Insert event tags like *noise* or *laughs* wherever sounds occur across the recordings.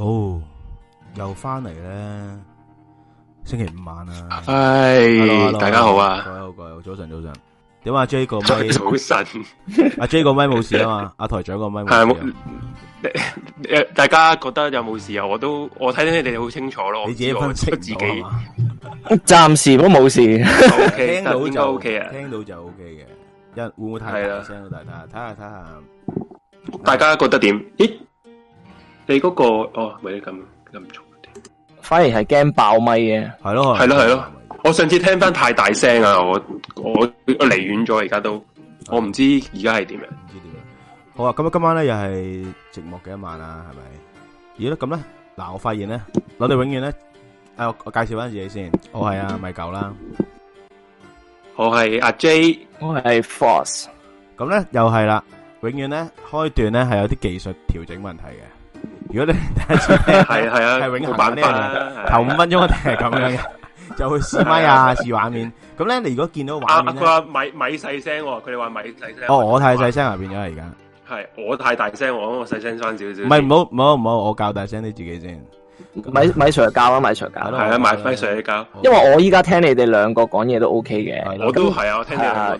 好又翻嚟咧，星期五晚啦。唉，大家好啊，各位各位，早晨早晨。點啊？J 個咪早晨，阿 J 個咪冇事啊嘛，阿台長個咪係。誒，大家覺得有冇事啊？我都我睇你哋好清楚咯，你自己都清楚。暫時都冇事。聽到就 OK 啊，聽到就 OK 嘅。一換我睇，係啦，聽下睇下睇下睇下。大家覺得點？咦？你嗰個哦，咪咁咁嘈啲，反而係驚爆咪嘅。係咯，係咯，係咯。我上次聽翻太大聲啊，我我我離遠咗，而家都我唔知而家係點樣，唔知點樣。好啊，咁啊，今晚咧，又係寂寞嘅一晚啦，係咪？咦咁咧，嗱，我發現咧，我哋永遠咧，誒，我我介紹翻自己先，我係啊咪狗啦，我係阿 J，我係 Fox，咁咧又係啦，永遠咧開段咧係有啲技術調整問題嘅。如果你第一次，係係啊，係永恆呢樣嘢。頭五分鐘一定係咁樣嘅，就去試咪啊，試畫面。咁咧，你如果見到畫面咧，阿阿米米細聲，佢哋話米細聲。哦，我太細聲啊，變咗而家。係我太大聲，我我細聲翻少少。唔係唔好唔好唔好，我較大聲啲自己先。米米 Sir 教啦，米 Sir 教啦。係啊，米 Sir 教。因為我依家聽你哋兩個講嘢都 OK 嘅，我都係啊，聽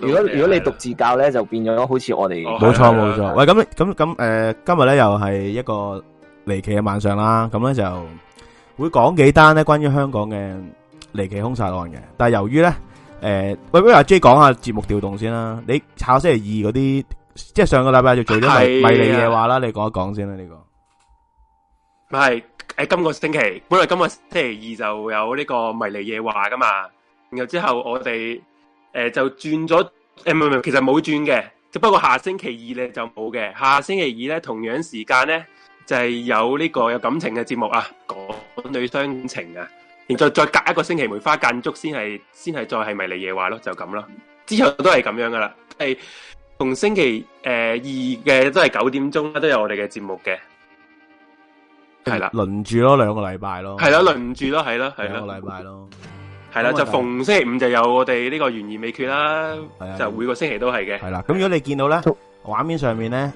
你。如果如果你獨自教咧，就變咗好似我哋。冇錯冇錯。喂，咁咁咁誒，今日咧又係一個離奇嘅晚上啦，咁咧就會講幾單咧關於香港嘅離奇兇殺案嘅。但係由於咧，誒、呃、喂喂阿 J 講下節目調動先啦。你下星期二嗰啲，即係上個禮拜就做咗迷的迷離夜話啦。你講一講先啦呢，這個。係誒、呃、今個星期本來今個星期二就有呢個迷離夜話㗎嘛，然後之後我哋誒、呃、就轉咗，誒唔唔其實冇轉嘅，只不過下星期二咧就冇嘅，下星期二咧同樣時間咧。就係、是、有呢個有感情嘅節目啊，港女傷情啊，然再再隔一個星期梅花間竹先係先係再係迷你夜話咯，就咁啦。之後都係咁樣噶啦，係逢星期誒、呃、二嘅都係九點鐘啦，都有我哋嘅節目嘅，係啦，輪住兩咯，兩個禮拜咯，係啦，輪住咯，係咯，係咯，兩個禮拜咯，係啦，就逢星期五就有我哋呢個懸疑未決啦，就每個星期都係嘅，係啦。咁如果你見到咧，畫面上面咧。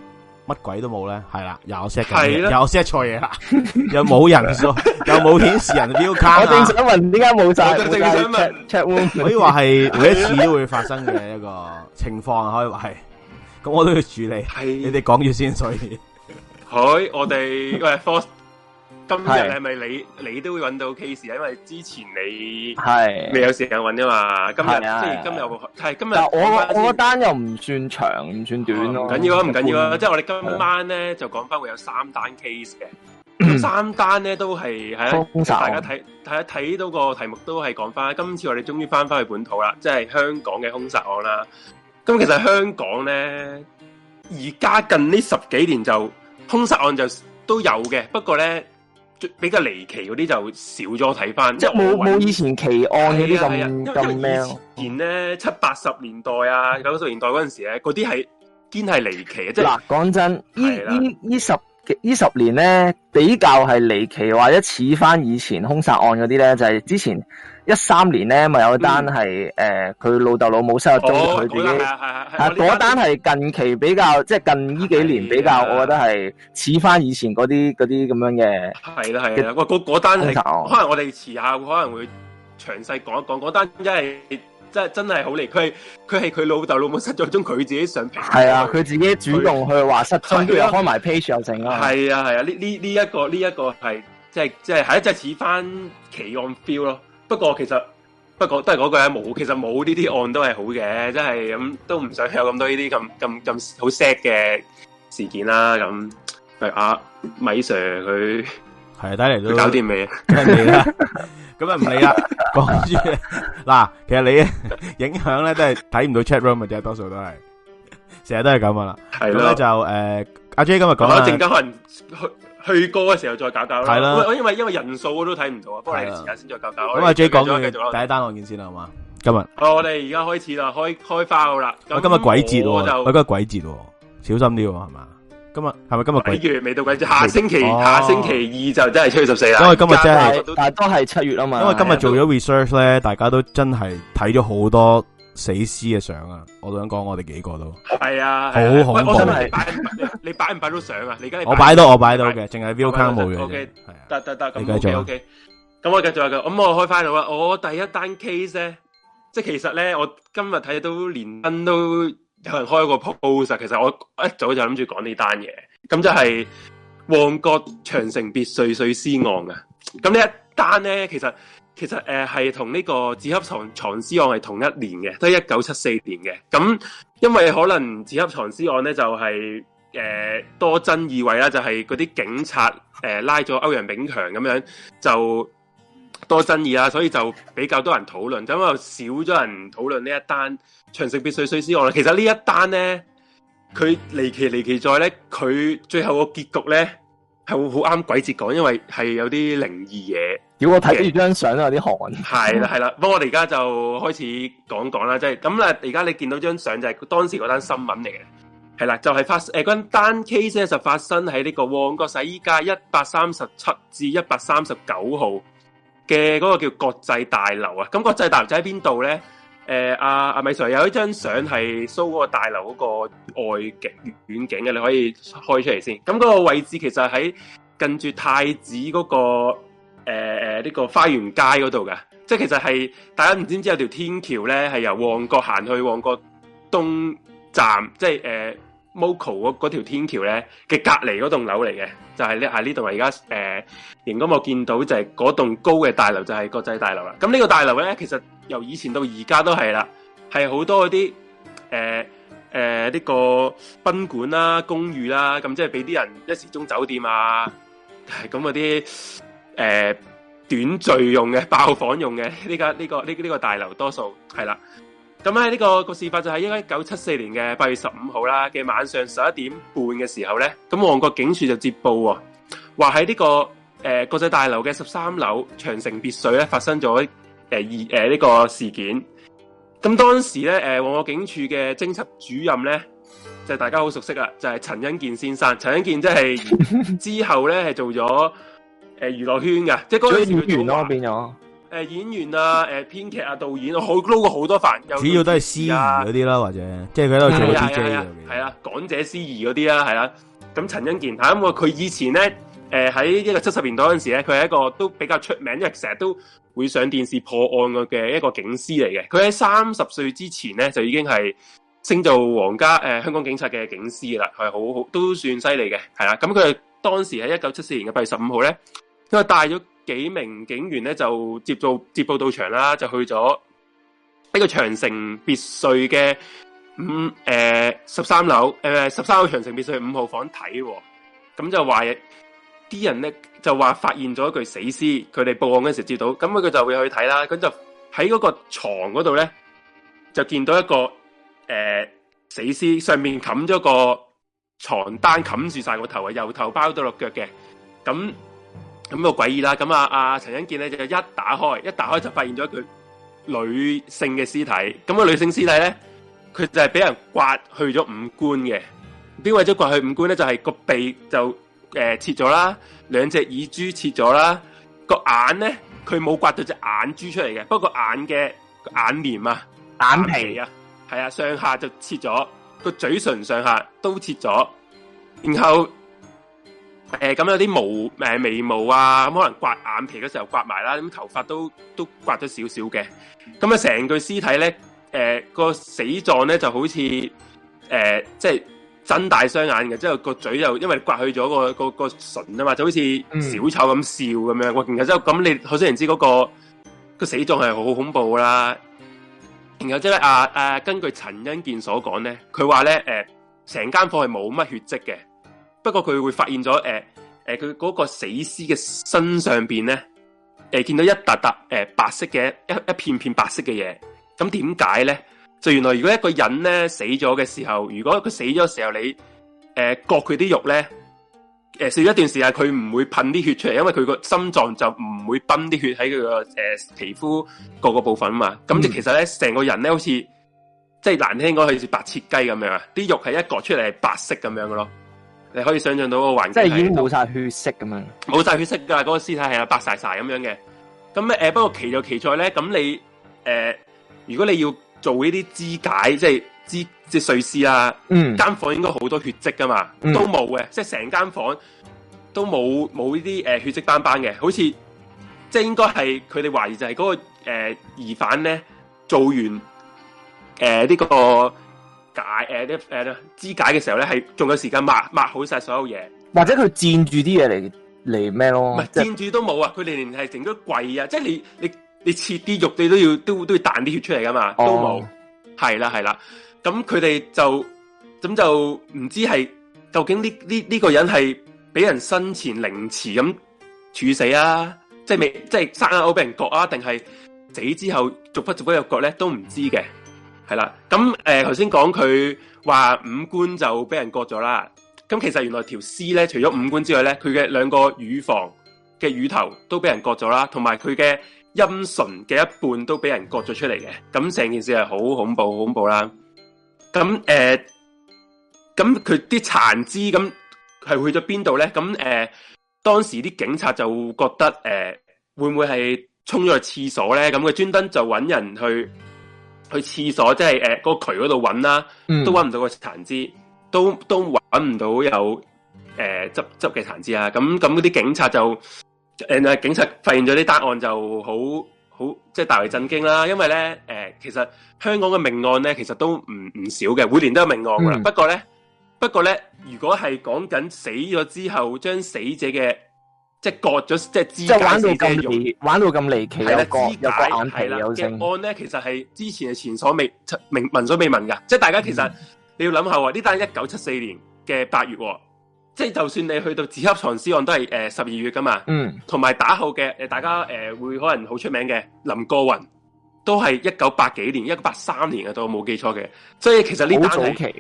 乜鬼都冇咧，係啦，又 set 又 set 錯嘢啦， *laughs* 又冇有人數， *laughs* 又冇顯示人標卡、 *laughs* 啊，我正想問點解冇晒，我正，正想問 chat, chat room 可以話係每一次都會發生嘅一個情況，可以話係，咁我都要處理，你哋講住先，所以，好，我哋喂 Fox *laughs* 今日係咪你你都揾到 case 啊？因為之前你係未有時間揾噶嘛？今日即係今日係今日我我的單又唔算長唔算短咯，唔緊要啊，唔緊要啊！係啊係啊，即係我哋今晚咧就講翻會有三單 case 嘅，三單咧都係喺大家睇睇睇到個題目都係講翻。今次我哋終於翻翻去本土啦，即係香港嘅兇殺案啦。咁其實香港咧，而家近呢十幾年就兇殺案就都有嘅，不過咧。比較離奇嗰啲就少咗，睇翻，即係冇冇以前奇案嗰啲咁咁咩咯？是啊是啊、前咧七八十年代啊，九、 *laughs* 就是、十年代嗰陣時咧，嗰啲係堅係離奇啊！即係嗱，講真，呢呢呢十呢十年咧，比較係離奇或者似翻以前兇殺案嗰啲咧，就係、是、之前。呢一三年咧，咪有一單單係誒，佢老豆老母失咗蹤，佢、哦、自己啊，嗰單係近期比較，即係近呢幾年比較，我覺得係似翻以前嗰啲嗰啲咁樣嘅。係啦係啦，嗰單單可能我哋遲下可能會詳細講一講。嗰單真係真真係好離奇，佢佢係佢老豆老母失咗蹤，佢自己上。係啊，佢自己主動去話失蹤，都有開埋 page，有成係啊係啊，呢呢呢一個呢一個係即係、就是、即係係即係似翻《奇案 feel》咯。不過其實不過都係嗰句咧，冇其實冇呢啲案都係好嘅，真係咁都唔想有咁多呢啲咁咁咁好 sad 嘅事件啦。咁啊米 Sir 佢係啊，睇嚟都搞掂未啊？咁啊唔理啦，講住。嗱，其實你影響咧都係睇唔到 chat room 嘅，多數都係成日都係咁啊啦。咁咧就誒，阿 J 今日講啦，正剛。去過嘅時候再搞搞啦，係啦，因為因為人數我都睇唔到啊，不過你時間先再搞搞。咁啊，我最講嘅第一單案件先啦，係嘛？今日，哦，我哋而家開始啦，開開花噶啦。今日鬼節，我今日鬼節，小心啲係嘛？今日係咪今日鬼，鬼月？未到鬼節，下星期下星期、啊、下星期二就真係七月十四啦。因為今日真係，但都係七月啊嘛。因為今日做咗 research 咧，大家都真係睇咗好多。死屍嘅相啊！我都想講，我哋幾個都係啊，好恐怖的、啊。你擺唔擺到相啊？你而家、right. *laughs* 我擺到，我擺到嘅，淨係 view 冇用。O K，係啊，得得得，咁、OK, OK、繼續。O K，咁我繼續，咁我開翻啦。我第一單 case 咧，即係其實咧，我今日睇到連登都有人開個 post，其實我一早就諗住講呢單嘢。咁就係、就是、旺角長城別墅碎屍案啊！咁呢一單咧，其實。其實誒，係同呢個紙盒藏藏屍案係同一年嘅，都係一九七四年嘅。咁因為可能紙盒藏屍案呢就係誒多爭議位啦，就係嗰啲警察誒拉咗歐陽炳強咁樣，就多爭議啦。所以就比較多人討論，就因為少咗人討論呢一單長城別墅碎屍案啦。其實呢一單呢，佢離奇離奇在呢，佢最後個結局呢係會好啱鬼節講，因為係有啲靈異嘢。叫我睇住張相啊，有啲寒。係啦，係啦，不過我哋而家就開始講講啦，即係咁啦。而家你見到張相就係當時嗰單新聞嚟嘅，係啦，就係、是、發誒嗰單 case 就發生喺呢個旺角洗衣街一百三十七至一百三十九號嘅嗰個叫國際大樓、呃、啊。咁國際大樓就喺邊度咧？誒，阿阿米 sir 有一張相係 show 嗰個大樓嗰個外景遠景嘅，你可以開出嚟先。咁、那、嗰個位置其實喺近住太子嗰、那個。誒、呃、誒，呢、這個花園街嗰度噶，即係其實係大家唔知知有條天橋咧，係由旺角行去旺角東站，即係誒、呃、Moco 嗰嗰條天橋咧嘅隔籬嗰棟樓嚟嘅，就係咧喺呢度而家誒，而家、呃、我見到就係嗰棟高嘅大樓就係、是、國際大樓啦。咁呢個大樓咧，其實由以前到而家都係啦，係好多嗰啲誒誒呢個賓館啦、公寓啦、啊，咁即係俾啲人一時鐘酒店啊，咁嗰啲。誒、呃，短序用嘅爆房用嘅呢、這個呢、這個呢呢、這個大樓多數係啦。咁喺呢個、這個事發就係應該一九七四年嘅八月十五號啦嘅晚上十一點半嘅時候咧，咁旺角警署就接報喎、哦，話喺呢個誒、呃、國際大樓嘅十三樓長城別墅咧發生咗誒二誒呢個事件。咁當時咧誒旺角警署嘅偵緝主任咧就是、大家好熟悉啦，就係、是、陳欣健先生。陳欣健真、就、係、是、之後咧係做咗。誒，娛樂圈嘅，即係嗰啲演員咯，變有誒，演員啊，誒、啊，編劇啊，導演，好撈過好多飯。主、啊、要都係司儀嗰啲啦，或者。即係佢喺度做 DJ 啊。係啦、啊啊，港姐司儀嗰啲啦，係啦。咁陳欣健吓，咁啊，佢、啊嗯嗯嗯、以前咧，誒、嗯，喺一個七十年代嗰陣時咧，佢係一個都比較出名，因為成日都會上電視破案嘅一個警司嚟嘅。佢喺三十歲之前咧，就已經係升做皇家誒、呃、香港警察嘅警司啦，係好好都算犀利嘅，係啦、啊。咁佢當時喺一九七四年嘅八月十五號咧。因為帶咗幾名警員咧，就接到接報到場啦，就去咗呢個長城別墅嘅五誒十三樓誒十三樓長城別墅五號房睇，咁就話啲人咧就話發現咗一具死屍，佢哋報案嗰陣時接到，咁佢佢就會去睇啦，咁就喺嗰個床嗰度咧就見到一個誒、呃、死屍，上面冚咗個床單冚住晒個頭啊，由頭包到落腳嘅，咁。咁個詭異啦！咁啊阿陳欣健咧就一打開，一打開就發現咗一具女性嘅屍體。咁、那個女性屍體咧，佢就係俾人刮去咗五官嘅。邊為咗刮去五官咧？就係、是、個鼻就誒、呃、切咗啦，兩隻耳珠切咗啦，個眼咧佢冇刮到隻眼珠出嚟嘅，不過眼嘅眼簾啊、眼皮啊，係啊，啊上下就切咗，個嘴唇上下都切咗，然後。誒、呃，咁、嗯、有啲毛，誒、呃、眉毛啊，咁、嗯、可能刮眼皮嘅時候刮埋啦，咁、嗯、頭髮都都刮咗少少嘅。咁、嗯、啊，成、嗯嗯、具屍體咧，誒、呃、個死狀咧就好似，誒、呃、即係睜大雙眼嘅，之後個嘴就因為刮去咗個個個，個唇啊嘛，就好似小丑咁笑咁樣。哇、嗯嗯，然後咁你可想而知嗰、那個個死狀係好恐怖啦。然後即係啊誒、啊，根據陳恩健所講咧，佢話咧，誒成間房係冇乜血迹嘅。不過佢會發現咗誒誒，佢、呃、嗰、呃、個死屍嘅身上邊咧，誒、呃、見到一笪笪誒白色嘅一一片片白色嘅嘢。咁點解咧？就原來如果一個人咧死咗嘅時候，如果佢死咗嘅時候你誒、呃、割佢啲肉咧，誒、呃、死咗一段時間佢唔會噴啲血出嚟，因為佢個心臟就唔會泵啲血喺佢個誒皮膚各個部分啊嘛。咁即其實咧成個人咧好似即係難聽講係似白切雞咁樣啊，啲肉係一割出嚟係白色咁樣嘅咯。你可以想象到個環境，即係已經冇晒血色咁樣，冇晒血色㗎，嗰、那個屍體係白晒晒咁樣嘅。咁咩、呃？不過奇就奇在咧，咁你誒、呃，如果你要做呢啲肢解，即係肢即係碎屍啊，嗯，間房應該好多血跡噶嘛，都冇嘅，嗯、即係成間房都冇冇呢啲誒血跡斑斑嘅，好似即係應該係佢哋懷疑就係嗰、那個、呃、疑犯咧做完誒呢、呃這個解誒啲肢解嘅時候咧，係仲有時間抹抹好晒所有嘢，或者佢佔住啲嘢嚟嚟咩咯？唔係、就係、佔住都冇啊！佢哋連係整咗櫃啊！即係你你你切啲肉，你都要都都要彈啲血出嚟㗎嘛？哦、都冇，係啦係啦。咁佢哋就咁就唔知係究竟呢呢呢個人係俾人生前凌遲咁處死啊？即係未即係生啊，我俾人割啊？定係死之後逐忽逐忽又割咧？都唔知嘅。嗯係啦，咁誒，頭先講佢話五官就俾人割咗啦。咁其實原來條屍咧，除咗五官之外咧，佢嘅兩個乳房嘅乳頭都俾人割咗啦，同埋佢嘅陰唇嘅一半都俾人割咗出嚟嘅。咁成件事係好恐怖，好恐怖啦。咁誒，咁佢啲殘肢咁係去咗邊度咧？咁誒、呃，當時啲警察就覺得誒、呃，會唔會係沖咗去廁所咧？咁佢專登就揾人去。去廁所，即係誒，呃那個渠嗰度揾啦，嗯、都揾唔到個殘肢，都都揾唔到有誒、呃、執執嘅殘肢啊。咁咁嗰啲警察就誒、呃，警察發現咗啲答案就好好，即係大為震驚啦。因為咧，誒、呃、其實香港嘅命案咧，其實都唔唔少嘅，每年都有命案噶啦、嗯。不過咧，不過咧，如果係講緊死咗之後，將死者嘅即係割咗，即係肢解屍案，玩到咁離，玩到咁離奇，割又割眼皮有，又剩，案咧，其實係之前係前所未聞聞所未聞嘅。即係大家其實、嗯、你要諗下喎，呢單一九七四年嘅八月，即係就算你去到紙盒藏屍案都係誒十二月㗎嘛。嗯。同埋打後嘅誒，大家誒、呃、會可能好出名嘅林過雲，都係一九八幾年，一九八三年嘅，都冇記錯嘅。所以其實呢單好奇。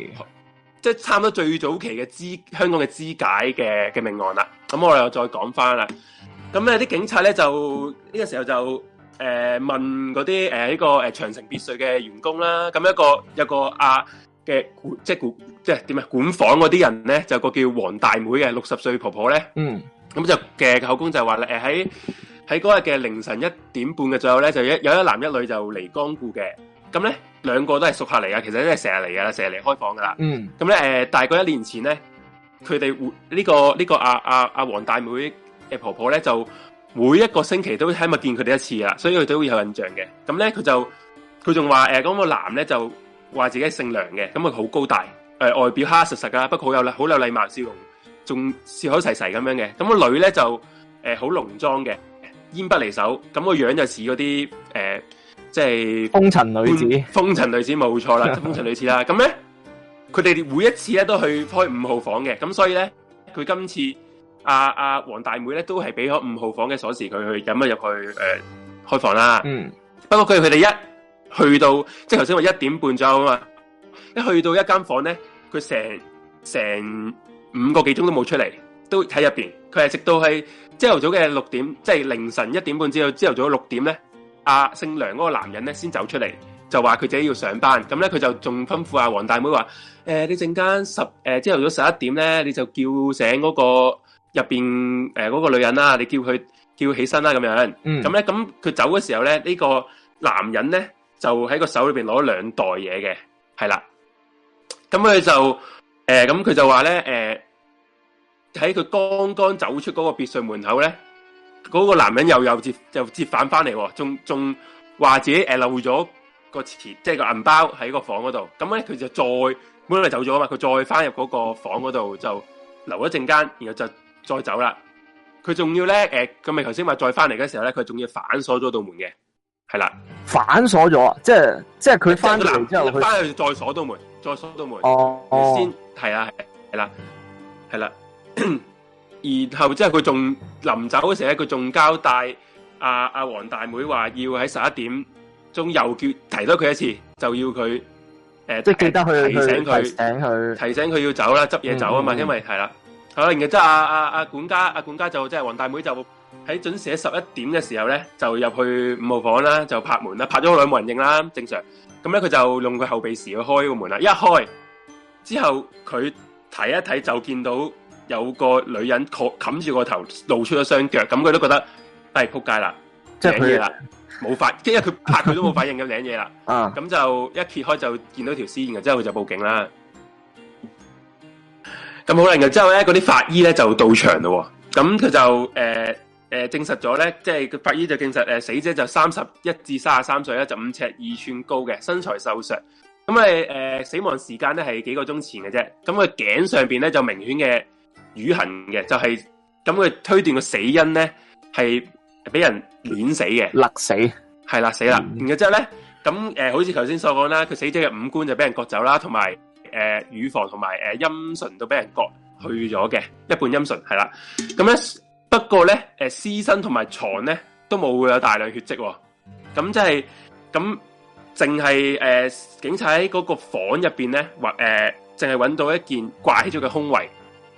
即係差唔多最早期嘅肢香港嘅肢解嘅嘅命案啦，咁我哋又再講翻啦。咁咧啲警察咧就呢、這個時候就誒、呃、問嗰啲誒呢個誒長城別墅嘅員工啦，咁一個有一個阿嘅、啊、即係即係點啊管房嗰啲人咧就個叫黃大妹嘅六十歲婆婆咧，嗯，咁就嘅口供就話咧誒喺喺嗰日嘅凌晨一點半嘅左右咧就一有一男一女就嚟光顧嘅，咁咧。兩個都係熟客嚟噶其實都係成日嚟噶，成日嚟開房噶啦。嗯，咁咧，誒、呃，大概一年前咧，佢哋會呢個呢、呢個阿阿阿黃大妹嘅婆婆咧，就每一個星期都喺咪見佢哋一次啦，所以佢都會有印象嘅。咁咧，佢就佢仲話，誒，嗰、呃嗰個男咧就話自己姓梁嘅，咁佢好高大，誒、呃，外表黑黑實實噶，不過好有好有禮貌，笑容仲笑口齊齊咁樣嘅。咁、那個女咧就誒好濃妝嘅，煙、呃、不離手，咁、那個樣子就似嗰啲誒。呃即、就、係、是、風塵女子，風塵女子冇錯啦，風塵女子啦。咁咧，佢哋 *laughs* 每一次咧都去開五號房嘅，咁所以咧，佢今次阿阿黃大妹咧都係俾開五號房嘅鎖匙，佢去入入去誒、呃、開房啦。嗯，不過佢哋一去到，即係頭先話一點半左右啊嘛，一去到一間房咧，佢成成五個幾鐘都冇出嚟，都喺入邊，佢係直到係朝頭早嘅六點，即係凌晨一點半之後，朝頭早六點咧。阿、啊、姓梁嗰個男人咧，先走出嚟，就話佢自己要上班，咁咧佢就仲吩咐阿黃大妹話，誒、呃，你陣間十誒，朝、呃、頭早十一點咧，你就叫醒嗰個入邊誒嗰個女人啦、啊，你叫佢叫起身啦、啊，咁樣。嗯。咁咧，咁佢走嘅時候咧，呢、這個男人咧就喺個手裏邊攞咗兩袋嘢嘅，係啦。咁佢就誒，咁、呃、佢就話咧，誒、呃，喺佢剛剛走出嗰個別墅門口咧。嗰、那個男人又又接又接反翻嚟，仲仲話自己誒漏咗個錢，即係個銀包喺個房嗰度。咁咧佢就再本來走咗啊嘛，佢再翻入嗰個房嗰度就留咗一陣間，然後就再走啦。佢仲要咧誒，咁咪頭先話再翻嚟嘅時候咧，佢仲要反鎖咗道門嘅，係啦，反鎖咗，即係即係佢翻咗嚟之後，翻去再鎖道門，再鎖道門。哦、你先係啊，係啦，係啦。 *coughs* 然後即係佢仲臨走嗰時，佢仲交代阿阿黃大妹話要喺十一點鐘又叫提多佢一次，就要佢誒、呃、即係記得去提醒佢醒佢提醒佢要走啦，執嘢走啊嘛，嗯嗯，因為係啦，係啦。然後即係阿阿阿管家，阿、啊、管家就即係黃大妹就喺準時十一點嘅時候咧，就入去五號房啦，就拍門啦，拍咗好耐冇人應啦，正常。咁咧佢就用佢後備匙去開個門啦，一開之後佢睇一睇就見到。有個女人，確冚住個頭，露出咗雙腳，咁佢都覺得係扑、哎、街啦，即領嘢啦，冇法即係佢拍佢都冇反應咁領嘢啦，咁 *laughs* 就一揭開就見到條屍，然之後佢就報警啦。咁好啦，咁之後咧，嗰啲法醫咧就到場啦。咁佢就誒誒、呃呃、證實咗咧，即係個法醫就證實誒、呃、死者就三十一至卅三歲啦，就五尺二寸高嘅，身材瘦削。咁咪誒死亡時間咧係幾個鐘前嘅啫。咁佢頸上邊咧就明顯嘅。瘀痕嘅，就係咁佢推斷個死因咧，係俾人碾死嘅，勒死係勒死啦、嗯。然之後咧，咁誒、呃，好似頭先所講啦，佢死者嘅五官就俾人割走啦，同埋誒乳房同埋誒陰唇都俾人割去咗嘅，一半陰唇係啦。咁咧，不過咧，誒屍身同埋床咧都冇會有大量血跡、哦，咁即係咁淨係誒警察喺嗰個房入邊咧或誒淨係搵到一件掛起咗嘅胸圍。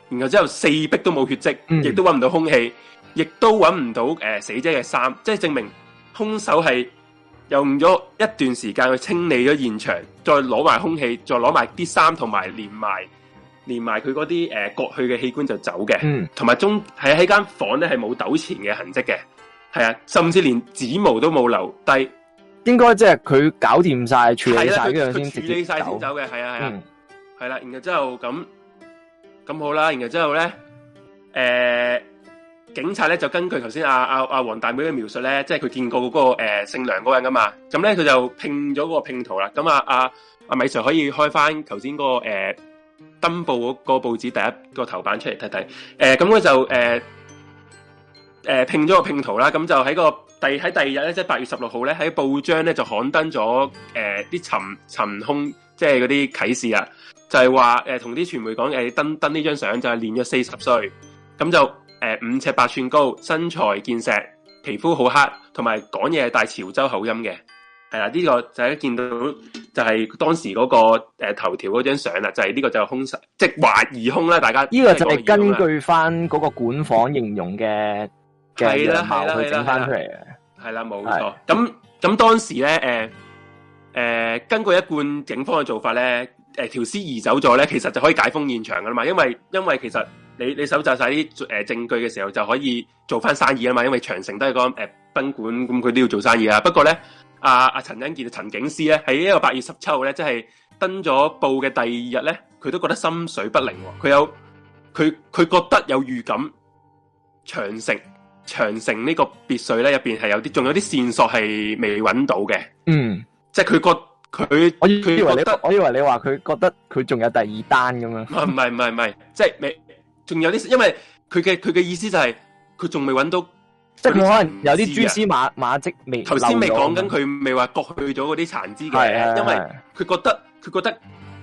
然後之後四壁都冇血跡，亦、嗯、都揾唔到空氣，亦都揾唔到誒、呃、死者嘅衫，即係證明兇手係用咗一段時間去清理咗現場，再攞埋空氣，再攞埋啲衫同埋連埋連埋佢嗰啲誒割去嘅器官就走嘅。同、嗯、埋中喺喺間房咧係冇糾纏嘅痕跡嘅，係啊，甚至連指毛都冇留低，應該即係佢搞掂晒處理晒，先處理晒先走嘅。係啊，係，係啦、嗯，然後之後咁。咁好啦，然後之後咧，誒、呃、警察咧就根據頭先阿阿阿黃大妹嘅描述咧，即係佢見過嗰、嗰個、呃、姓梁嗰個人㗎嘛，咁咧佢就拼咗個拼圖啦。咁啊啊啊米 Sir 可以開返頭先嗰個、呃、登報嗰、嗰個報紙第一個頭版出嚟睇睇。誒咁佢就誒誒拼咗個拼圖啦。咁就喺個第喺第二日咧，即係八月十六號咧，喺報章咧就刊登咗誒啲尋尋兇，即係嗰啲啟事啊。就係話誒，同、呃、啲傳媒講嘅、呃，登登呢張相就係年約四十歲，咁就誒五、呃、尺八寸高，身材健碩，皮膚好黑，同埋講嘢係帶潮州口音嘅，係、哎、啦，呢、這個就係見到就係當時嗰、那個誒、呃、頭條嗰張相啦，就係、是、呢個就係凶手即懷疑凶啦，大家呢個就係根據翻嗰個管房形容嘅嘅樣貌去整翻出嚟嘅，係啦、啊，冇、啊啊啊啊啊啊啊、錯。咁咁、啊、當時咧，誒、呃、誒、呃，根據一貫警方嘅做法咧。誒、呃，條屍移走咗咧，其實就可以解封現場噶啦嘛，因為因為其實你你搜集晒啲誒證據嘅時候，就可以做翻生意啊嘛，因為長城都係、個誒、呃、賓館，咁佢都要做生意啦。不過咧，阿阿陳欣健、陳警司咧，喺呢個八月十七號咧，即係登咗報嘅第二日咧，佢都覺得心水不寧、哦，佢有佢佢覺得有預感，長城長城呢個別墅咧入邊係有啲仲有啲線索係未揾到嘅，嗯，即係佢覺。佢我以佢以為你，我以為你話佢覺得佢仲有第二單咁樣。唔係唔係唔係，即係未仲有啲，因為佢嘅佢嘅意思就係佢仲未揾到，即係佢可能有啲蛛絲馬馬跡未。頭先未講緊佢未話割去咗嗰啲殘肢嘅，因為佢覺得佢覺得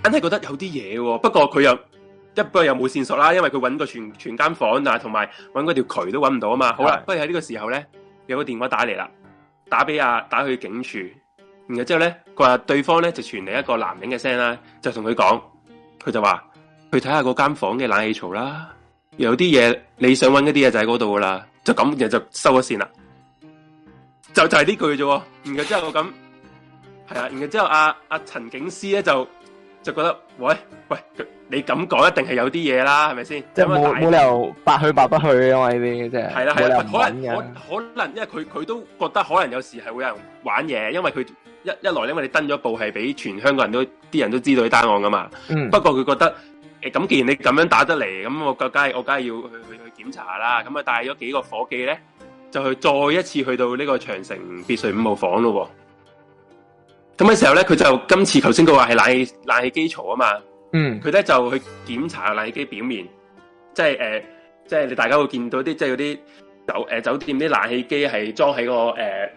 硬係覺得有啲嘢嘅。不過佢又一不過又冇線索啦，因為佢揾過全全間房啊，同埋揾嗰條渠都揾唔到啊嘛。好啦，啊、不過喺呢個時候咧，有個電話打嚟啦，打俾阿、啊、打去警署。然後之後咧，佢話對方咧就傳嚟一個男人嘅聲啦，就同佢講，佢就話去睇下嗰間房嘅冷氣槽啦，有啲嘢你想揾嗰啲嘢就喺嗰度噶啦，就咁然後就收咗線啦，就就係呢句啫。然後之後咁，係啊，然之後阿阿陳警司咧就就覺得，喂喂，你咁講一定係有啲嘢啦，係咪先？即係冇理由白去白不去我啊？呢係係啦，係啦，可能可能因為佢佢都覺得可能有時係會有人玩嘢，因為佢。一一來因為你登咗報，係俾全香港人都啲人都知道啲單案㗎嘛，嗯。不過佢覺得，誒、欸、咁既然你咁樣打得嚟，咁我梗係我梗係要去去去檢查啦。咁啊，帶咗幾個伙計咧，就去再一次去到呢個長城別墅五號房咯，啊。咁嘅時候咧，佢就今次頭先佢話係冷氣冷氣機嘈啊嘛。嗯，佢咧就去檢查冷氣機表面，即係誒、呃，即係你大家會見到啲即係嗰啲酒誒、呃、酒店啲冷氣機係裝喺、個誒。呃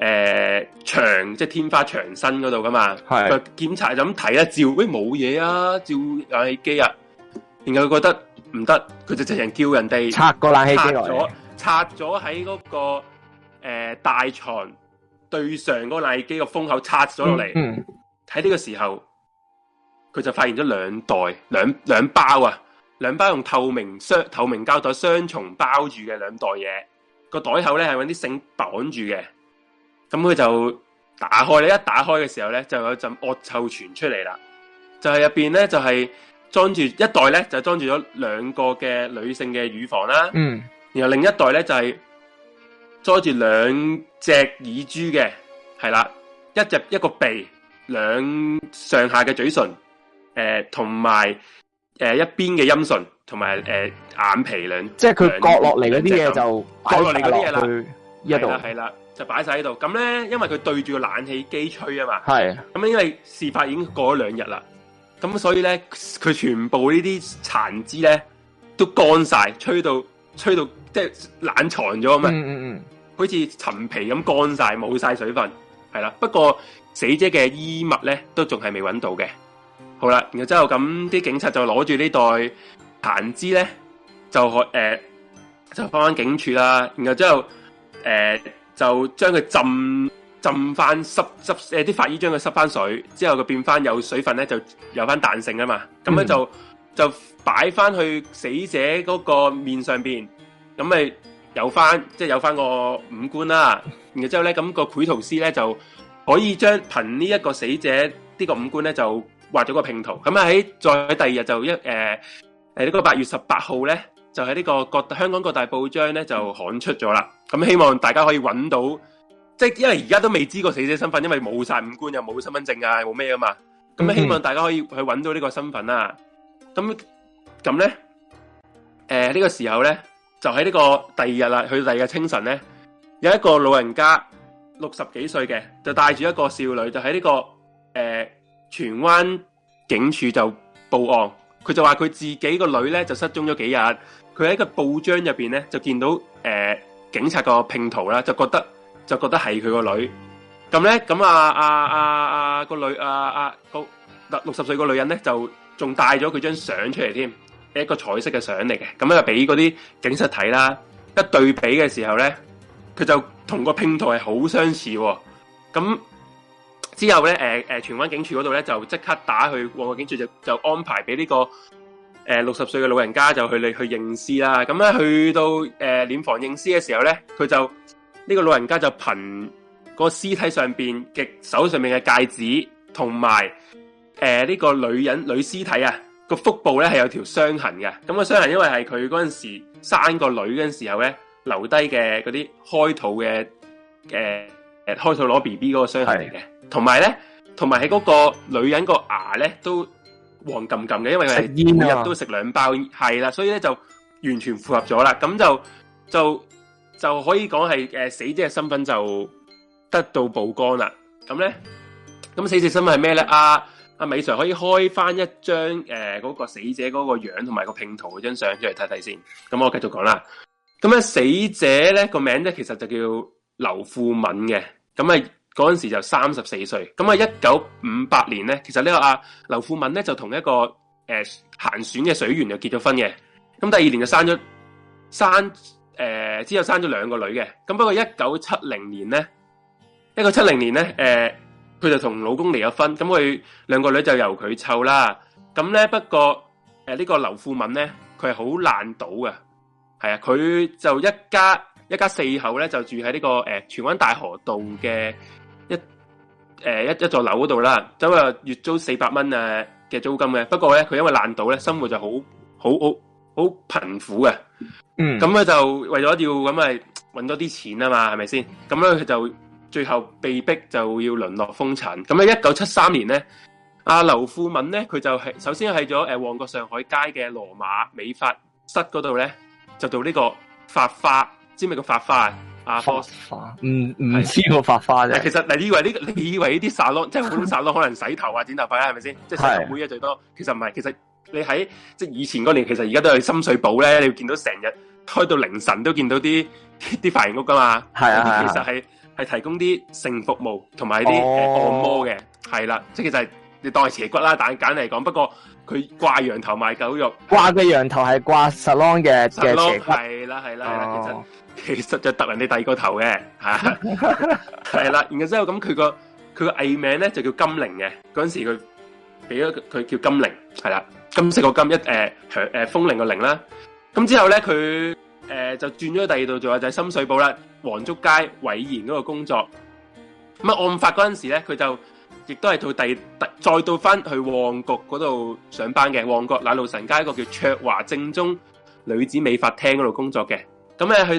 誒、呃，牆即係天花牆身嗰度噶嘛？係，檢查就咁睇一照，喂冇嘢啊！照冷氣機啊，然後佢覺得唔得，佢就直情叫人哋拆個冷氣機落嚟，拆咗喺嗰個誒、呃、大床對上嗰個冷氣機個風口拆咗落嚟。嗯，喺呢個時候，佢就發現咗兩袋兩兩包啊，兩包用透明雙透明膠袋雙重包住嘅兩袋嘢，個袋口咧係用啲繩綁住嘅。咁佢就打開咧，一打開嘅時候咧，就有陣惡臭傳出嚟。啦。就係入邊咧，就係裝住一袋咧，就裝住咗兩個嘅女性嘅乳房啦。嗯。然後另一袋咧就係裝住兩隻耳珠嘅，係啦，一隻一個鼻，兩上下嘅嘴唇，誒、呃，同埋誒一邊嘅陰唇，同埋誒眼皮兩，即係佢割落嚟嗰啲嘢就擺落去一度，係啦。就擺晒喺度，咁咧，因為佢對住個冷氣機吹啊嘛，係咁因為事發已經過咗兩日啦，咁所以咧，佢全部這些殘，呢啲殘肢咧都乾晒，吹到吹到即係冷藏咗啊嘛，嗯嗯好似陳皮咁乾晒，冇晒水分，係啦。不過死者嘅衣物咧都仲係未揾到嘅。好啦，然後之後咁啲警察就攞住呢袋殘肢咧，就可誒、呃、就放翻警署啦。然後之後誒。呃就將佢浸浸翻濕濕誒啲、欸、法醫將佢濕翻水，之後佢變翻有水分咧，就有翻彈性啊嘛。咁樣就、嗯、就擺翻去死者嗰個面上邊，咁咪有翻即係有翻個五官啦。然後之後咧，咁、嗰個繪圖師咧就可以將憑呢一個死者呢個五官咧就畫咗個拼圖。咁啊喺再第二日就一誒誒、呃、呢個八月十八號咧。就喺呢個各香港各大報章咧就刊出咗啦，咁希望大家可以揾到，即係因為而家都未知個死者身份，因為冇晒五官又冇身份證啊，冇咩噶嘛，咁希望大家可以去揾到呢個身份啦。咁咁咧，誒呢個時候咧就喺呢個第二日啦，去到第二日清晨咧，有一個老人家六十幾歲嘅，就帶住一個少女就喺呢個誒荃灣警署就報案。佢就話佢自己個女咧就失蹤咗幾日，佢喺個報章入邊咧就見到誒、呃、警察個拼圖啦，就覺得就覺得係佢、啊啊啊啊個女，咁咧咁啊啊啊啊個女啊啊六十歲個女人咧就仲帶咗佢張相出嚟添，一個彩色嘅相嚟嘅，咁咧就俾嗰啲警察睇啦，一對比嘅時候咧，佢就同個拼圖係好相似，咁。之後咧，誒、呃、誒，荃灣警署嗰度咧就即刻打去旺角、那個、警署就，就就安排俾呢、這個誒六十歲嘅老人家就去嚟，去認屍啦。咁、嗯、咧去到誒殮房認屍嘅時候咧，佢就呢、這個老人家就憑個屍體上邊嘅手上面嘅戒指，同埋誒呢個女人女屍體啊個腹部咧係有條傷痕嘅。咁、那個傷痕因為係佢嗰陣時生個女嗰陣時候咧留低嘅嗰啲開肚嘅誒誒開肚攞 B B 嗰個傷痕嚟嘅。同埋咧，同埋喺嗰個女人個牙咧都黃冚冚嘅，因為食煙啊，每日都食兩包，係啦，所以咧就完全符合咗啦。咁就就就可以講係誒死者嘅身份就得到曝光啦。咁咧，咁死者身份係咩咧？阿阿美 Sir 可以開返一張誒嗰個死者嗰個樣同埋個拼圖嘅張相出嚟睇睇先。咁我繼續講啦。咁咧死者咧個名咧其實就叫劉富敏嘅。咁啊～嗰陣時就三十四歲，咁啊一九五八年呢，其實呢個阿、啊、劉富敏呢，就同一個誒咸、呃、選嘅水源就結咗婚嘅，咁第二年就生咗生誒、呃，之後生咗兩個女嘅，咁不過一九七零年呢，一九七零年呢，誒、呃、佢就同老公離咗婚，咁佢兩個女就由佢湊啦，咁呢，不過誒呢、呃這個劉富敏呢，佢係好爛賭噶，係啊，佢就一家一家四口呢，就住喺呢、這個誒荃灣大河道嘅。誒、呃、一一座樓嗰度啦，咁啊月租四百蚊誒嘅租金嘅，不過咧佢因為爛到咧生活就好好好好貧苦嘅，嗯，咁咧就為咗要咁咪搵多啲錢啊嘛，係咪先？咁咧佢就最後被逼就要淪落風塵，咁咧一九七三年咧，阿、啊、劉富敏咧佢就係首先喺咗誒旺角上海街嘅羅馬美髮室嗰度咧，就做呢個髮花，知唔知個發花啊？阿、啊、波花，唔唔知個髮花啫。其實你以為呢、這個，你以為呢啲沙龍，即係普通沙龍，可能洗頭啊、剪頭髮啊，係咪先？即係洗頭會嘢最多。 *laughs* 其實唔係，其實你喺即係以前嗰年，其實而家都係深水埗咧，你會見到成日開到凌晨都見到啲啲髮型屋噶嘛。係啊，其實係係、啊、提供啲性服務同埋啲按摩嘅。係、哦、啦，即係其實你當係邪骨啦，但係簡嚟講，不過佢掛羊頭賣狗肉。掛嘅羊頭係掛沙龍嘅邪骨，係啦，係啦，係啦。其實就突人哋第二個頭嘅，係、啊、啦， *laughs* 然之後咁佢個佢個藝名咧就叫金鈴嘅，嗰陣時佢俾咗佢叫金鈴，係啦，金色個金一誒強誒風鈴個鈴啦，咁、啊、之後咧佢誒就轉咗第二度做就係、是、深水埗啦，黃竹街偉賢嗰個工作，咁、嗯、啊案發嗰陣時咧佢就亦都係到第二再到翻去旺角嗰度上班嘅，旺角奶路臣街一個叫卓華正宗女子美髮廳嗰度工作嘅。咁咧，佢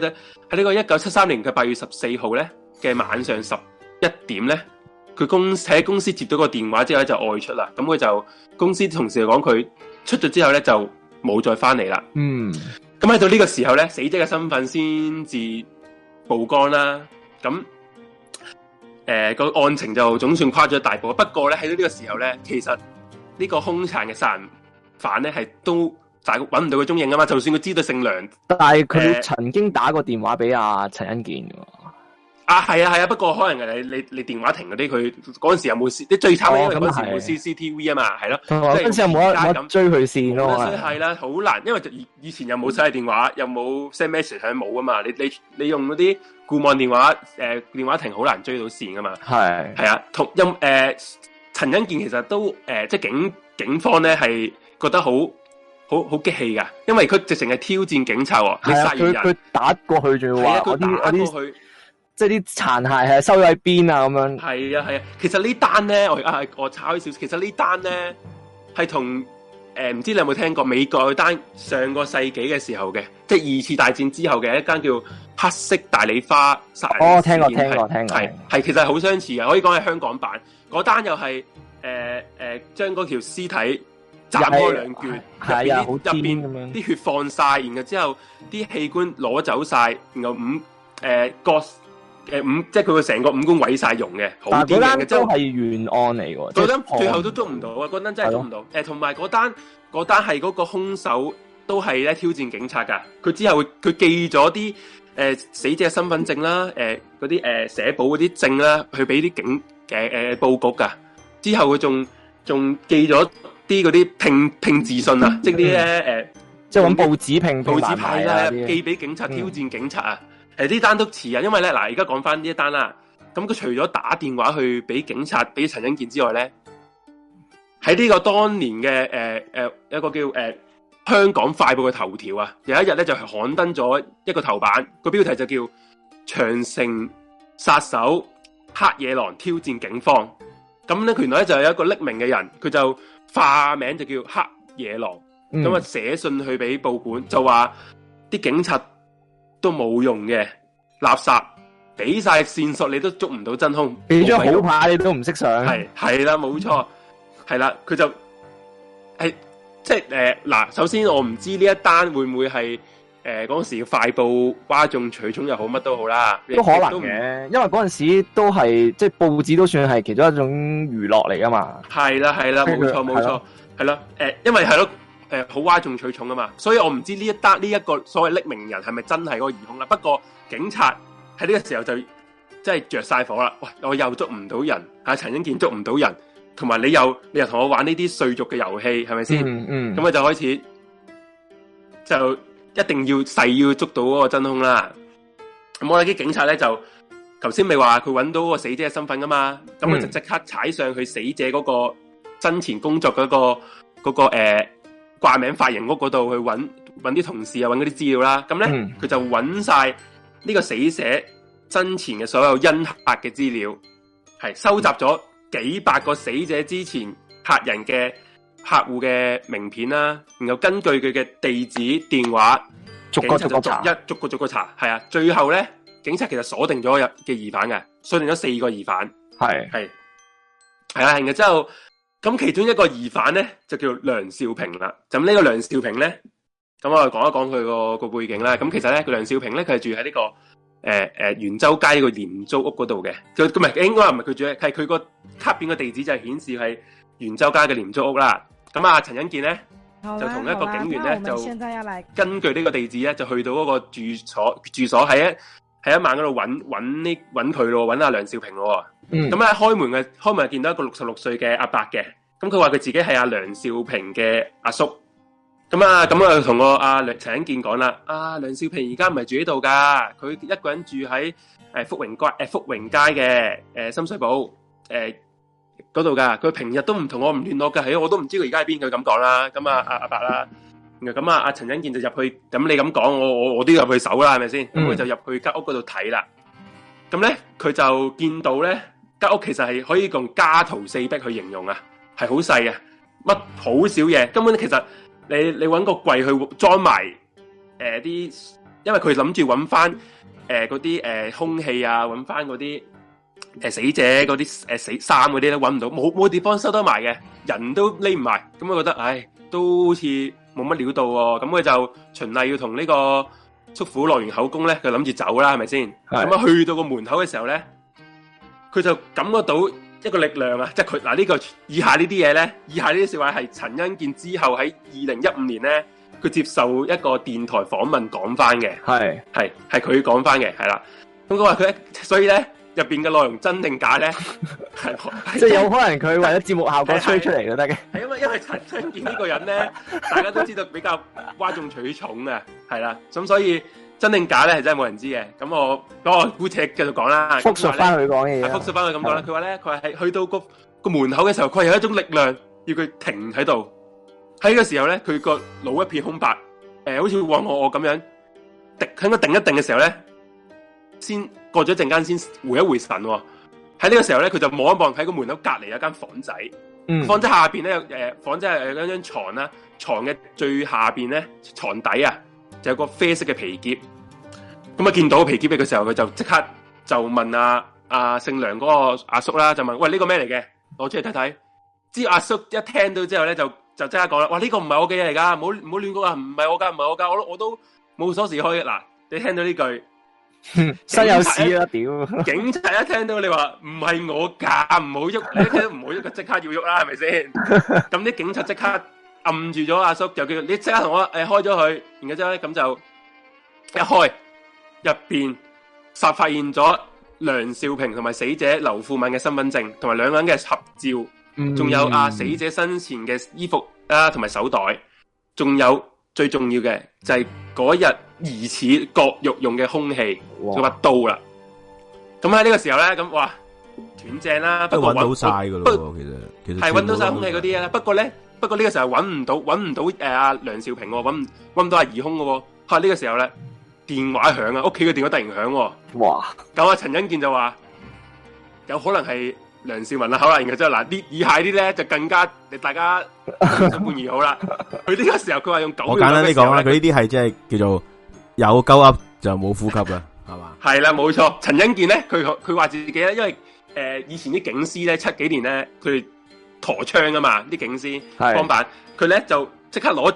喺呢個一九七三年嘅八月十四號咧嘅晚上十一點咧，佢公喺公司接到個電話之後就外出啦。咁佢就公司同事就講，佢出咗之後咧就冇再翻嚟啦。嗯，咁喺到呢個時候咧，死者嘅身份先至曝光啦、啊。咁誒，個、呃、案情就總算跨咗一大步。不過咧，喺到呢個時候咧，其實呢個兇殘嘅殺人犯咧係都。就揾唔到佢蹤影啊嘛！就算佢知道姓梁，但係佢曾經打過電話俾阿陳欣健嘅。啊，係啊，係啊，不過可能你你你電話亭嗰啲，佢嗰陣時有冇最慘係因為嗰時冇 CCTV 啊嘛，係、哦、咯，即係有冇冇得追佢線咯？係啦，好、啊、難，因為以前又冇手提電話，嗯、又冇 SMS e n d e 係冇噶嘛。你你你用嗰啲固網電話，誒、呃、電話亭好難追到線噶嘛。係係啊，同音誒陳欣健其實都誒、呃，即係警警方咧係覺得好。好好激氣噶，因為佢直情係挑戰警察。哦是啊，你殺人，佢佢打過去仲會話，是啊，打過去，即係啲殘骸係收喺邊啊咁樣。係啊係啊，其實這呢單咧，我啊我炒少少，其實這呢單咧係同誒唔知你有冇聽過美國嗰單上個世紀嘅時候嘅，即係二次大戰之後嘅一間叫黑色大理花殺人。哦，聽過聽過聽過，係係其實係好相似嘅，可以講係香港版嗰單又係誒誒將嗰條屍體。斬開兩橛，入邊入邊啲血放晒，然後之後啲器官攞走晒，然後五誒、呃、各誒五、呃，即係佢個成個五官毀晒容嘅，好癲啦，即係係冤案嚟嘅，嗰單最後都捉唔到啊！嗰單真係捉唔到。誒，同埋嗰單嗰單係嗰個凶手都係咧挑戰警察噶。佢之後佢寄咗啲誒死者身份證啦，誒嗰啲誒社保嗰啲證啦，去俾啲警誒誒布局噶。之後佢仲仲寄咗。啲嗰啲拼拼自信啊，即係啲咧誒，即係搵報紙拼、呃、報紙牌啦、啊，寄俾警察、嗯、挑戰警察啊！誒、呃，呢單都遲啊，因為咧嗱，而家講翻呢一單啦，咁佢除咗打電話去俾警察俾陳欣健之外咧，喺呢個當年嘅誒誒有一個叫誒、呃、香港快報嘅頭條啊，有一日咧就刊登咗一個頭版，個標題就叫《長城殺手黑野狼挑戰警方》。咁咧，原來咧就有一個匿名嘅人，佢就化名就叫黑野狼，咁、嗯、啊，寫信去俾報館，就話啲警察都冇用嘅，垃圾，俾晒線索你都捉唔到真凶，俾張好牌你都唔識上，係係啦，冇錯，係啦，佢就係即係誒，嗱、呃，首先我唔知呢一單會唔會係。誒、呃，嗰時快報嘩眾取寵又好，乜都好啦，都可能嘅，因為嗰陣時都係即係報紙都算係其中一種娛樂嚟㗎嘛。係啦，係啦，冇錯冇錯，係啦，誒，因為係咯，誒、呃，好嘩眾取寵啊嘛，所以我唔知呢一單呢一個、這個、所謂匿名人係咪真係個疑兇啦，不過警察喺呢個時候就即係着晒火啦，喂，我又捉唔到人啊，陳英健捉唔到人，同埋你又你又同我玩呢啲碎肉嘅遊戲，係咪先？嗯嗯，咁啊就開始就。一定要誓要捉到嗰個真兇啦！咁我哋啲警察咧就，頭先咪話佢揾到個死者嘅身份㗎嘛？咁、嗯、佢就即刻踩上去死者嗰、那個生前工作嗰、那個嗰、那個誒掛、呃、名髮型屋嗰度去揾揾啲同事啊揾嗰啲資料啦。咁咧佢就揾晒呢個死者生前嘅所有恩客嘅資料，係收集咗幾百個死者之前客人嘅。客戶嘅名片啦，然後根據佢嘅地址、電話，逐個逐個查，一逐個逐個查，係啊，最後咧，警察其實鎖定咗入嘅疑犯嘅，鎖定咗四個疑犯，係係係啊，然之後咁其中一個疑犯咧就叫梁少平啦，咁呢個梁少平咧，咁我哋講一講佢個個背景啦，咁其實咧，佢梁少平咧，佢係住喺呢、呢個誒誒元州街一個廉租屋嗰度嘅，佢佢唔係，應該唔係佢住，係佢個卡片嘅地址就係顯示係。元州街嘅廉租屋啦，咁啊陳欣健咧、啊、就同一個警員咧、啊、就根據呢個地址咧就去到嗰個住所住所喺喺一,一晚嗰度揾揾呢揾佢咯，揾阿梁少平咯，咁、嗯、啊開門嘅開門見到一個六十六歲嘅阿伯嘅，咁佢話佢自己係阿梁少平嘅阿叔，咁啊咁啊同個阿陳欣健講啦，啊梁少平而家唔係住喺度噶，佢一個人住喺誒、呃、福榮街誒、呃、福榮街嘅誒、呃、深水埗誒。呃嗰度噶，佢平日都唔同我唔聯絡噶，係、哎、我都唔知佢而家喺邊，佢咁講啦。咁啊，阿阿伯啦，咁啊，阿陳欣健就入去，咁你咁講，我我我都要入去搜啦，係咪先？咁、嗯、佢就入去間屋嗰度睇啦。咁咧，佢就見到咧，間屋其實係可以用家徒四壁去形容啊，係好細啊，乜好少嘢。根本其實你你揾個櫃去裝埋誒啲，因為佢諗住揾翻誒嗰啲誒空氣啊，揾翻嗰啲。誒，死者嗰啲誒死衫嗰啲咧，揾唔到，冇冇地方收得埋嘅，人都匿唔埋，咁佢覺得，唉，都好似冇乜料到喎，咁佢就循例要同呢個叔父落完口供咧，佢諗住走啦，係咪先？咁啊，去到個門口嘅時候咧，佢就感覺到一個力量啊，即係佢嗱呢個以下呢啲嘢咧，以下呢啲說話係陳欣健之後喺二零一五年咧，佢接受一個電台訪問講翻嘅，係係係佢講翻嘅，係啦，咁佢話佢，所以咧。入邊嘅內容真定假咧？即係有可能佢為咗節目效果吹出嚟就得嘅。係因為因為陳春見呢個人咧，大家都知道比較嘩眾取寵啊，係啦。咁所以真定假咧，係真係冇人知嘅。咁我咁我姑且繼續講啦，複述翻佢講嘢啦，複述翻佢咁講啦。佢話咧，佢話係去到個個門口嘅時候，佢有一種力量要佢停喺度。喺個時候咧，佢個腦一片空白，誒，好似我我我咁樣。定，喺度定一定嘅時候咧，先。過咗一陣間先回一回神喎，哦，喺呢個時候咧，佢就望一望喺個門口隔籬有間房仔，嗯，房仔下邊咧誒，房仔係有一張床啦，床嘅最下邊咧，床底啊，就有個啡色嘅皮夾。咁，嗯、啊見到個皮夾嘅時候，佢就即刻就問阿，啊、阿，啊、姓梁嗰個阿叔啦，就問喂，呢個咩嚟嘅？攞出嚟睇睇。之後阿叔一聽到之後咧就就即刻講啦，哇，呢、呢個唔係我嘅嘢嚟噶，唔好唔好亂講啊，唔係我噶，唔係我噶，我我都冇鎖匙開嘅嗱，你聽到呢句。新有事啦！屌，警察，一聽到你話唔係我㗎，唔好喐，你一聽到唔好喐，就即刻要喐啦，係咪先？咁啲警察即刻按住咗阿叔，就叫你即刻同我誒，開咗佢，然之後咧咁就一開，入邊實發現咗梁少平同埋死者劉富敏嘅身份證，同埋兩個人嘅合照，仲有阿死者生前嘅衣服啊，同埋手袋，仲有最重要嘅就係嗰日。疑似割肉用嘅空氣，就把刀啦。咁喺呢個時候咧，咁哇斷正啦，啊，不過搵到晒噶咯。其實係搵到晒空氣嗰啲啦。不過咧，啊，不過呢不過個時候搵唔到，搵唔到誒，阿，啊，梁少平搵唔到阿二空噶。吓，啊，呢，這個時候咧，電話響啊，屋企嘅電話突然響。哇！咁阿陳欣健就話有可能係梁少文啦。好啦，然後之後嗱，啲以下啲咧就更加大家半信半疑好啦，佢 *laughs* 呢個時候佢話用狗簡單啲講啦，佢呢啲係即係叫做。嗯有勾噏就冇呼吸噶，係 *laughs* 嘛？係啦，冇錯。陳欣健咧，佢佢話自己咧，因為誒、呃、以前啲警司咧，七幾年咧，佢陀槍噶嘛，啲警司幫辦，佢咧就即刻攞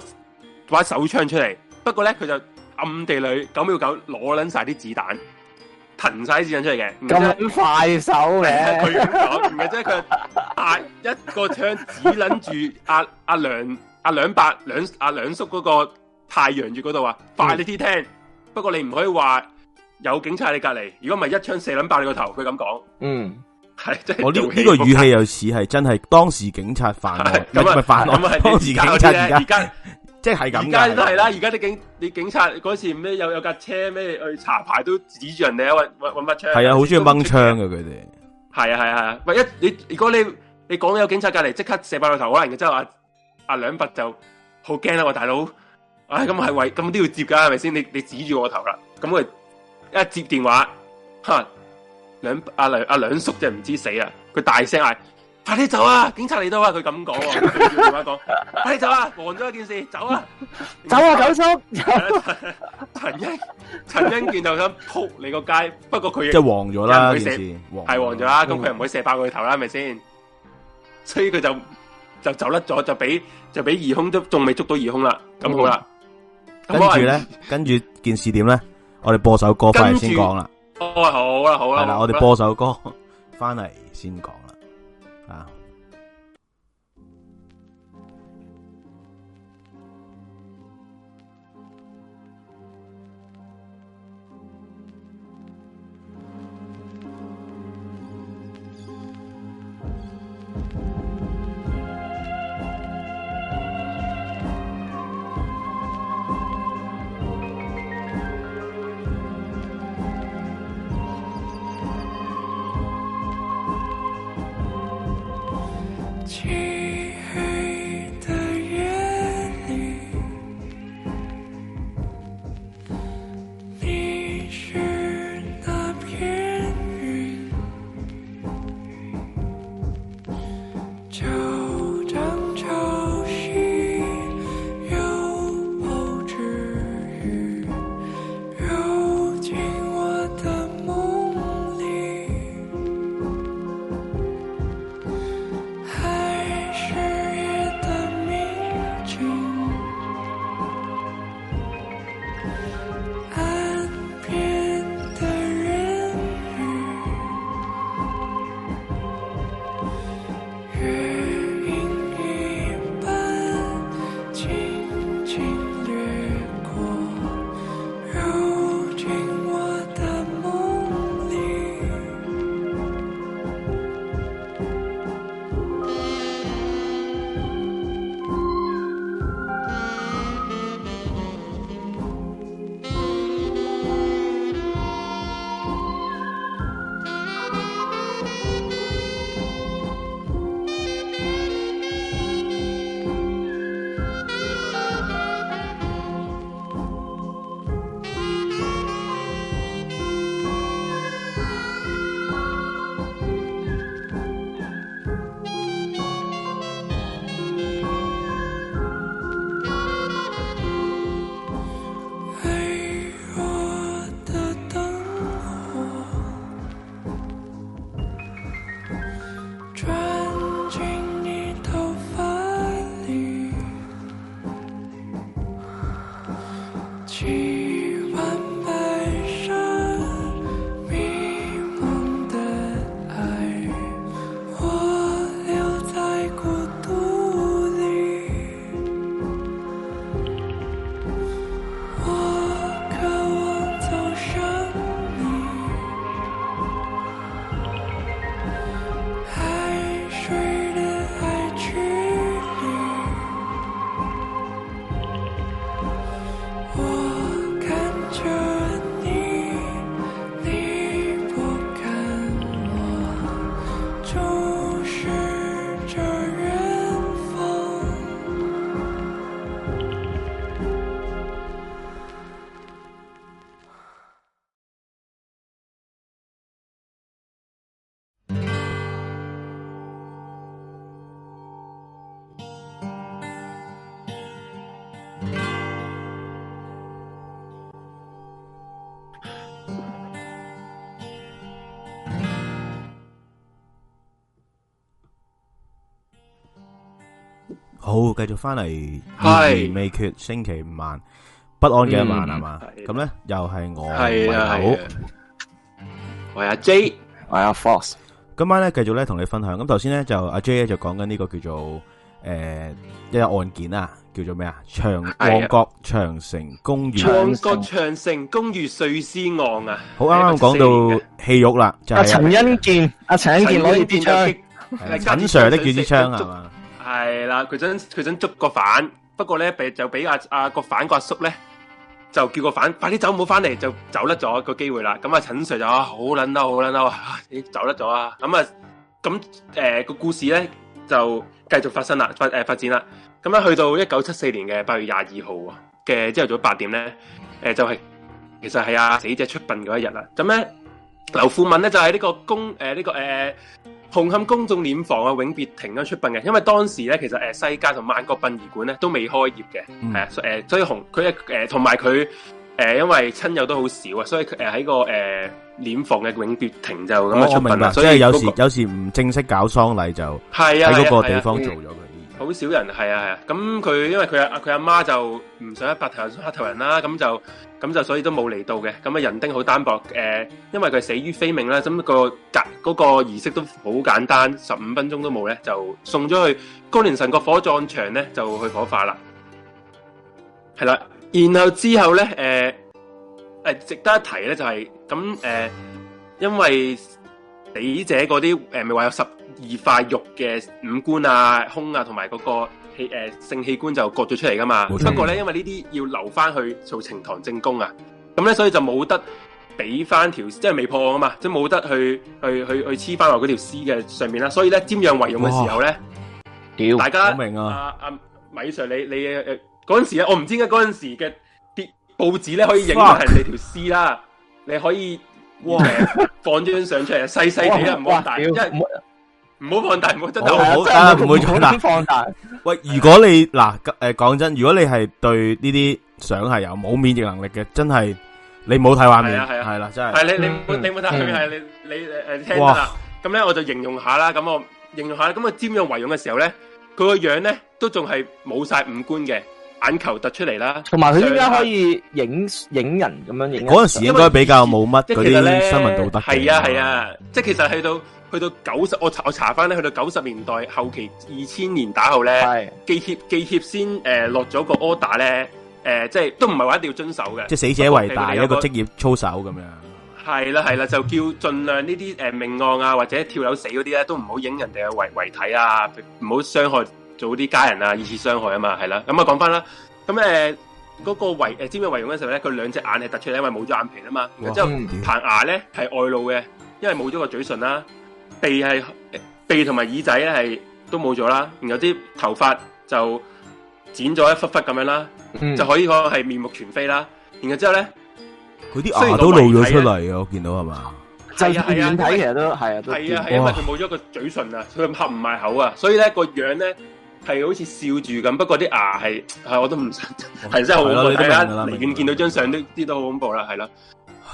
把手槍出嚟。不過咧，佢就暗地裏九秒九攞捻晒啲子彈，騰晒啲子彈出嚟嘅。咁快手嘅，佢唔係即係佢帶一個槍指，捻住阿阿梁阿兩、啊、伯兩阿兩叔嗰個太陽穴嗰度啊，快啲聽。嗯不過你唔可以話有警察喺你隔籬，如果唔係一槍射捻爆你個頭，佢咁講。嗯，係即係。我呢呢個語氣又似係真係當時警察犯案，咁咪、嗯、犯案、嗯？當時警察而家即係咁噶。而家都係啦，而家啲警，你警察嗰時咩有有架車咩去查牌都指住人哋，揾揾揾乜槍？係啊，好中意掹槍噶佢哋。係啊係啊係啊，喂，一你如果你你講有警察隔籬，即刻射爆個頭可能嘅，即係阿阿兩伯就好驚啦，大佬。哎，咁係為咁都要接噶，係咪先？你你指住我頭啦，咁佢一接電話，吓兩阿梁阿兩叔就唔知死啦。佢大聲嗌：快啲走啊！警察嚟咗啊！佢咁講，電話講：快啲走啊！黃咗一件事，走啊，走啊，九叔。陳英陳英見到想扑你個街，不過佢即係黃咗啦件事，係黃咗啦。咁佢又唔可以射爆佢頭啦，係咪先？所以佢就就走甩咗，就俾就俾疑兇都仲未捉到疑兇啦。咁好啦。跟住咧，跟住件事點咧？我哋播首歌翻嚟先講啦。好啦、啊、好啦、啊，係啦、啊啊，我哋播首歌翻嚟先講啦。啊。好，繼續翻嚟懸疑未決，星期五晚不安嘅一晚係嘛？咁咧又係我為首，我阿 J，我阿 Fox，今晚咧繼續咧同你分享。咁頭先咧就阿 J 就講緊呢個叫做誒一個案件啊，叫做咩啊？長旺角長城公寓，旺角長城公寓碎屍案啊！好啱啱講到戲肉啦，阿陳欣健，阿陳欣健可以跌出，陳 Sir 的狙擊槍係嘛？係啦，佢想佢想捉個反，不過咧被就俾阿阿個反個阿叔咧就叫個反快啲走，唔好翻嚟，就走甩咗個機會啦。咁啊，陳 Sir 就好撚嬲，好撚嬲，啊，走甩咗啊！咁啊，咁誒個故事咧就繼續發生啦，發誒、呃、發展啦。咁樣去到一九七四年嘅八月廿二號嘅朝頭早八點咧，誒、呃、就係、是、其實係啊，死者出殯嗰一日啦。咁咧劉富敏咧就喺、是、呢個公誒呢、呃這個誒。呃紅磡公眾殮房啊，永別亭啊，出殯嘅，因為當時咧，其實誒西街同萬國殯儀館咧都未開業嘅，係啊，誒，所以紅佢誒，同埋佢誒，因為親友都好少啊，所以誒喺個誒殮房嘅永別亭就咁啊出殯啦，所以有時有時唔正式搞喪禮就喺嗰個地方做咗佢。好少人，係啊係啊，咁佢、啊、因為佢阿佢阿媽就唔想白頭人送黑頭人啦，咁就咁就所以都冇嚟到嘅，咁啊人丁好單薄，誒、呃，因為佢死於非命啦，咁、那個簡、那個儀式都好簡單，十五分鐘都冇咧，就送咗去哥連臣角火葬場咧，就去火化啦，係啦、啊，然後之後咧，誒、呃、誒，值得一提咧就係、是、咁，誒、呃，因為死者嗰啲誒，咪、呃、話有十。二塊肉嘅五官啊、胸啊，同埋嗰個器誒、呃、性器官就割咗出嚟噶嘛。不過咧，因為呢啲要留翻去做呈堂證供啊，咁咧所以就冇得俾翻條，即係未破案啊嘛，即係冇得去去去去黐翻落嗰條屍嘅上面啦。所以咧，瞻仰遺容嘅時候咧，屌大家，阿阿、啊啊、米 sir，你你誒嗰陣時啊，我唔知點解嗰陣時嘅啲報紙咧可以影到係你條屍啦， *laughs* 你可以哇放張相出嚟，細細地唔好咁大，因唔好放大，唔好真係好。唔會放大。喂，如果你嗱誒講真，如果你係對呢啲相係有冇免疫能力嘅，真係你唔好睇畫面。係啊係啊，係啦真係。係你你唔你唔好睇畫面，你你誒聽得啦。咁咧我就形容下啦。咁我形容下，咁我瞻仰遺容嘅時候咧，佢個樣咧都仲係冇晒五官嘅，眼球突出嚟啦。同埋佢點解可以影影人咁樣影？嗰陣時應該比較冇乜嗰啲新聞道德。係啊係啊，即係其實去到。去到九十，我我查翻咧，去到九十年代後期，二千年打後咧，寄帖寄帖先落咗、呃、個 order 咧、呃，即係都唔係話一定要遵守嘅，即係死者為大一個,一個職業操守咁樣。係啦係啦，就叫盡量呢啲誒命案啊或者跳樓死嗰啲咧，都唔好影人哋嘅遺遺體啊，唔好傷害做啲家人啊，二次傷害啊嘛，係啦。咁啊講翻啦，咁、呃那個、呢，嗰個遺尖知唔知遺容嗰陣咧，佢兩隻眼係突出，因為冇咗眼皮啊嘛，之後棚牙咧係外露嘅，因為冇咗個嘴唇啦、啊。鼻係鼻同埋耳仔咧係都冇咗啦，然後啲頭髮就剪咗一忽忽咁樣啦，就可以講係面目全非啦。然後之後咧，佢啲牙都露咗出嚟嘅，我見到係嘛，啊，係啊，睇其實都係啊，係啊，係啊，因為佢冇咗個嘴唇啊，佢合唔埋口啊，所以咧個樣咧係好似笑住咁，不過啲牙係係我都唔信，係 *laughs* 真係好恐怖，哦、大家離恐怖啊！遠遠見到張相都啲都好恐怖啦，係啦。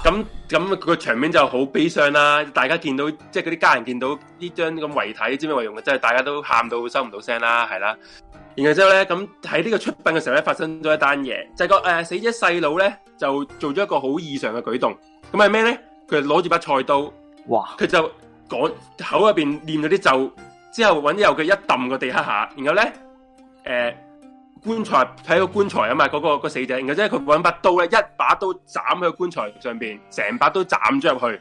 咁咁個場面就好悲傷啦，大家見到即係嗰啲家人見到呢張咁遺體，知咩為容嘅，即係大家都喊到收唔到聲啦，係啦。然後之後咧，咁喺呢個出殯嘅時候咧，發生咗一單嘢，就係個，呃，死者細佬咧就做咗一個好異常嘅舉動，咁係咩咧？佢攞住把菜刀，哇！佢就講口入邊念咗啲咒，之後搵啲右佢一抌個地下下，然後咧，誒、呃。棺材睇個棺材啊嘛，嗰、個，個死者，然後即係佢揾把刀咧，一把刀斬喺個棺材上邊，成把刀斬咗入去，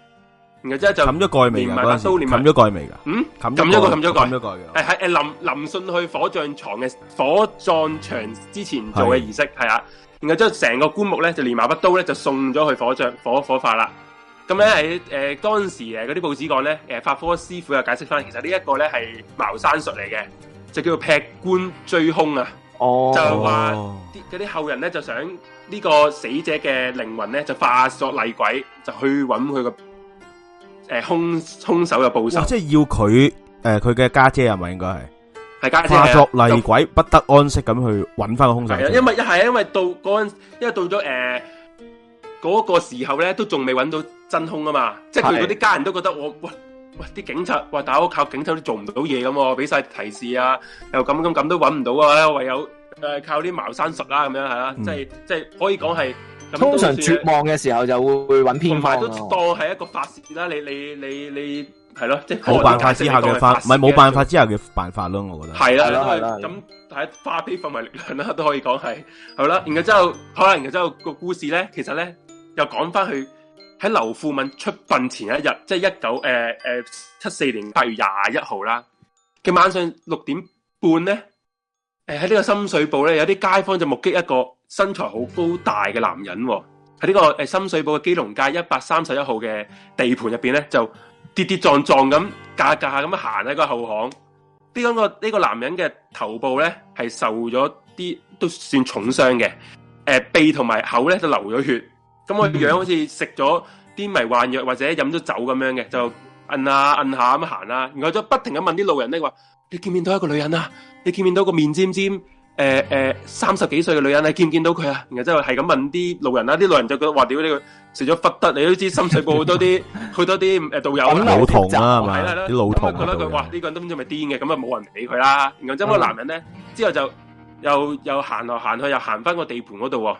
然後之後就冚咗蓋未，連埋把刀，冚咗蓋未噶，嗯，冚咗個，冚咗蓋？冚咗蓋個。係係誒林林信去火葬場嘅火葬場之前做嘅儀式，係啊，然後將成個棺木咧就連埋把刀咧就送咗去火葬火火化啦。咁咧喺誒當時誒嗰啲報紙講咧，誒、呃、法科師傅又解釋翻，其實這呢一個咧係茅山術嚟嘅，就叫做劈棺追凶啊。Oh. 就係話啲嗰啲後人咧就想呢個死者嘅靈魂咧就化作厲鬼就去揾佢個誒凶兇手嘅報仇，即係要佢誒佢嘅家姐係咪應該係係家姐化作厲鬼不得安息咁去揾翻個兇手，因為係因為到嗰陣因為到咗誒嗰個時候咧都仲未揾到真凶啊嘛，即係佢嗰啲家人都覺得我喂。喂，啲警察，喂，大佬靠警察都做唔到嘢咁，俾晒提示啊，又咁咁咁都揾唔到啊，唯有誒靠啲茅山術啦，咁樣係啦，即係即係可以講係。通常絕望嘅時候就會揾偏方。都當係一個發泄啦，你你你你係咯，即係冇辦法之下嘅發，唔係冇辦法之下嘅辦法咯，我覺得。係啦，咁係化悲憤為力量啦，都可以講係，係啦。然後之後可能之後個故事咧，其實咧又講翻去。喺劉富敏出殯前一日，即係一九誒誒七四年八月廿一號啦。嘅晚上六點半咧，誒喺呢個深水埗咧，有啲街坊就目擊一個身材好高大嘅男人喺、哦、呢個誒深水埗嘅基隆街一百三十一號嘅地盤入邊咧，就跌跌撞撞，咁，架架咁樣行喺個後巷。呢、呢個呢、呢個男人嘅頭部咧係受咗啲都算重傷嘅，誒、呃、鼻同埋口咧就流咗血。咁、嗯、佢，樣好似食咗啲迷幻藥或者飲咗酒咁樣嘅，就摁、啊、下摁下咁行啦。然後都不停咁問啲路人咧，話你見唔見到一個女人啦、啊，你見唔見到個面尖尖，誒、呃、誒三十幾歲嘅女人，你見唔見到佢啊？然後即係係咁問啲路人啦，啲路人就覺得話，屌呢個食咗忽得，你都知深水埗好多啲去 *laughs* 多啲誒道友啊。老同啦、啊，係嘛、啊？啲老同覺得佢，哇！呢、這個都唔知咪癲嘅，咁啊冇人理佢啦、啊嗯。然後即係個男人咧，之後就又又行嚟行去，又行翻個地盤嗰度。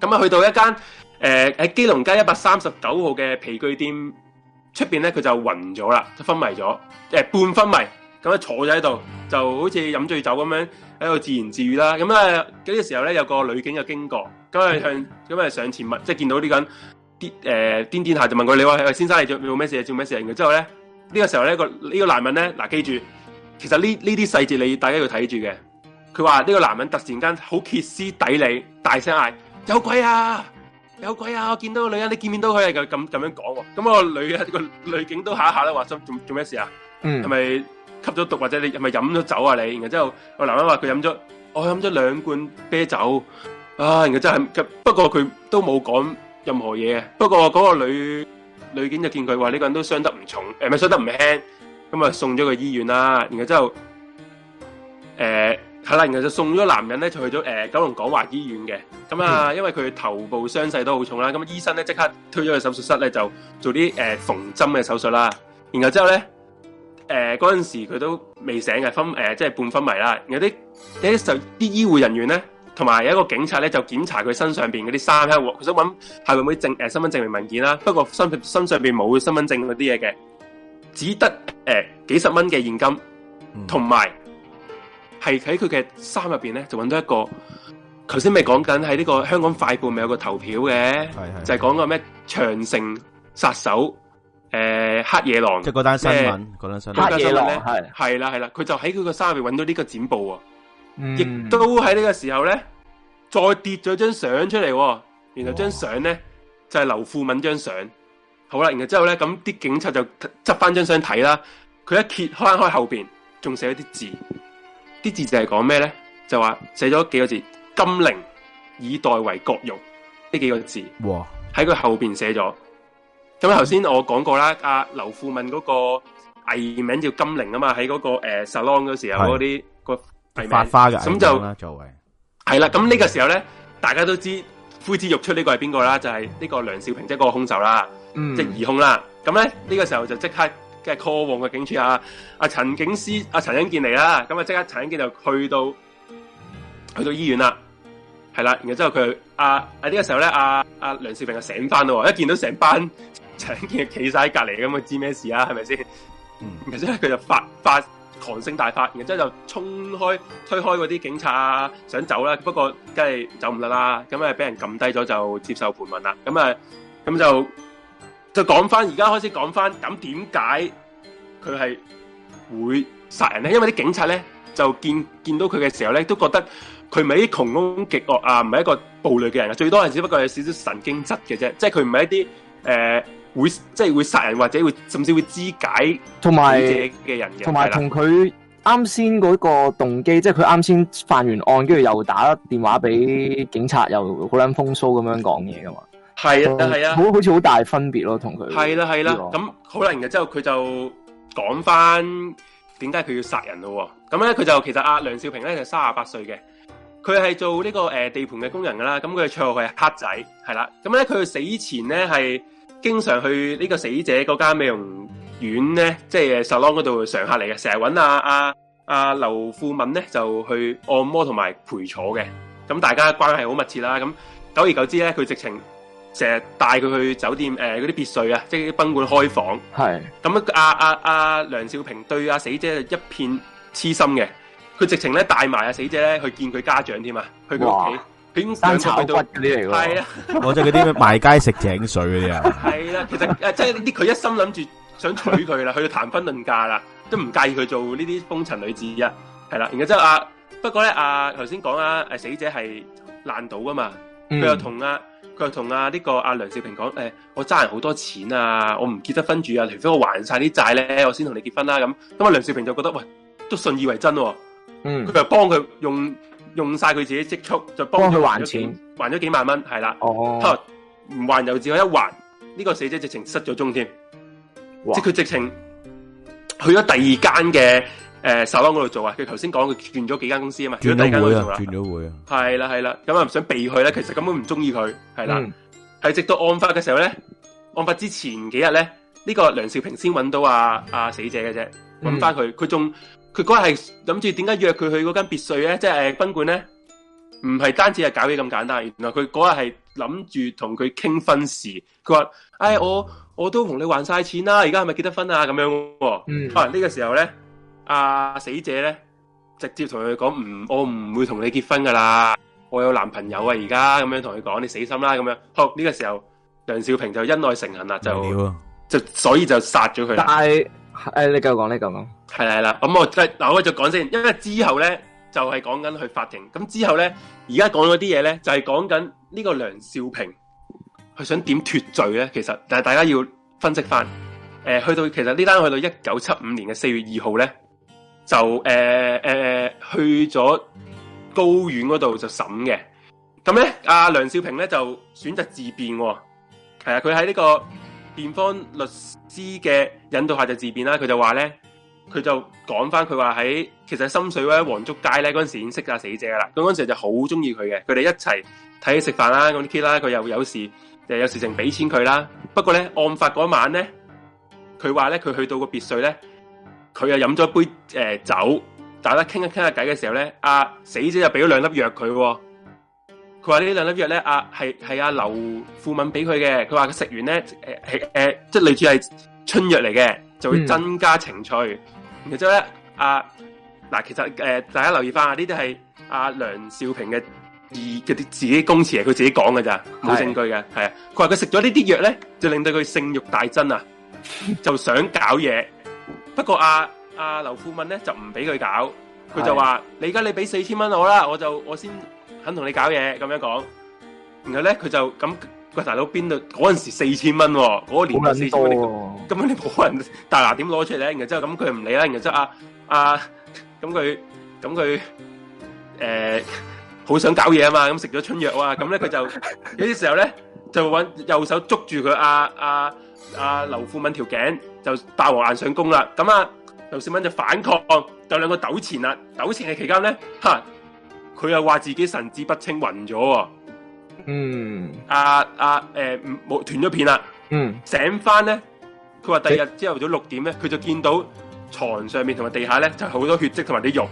咁啊，去到一間誒喺基隆街一百三十九號嘅皮具店出面咧，佢就暈咗啦，就昏迷咗、呃，半昏迷。咁啊坐咗喺度，就好似飲醉酒咁樣喺度自言自語啦。咁咧呢個時候咧，有個女警就經過，咁啊向咁啊上前問，即係見到呢個人癲誒下，呃、癲癲癲就問佢：你話係先生你做咩事？做咩事？之後咧呢、這個時候咧個呢、這個男人咧嗱記住，其實呢呢啲細節你大家要睇住嘅。佢話呢個男人突然間好歇斯底里，大聲嗌。有鬼啊！有鬼啊！我見到個女人，你見面都佢咁咁咁樣講喎。咁個女嘅個女警都吓一吓啦，話什做做咩事啊？係咪吸咗毒或者你係咪飲咗酒啊？你，然後之後個男人話佢飲咗，我飲咗兩罐啤酒啊！然後真係，不過佢都冇講任何嘢嘅。不過嗰個女女警就見佢話呢個人都傷得唔重，誒，咪傷得唔輕，咁啊送咗去醫院啦。然後之後，誒。係啦，然後就送咗男人咧，就去咗誒、呃、九龍廣華醫院嘅。咁、嗯、啊，因為佢頭部傷勢都好重啦，咁啊醫生咧即刻推咗去手術室咧，就做啲誒縫針嘅手術啦。然後之後咧，誒嗰陣時佢都未醒嘅分誒、呃，即係半昏迷啦。有啲有啲就啲醫護人員咧，同埋有一個警察咧，就檢查佢身上邊嗰啲衫喺度，佢想搵係咪唔係證誒、呃、身份證明文件啦？不過身身上邊冇身份證嗰啲嘢嘅，只得誒、呃、幾十蚊嘅現金同埋。還有係喺佢嘅衫入邊咧，就揾到一個。頭先咪講緊喺呢個香港快報咪有個投票嘅，是是就係講個咩長城殺手誒、呃、黑野狼，即係嗰單新聞，嗰單新聞黑野狼咧係係啦係啦，佢就喺佢個衫入邊揾到呢個剪報啊、哦！亦、嗯、都喺呢個時候咧，再跌咗張相出嚟、哦，然後張相咧就係劉富敏張相，好啦，然後之後咧，咁啲警察就執翻張相睇啦，佢一揭開一開後邊，仲寫咗啲字。啲字就係講咩咧？就話寫咗幾個字：金陵以代為國用。呢幾個字喺佢後邊寫咗。咁頭先我講過啦，阿、啊、劉富文嗰個藝名叫金陵啊嘛，喺嗰、那個誒、呃、salon 嗰時候嗰啲個髮花嘅，咁就作為係啦。咁呢個時候咧，大家都知呼之欲出呢、這個係邊個啦？就係、是、呢個梁少平即係嗰個凶手啦，嗯、即係疑凶啦。咁咧呢、嗯這個時候就即刻。即係過往嘅警署啊，阿、啊、陳警司，阿、啊、陳英健嚟啦，咁啊即刻陳英健就去到去到醫院啦，係啦，然後之後佢呢個時候咧，阿、啊、阿、啊、梁少平就醒翻咯，一、啊、見到成班陳英健企晒喺隔籬咁，知咩事啊？係咪先？嗯，然之後佢就發發狂性大發，然之後就衝開推開嗰啲警察啊，想走啦、啊，不過梗係走唔得啦，咁啊俾人撳低咗就接受盤問啦，咁啊咁就。就講翻，而家開始講翻，咁點解佢係會殺人咧？因為啲警察咧就見見到佢嘅時候咧，都覺得佢咪係啲窮兇極惡啊，唔係一個暴戾嘅人啊，最多係只不過係少少神經質嘅啫，即係佢唔係一啲誒、呃、會即係會殺人或者會甚至會肢解同埋嘅人嘅，同埋同佢啱先嗰個動機，即係佢啱先犯完案，跟住又打電話俾警察，又好撚風騷咁樣講嘢噶嘛。係啊，係啊，啊，好好似好大分別咯，同佢係啦，係啦、啊，咁、啊、好啦，然後之後佢就講翻點解佢要殺人咯、啊？咁咧，佢就其實阿、啊、梁少平咧就三十八歲嘅，佢係做呢個誒地盤嘅工人噶啦，咁佢嘅綽號係黑仔係啦，咁咧佢死前咧係經常去呢個死者嗰間美容院咧，即、就、係、是、salon 嗰度常客嚟嘅，成日搵阿阿阿劉富敏咧就去按摩同埋陪坐嘅，咁大家的關係好密切啦，咁久而久之咧，佢直情。成日帶佢去酒店誒嗰啲別墅啊，即係啲賓館開房。係咁啊！阿阿阿梁少平對阿死者一片痴心嘅，佢直情咧帶埋阿死者咧去見佢家長添啊，去佢屋企。哇佢去到！生炒骨嗰啲嚟㗎，啊！我即係嗰啲埋街食井水啲啊！係 *laughs* 啦，其實誒、呃、即係呢啲佢一心諗住想娶佢啦， *laughs* 去談婚論嫁啦，都唔介意佢做呢啲風塵女子啊，係啦。然後之後啊，不過咧啊，頭先講啊，誒死者係爛到㗎嘛，佢、嗯、又同啊。佢同阿呢個阿梁少平講，誒、哎，我爭人好多錢啊，我唔結得婚住啊，除非我還晒啲債咧，我先同你結婚啦，啊。咁，咁阿梁少平就覺得，喂，都信以為真、哦。嗯，佢就幫佢用用晒佢自己積蓄，就幫佢還錢，還咗幾，幾萬蚊，係啦。哦，吓，唔還又只有一還，呢、這個死者直情失咗蹤添，即佢直情去咗第二間嘅。誒、呃，沙灣度做啊，佢頭先講佢轉咗幾間公司啊嘛，轉咗第二間嗰度做啦，轉咗會啊，係啦係啦，咁啊，唔想避佢咧，其實根本唔中意佢，係啦，係、嗯、直到案發嘅時候咧，案發之前幾日咧，呢、這個梁少平先揾到啊啊死者嘅，啫，揾翻佢，佢仲佢嗰日係諗住點解約佢去嗰間別墅咧，即係賓館咧，唔係單止係搞嘢咁簡單，原來佢嗰日係諗住同佢傾婚事，佢話，哎我我都同你還晒錢啦、啊，而家係咪結得婚啊？咁樣、哦，可能呢個時候咧。啊、死者咧，直接同佢講唔，我唔會同你結婚噶啦，我有男朋友啊，而家咁樣同佢講，你死心啦咁樣。好呢、這個時候，梁少平就恩愛成恨啦，就就所以就殺咗佢。但係誒、哎，你繼續講？你繼續講？係啦係啦。咁我即嗱，我繼續講先，因為之後咧就係講緊去法庭。咁之後咧，而家講嗰啲嘢咧就係講緊呢個梁少平，佢想點脱罪咧？其實但係大家要分析翻誒、呃，去到其實呢單去到一九七五年嘅四月二號咧。就誒誒、呃呃、去咗高院嗰度就審嘅，咁咧阿梁少平咧就選擇自辯喎、哦，係啊，佢喺呢個辯方律師嘅引導下就自辯啦、啊，佢就話咧，佢就講翻佢話喺其實深水灣黃竹街咧嗰陣時已經認識阿死者噶啦，咁嗰陣時就好中意佢嘅，佢哋一齊睇食飯啦，咁啲 K 啦，佢又有時，就有事情俾錢佢啦，不過咧案發嗰晚咧，佢話咧佢去到個別墅咧。佢又飲咗杯誒、呃、酒，大家傾一傾下偈嘅時候咧，阿、啊、死者就俾咗兩粒藥佢、哦。佢話呢兩粒藥咧，阿係係阿劉富敏俾佢嘅。佢話佢食完咧，誒係誒，即係、呃就是、類似係春藥嚟嘅，就會增加情趣。然之後咧，阿、啊、嗱，其實誒、呃，大家留意翻啊，呢啲係阿梁少平嘅二啲自己供詞，係佢自己講嘅咋，冇證據嘅，係啊。佢話佢食咗呢啲藥咧，就令到佢性欲大增啊，就想搞嘢。 *laughs* 不過阿、啊、阿、啊、劉富敏咧就唔俾佢搞，佢就話：你而家你俾四千蚊我啦，我就我先肯同你搞嘢咁樣講。然後咧佢就咁個、嗯、大佬邊度嗰陣時四千蚊喎，嗰年四千蚊，根本、哦、你冇、嗯、人大拿點攞出嚟咧？然後之後咁佢唔理啦，然後之後阿阿咁佢咁佢誒。啊啊啊好想搞嘢啊嘛！咁食咗春藥啊，咁咧佢就有啲 *laughs* 時候咧就揾右手捉住佢阿阿阿劉富敏條頸，就霸王硬上弓啦。咁啊，劉富敏就反抗，就兩個糾纏啦。糾纏嘅期間咧，嚇佢又話自己神志不清，暈咗。嗯，阿阿誒冇斷咗片啦。嗯，醒翻咧，佢話第二日朝頭早六點咧，佢就見到床上面同埋地下咧就好多血跡同埋啲肉。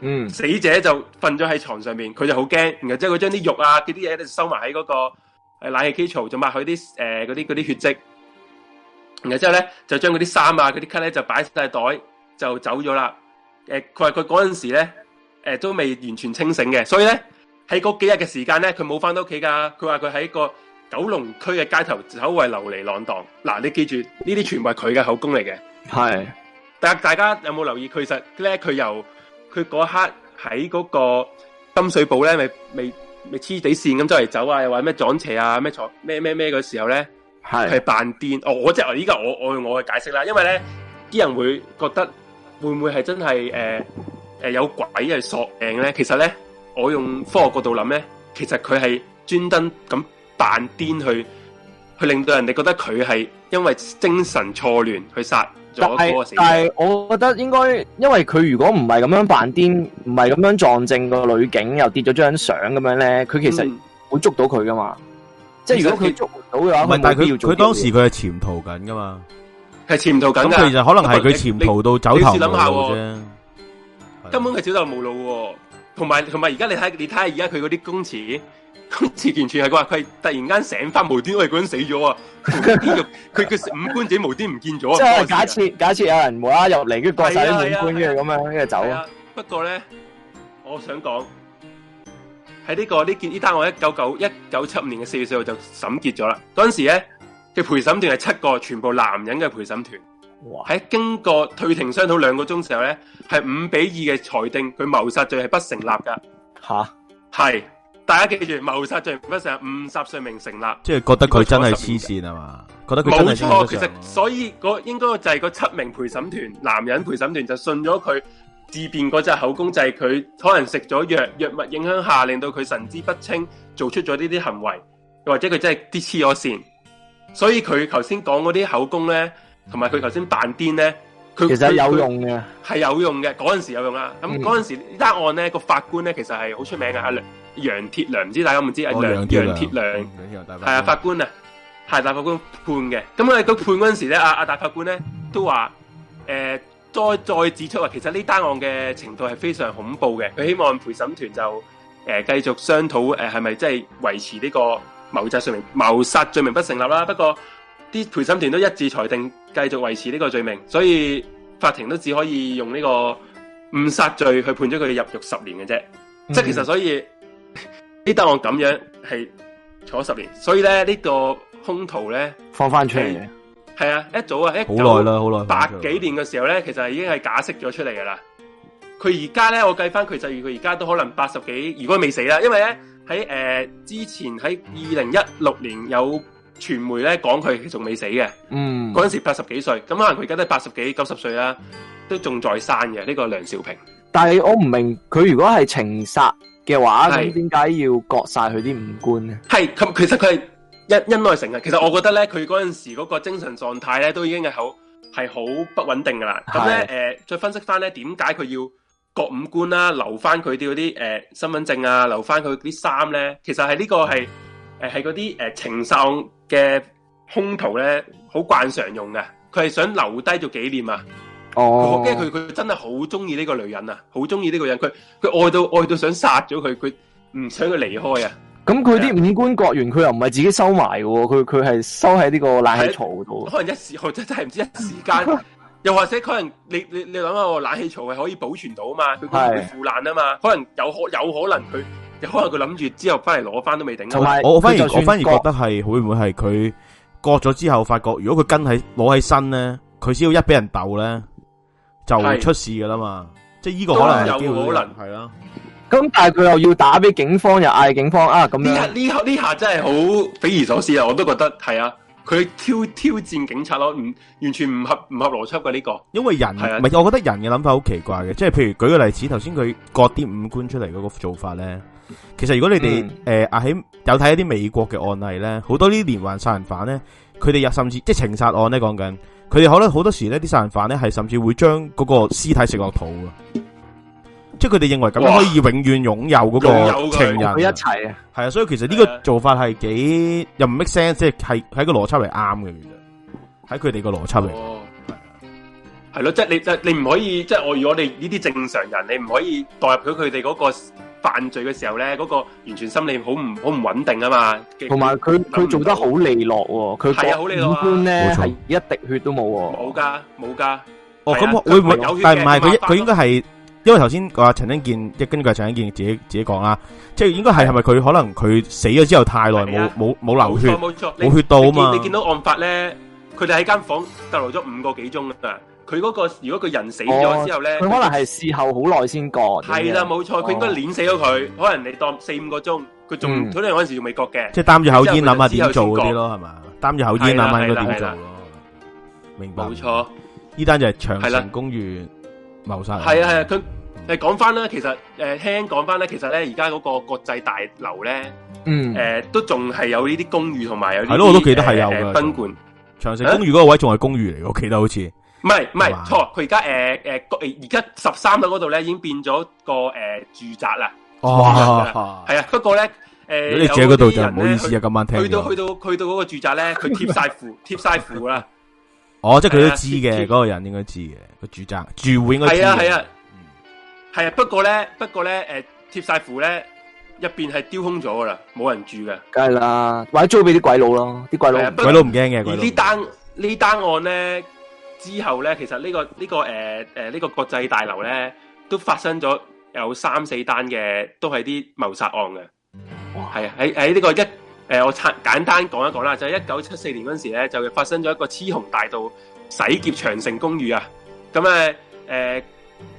嗯，死者就瞓咗喺床上面，佢就好驚，然後之後佢將啲肉啊，啲嘢，收埋喺嗰個誒冷氣機槽，就抹佢啲誒嗰啲啲血跡，然後之後咧就將嗰啲衫啊，嗰啲巾咧就擺晒袋，就走咗啦。誒、呃，佢話佢嗰陣時咧，誒、呃、都未完全清醒嘅，所以咧喺嗰幾日嘅時間咧，佢冇翻到屋企噶。佢話佢喺個九龍區嘅街頭口為流離浪蕩。嗱，你記住呢啲全部係佢嘅口供嚟嘅。係，但係大家有冇留意？其實咧，佢由佢嗰刻喺嗰個深水埗咧，未未未黐地線咁周圍走啊，又話咩撞邪啊，咩撞咩咩咩嘅時候咧，係係扮癲。哦，我即係依家我我用我嘅解釋啦，因為咧啲人會覺得會唔會係真係誒誒有鬼係索命咧？其實咧，我用科學角度諗咧，其實佢係專登咁扮癲去去令到人哋覺得佢係因為精神錯亂去殺。但係但係，我覺得應該，因為佢如果唔係咁樣扮癲，唔係咁樣撞正個女警，又跌咗張相咁樣咧，佢其實會捉到佢噶嘛？嗯、即係如果佢捉唔到嘅話，唔係，但係佢當時佢係潛逃緊噶嘛？係潛逃緊，其實可能係佢潛逃到走投無啫。根本係走投無路。哦，同埋同埋而家你睇你睇下而家佢嗰啲供詞。今次完全係話佢突然間醒返無端哋個人死咗 *laughs* 啊！佢個佢五官仔無端唔見咗，即係假設假設有人無啦啦入嚟，跟住割晒啲五官嘅咁樣，跟住走啊！不過咧，我想講喺、這個、呢個呢件呢單案一九九、一九七五年嘅四月四號就審結咗啦。嗰陣時咧，嘅陪審團係七個，全部男人嘅陪審團。哇！喺經過退庭商討兩個鐘時候咧，係五比二嘅裁定，佢謀殺罪係不成立噶。吓，係。大家記住，謀殺罪不成五十歲名成立。即係覺得佢真係黐線啊嘛？覺得佢真係冇錯，其實所以嗰應該就係嗰七名陪審團男人陪審團就信咗佢自辯嗰隻口供，就係佢可能食咗藥藥物影響下，令到佢神志不清，做出咗呢啲行為，或者佢真係啲黐咗線。所以佢頭先講嗰啲口供咧，同埋佢頭先扮癲咧，佢其實有用嘅，係有用嘅。嗰陣時有用啦。咁嗰陣時這案呢單案咧個法官咧，其實係好出名嘅阿梁。啊楊鐵樑唔知大家唔知啊，楊楊鐵樑係啊，法官是啊，係大法官判嘅。咁啊，佢判嗰陣時咧，阿阿大法官咧都話，誒、呃，再再指出話，其實呢單案嘅程度係非常恐怖嘅。佢希望陪審團就誒繼、呃、續商討誒係咪即係維持呢個謀殺罪名，謀殺罪名不成立啦。不過啲陪審團都一致裁定繼續維持呢個罪名，所以法庭都只可以用呢個誤殺罪去判咗佢入獄十年嘅啫。嗯、即係其實所以。呢單案咁樣係坐十年，所以咧呢個兇徒咧放翻出嚟，係啊，一早啊，一好耐啦，好耐，八幾年嘅時候咧，其實已經係假釋咗出嚟噶啦。佢而家咧，我計翻，佢就如佢而家都可能八十幾，如果未死啦，因為咧喺誒之前喺二零一六年有傳媒咧講佢仲未死嘅，嗯，嗰陣時八十幾歲，咁可能佢而家都八十幾、九十歲啦，都仲在生嘅呢個梁少平。但係我唔明，佢如果係情殺，嘅話，咁點解要割晒佢啲五官咧？係咁，其實佢係因因愛成恨嘅。其實我覺得咧，佢嗰陣時嗰個精神狀態咧都已經係好係好不穩定噶啦。咁咧，誒、呃，再分析翻咧，點解佢要割五官啦？啊？留翻佢啲嗰啲誒身份證啊，留翻佢啲衫咧，其實係、呃呃、呢個係誒係嗰啲誒情殺嘅兇徒咧，好慣常用嘅。佢係想留低做紀念啊！哦、oh.，驚佢佢真係好中意呢個女人啊，好中意呢個人，佢佢愛到愛到想殺咗佢，佢唔想佢離開啊。咁佢啲五官割完，佢又唔係自己收埋嘅，佢佢係收喺呢個冷氣槽度。可能一時，我真真係唔知一時間， *laughs* 又或者可能你你你諗下，個冷氣槽係可以保存到啊嘛，佢唔會，會腐爛啊嘛，可能有可有可能佢，有可能佢諗住之後翻嚟攞翻都未定啊。我反而我反而覺得係會唔會係佢割咗之後發覺，如果佢跟喺攞喺身咧，佢只要一俾人斗咧。就會出事噶啦嘛，即係呢個可能可有可能係啦。咁但係佢又要打俾警方又嗌警方啊，咁呢下呢呢下真係好匪夷所思啊！我都覺得係啊，佢挑挑戰警察咯，唔完全唔合唔合邏輯嘅呢個、啊。因為人唔係、啊，我覺得人嘅諗法好奇怪嘅，即係譬如舉個例子，頭先佢割啲五官出嚟嗰個做法咧，其實如果你哋誒阿喺有睇一啲美國嘅案例咧，好多呢啲連環殺人犯咧，佢哋又甚至即係情殺案咧講緊。佢哋可能好多時咧，啲殺人犯咧係甚至會將嗰個屍體食落肚噶，即係佢哋認為咁樣可以永遠擁有嗰個情人，佢一齊啊，係啊，所以其實呢個做法係幾又唔 make sense，即係喺個邏輯係啱嘅，其實喺佢哋個邏輯嚟。係咯，即係你，即係你唔可以，即係我以我哋呢啲正常人，你唔可以代入到佢哋嗰個犯罪嘅時候咧，嗰個完全心理好唔好唔穩定啊嘛。同埋佢佢做得好利落喎，佢五官咧係一滴血都冇喎，冇噶冇噶。哦，咁會唔會有，但係唔係佢佢應該係，因為頭先佢話陳展健，即係根據陳展健自己自己講啦，即係應該係係咪佢可能佢死咗之後太耐冇冇冇流血，冇錯冇血到嘛。你見到案發咧，佢哋喺間房逗留咗五個幾鐘啊。佢嗰個如果個人死咗之後咧，佢可能係事後好耐先割。係啦，冇錯，佢應該碾死咗佢，可能你當四五個鐘，佢仲佢哋嗰陣時仲未割嘅，即係擔住口煙諗下點做嗰啲咯，係嘛？擔住口煙諗下點做咯，明白冇錯。呢單就係長城公寓謀殺案。係啊係啊，佢誒講翻啦，其實誒輕輕講翻咧，其實咧而家嗰個國際大樓咧，嗯誒都仲係有呢啲公寓同埋有係咯，我都記得係有嘅賓館。長城公寓嗰個位仲係公寓嚟，我記得好似。唔係唔係錯，佢而家誒誒而家十三樓嗰度咧已經變咗個誒、呃、住宅啦。哇，係啊、呃呃，不過咧誒，你住喺嗰度就唔好意思啊，今晚聽。去到去到去到嗰個住宅咧，佢貼晒符貼晒符啦。 *laughs* 全部全部 *laughs* 哦，即係佢都知嘅，嗰、啊那個人應該知嘅，佢住宅住戶應該知係啊，係啊，係啊、嗯、啊。不過咧，不過咧，誒，貼晒符咧，入邊係丟空咗噶啦，冇人住嘅。梗係啦，或者租俾啲鬼佬咯，啲鬼佬鬼佬唔驚嘅。而呢單呢單案咧。之後咧，其實呢、這個呢、這個誒誒呢個國際大樓咧，都發生咗有三四單嘅，都係啲謀殺案嘅。係啊，喺喺呢個一誒、呃，我拆簡單講一講啦，就係一九七四年嗰時咧，就發生咗一個雌雄大盜洗劫長城公寓啊。咁誒誒，嗰、呃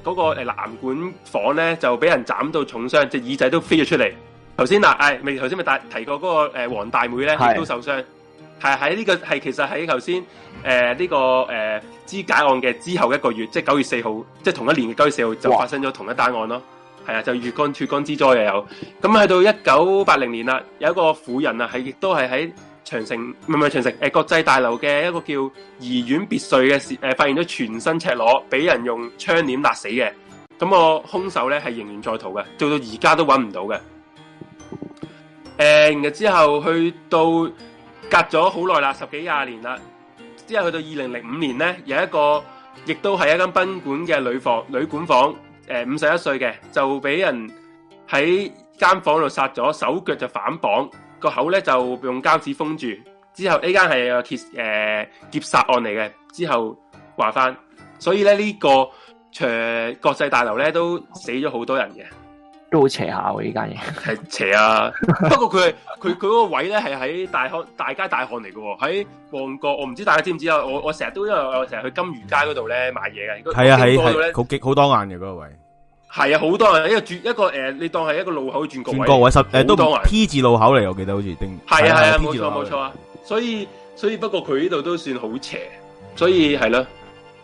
那個誒男管房咧就俾人斬到重傷，隻耳仔都飛咗出嚟。頭先嗱，誒未頭先咪大提過嗰個誒黃大妹咧都受傷。係喺，呢個係其實喺頭先誒呢個誒肢、呃、解案嘅之後一個月，即係九月四號，即係同一年嘅九月四號就發生咗同一單案咯。係啊，就月缸脫光之災又有。咁去到一九八零年啦，有一個婦人啊，係亦都係喺長城唔係唔係長城誒、呃、國際大樓嘅一個叫怡園別墅嘅時誒、呃，發現咗全身赤裸，俾人用窗簾勒死嘅。咁個兇手咧係仍然在逃嘅，做到而家都揾唔到嘅。誒、呃，然之後去到。隔咗好耐啦，十幾廿年啦，之後去到二零零五年呢，有一個，亦都係一間賓館嘅旅房旅館房，誒五十一歲嘅，就俾人喺間房度殺咗，手腳就反綁，個口呢就用膠紙封住。之後呢間係個劫誒、劫、殺案嚟嘅。之後話翻，所以咧、這、呢個卓國際大樓呢都死咗好多人嘅。都好斜下喎呢間嘢，係斜啊！ *laughs* *laughs* 不過佢係佢佢個位咧係喺大巷大街大巷嚟嘅喎，喺旺角。我唔知大家知唔知啊？我我成日都因為我成日去金魚街嗰度咧買嘢嘅。係啊係係，好極好多眼嘅嗰個位。係啊，好多人，一個轉一個誒、呃，你當係一個路口轉角位。轉角位十誒、呃、都 P 字路口嚟，我記得好似丁。係啊係啊，冇錯冇錯啊！所以所以，不過佢呢度都算好斜，所以係啦。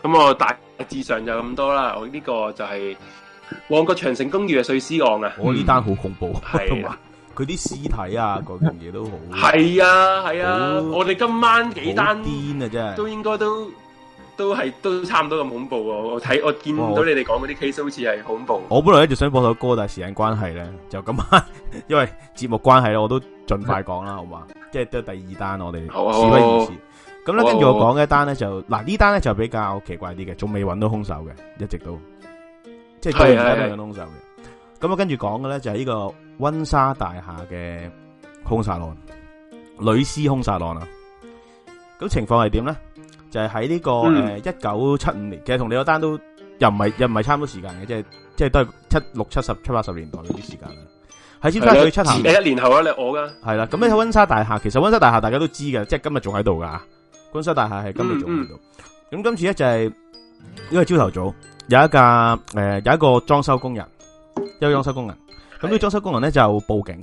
咁、啊、我大致上就咁多啦。我呢個就係、是。旺角長城公寓嘅碎屍案啊，我呢單好恐怖，係、嗯、嘛？佢啲屍體啊，各樣嘢都好。係啊，係啊，哦、我哋今晚幾單癲啊，真係都應該都都係都差唔多咁恐怖。我睇我見、哦、見到你哋講嗰啲 case，好似係恐怖。我本來一直想播首歌，但係時間關係咧，就咁，因為節目關係咧，我都盡快講啦，好嘛？ *laughs* 即係都係第二單，我哋 *laughs* 事不宜遲？咁咧跟住我講一單咧，就嗱呢單咧就比較奇怪啲嘅，仲未揾到凶手嘅，一直都。即係唔使諗凶殺嘅，咁啊跟住講嘅咧就係呢個温莎大廈嘅凶殺案，女屍凶殺案啊！咁情況係點咧？就係喺呢個誒一九七五年，其實同你嗰單都又唔係又唔係差唔多時間嘅，即係即係都係七六七十七八十年代嗰啲時間啦。喺尖沙咀七行，你一年後啊，你我噶係啦。咁咧喺温莎大廈，其實温莎大廈大家都知嘅，即係今日仲喺度噶。温莎大廈係今日仲喺度。咁今次咧就係因為朝頭早。有一架誒、呃，有一個裝修工人，有一個裝修工人，咁呢個裝修工人咧就報警，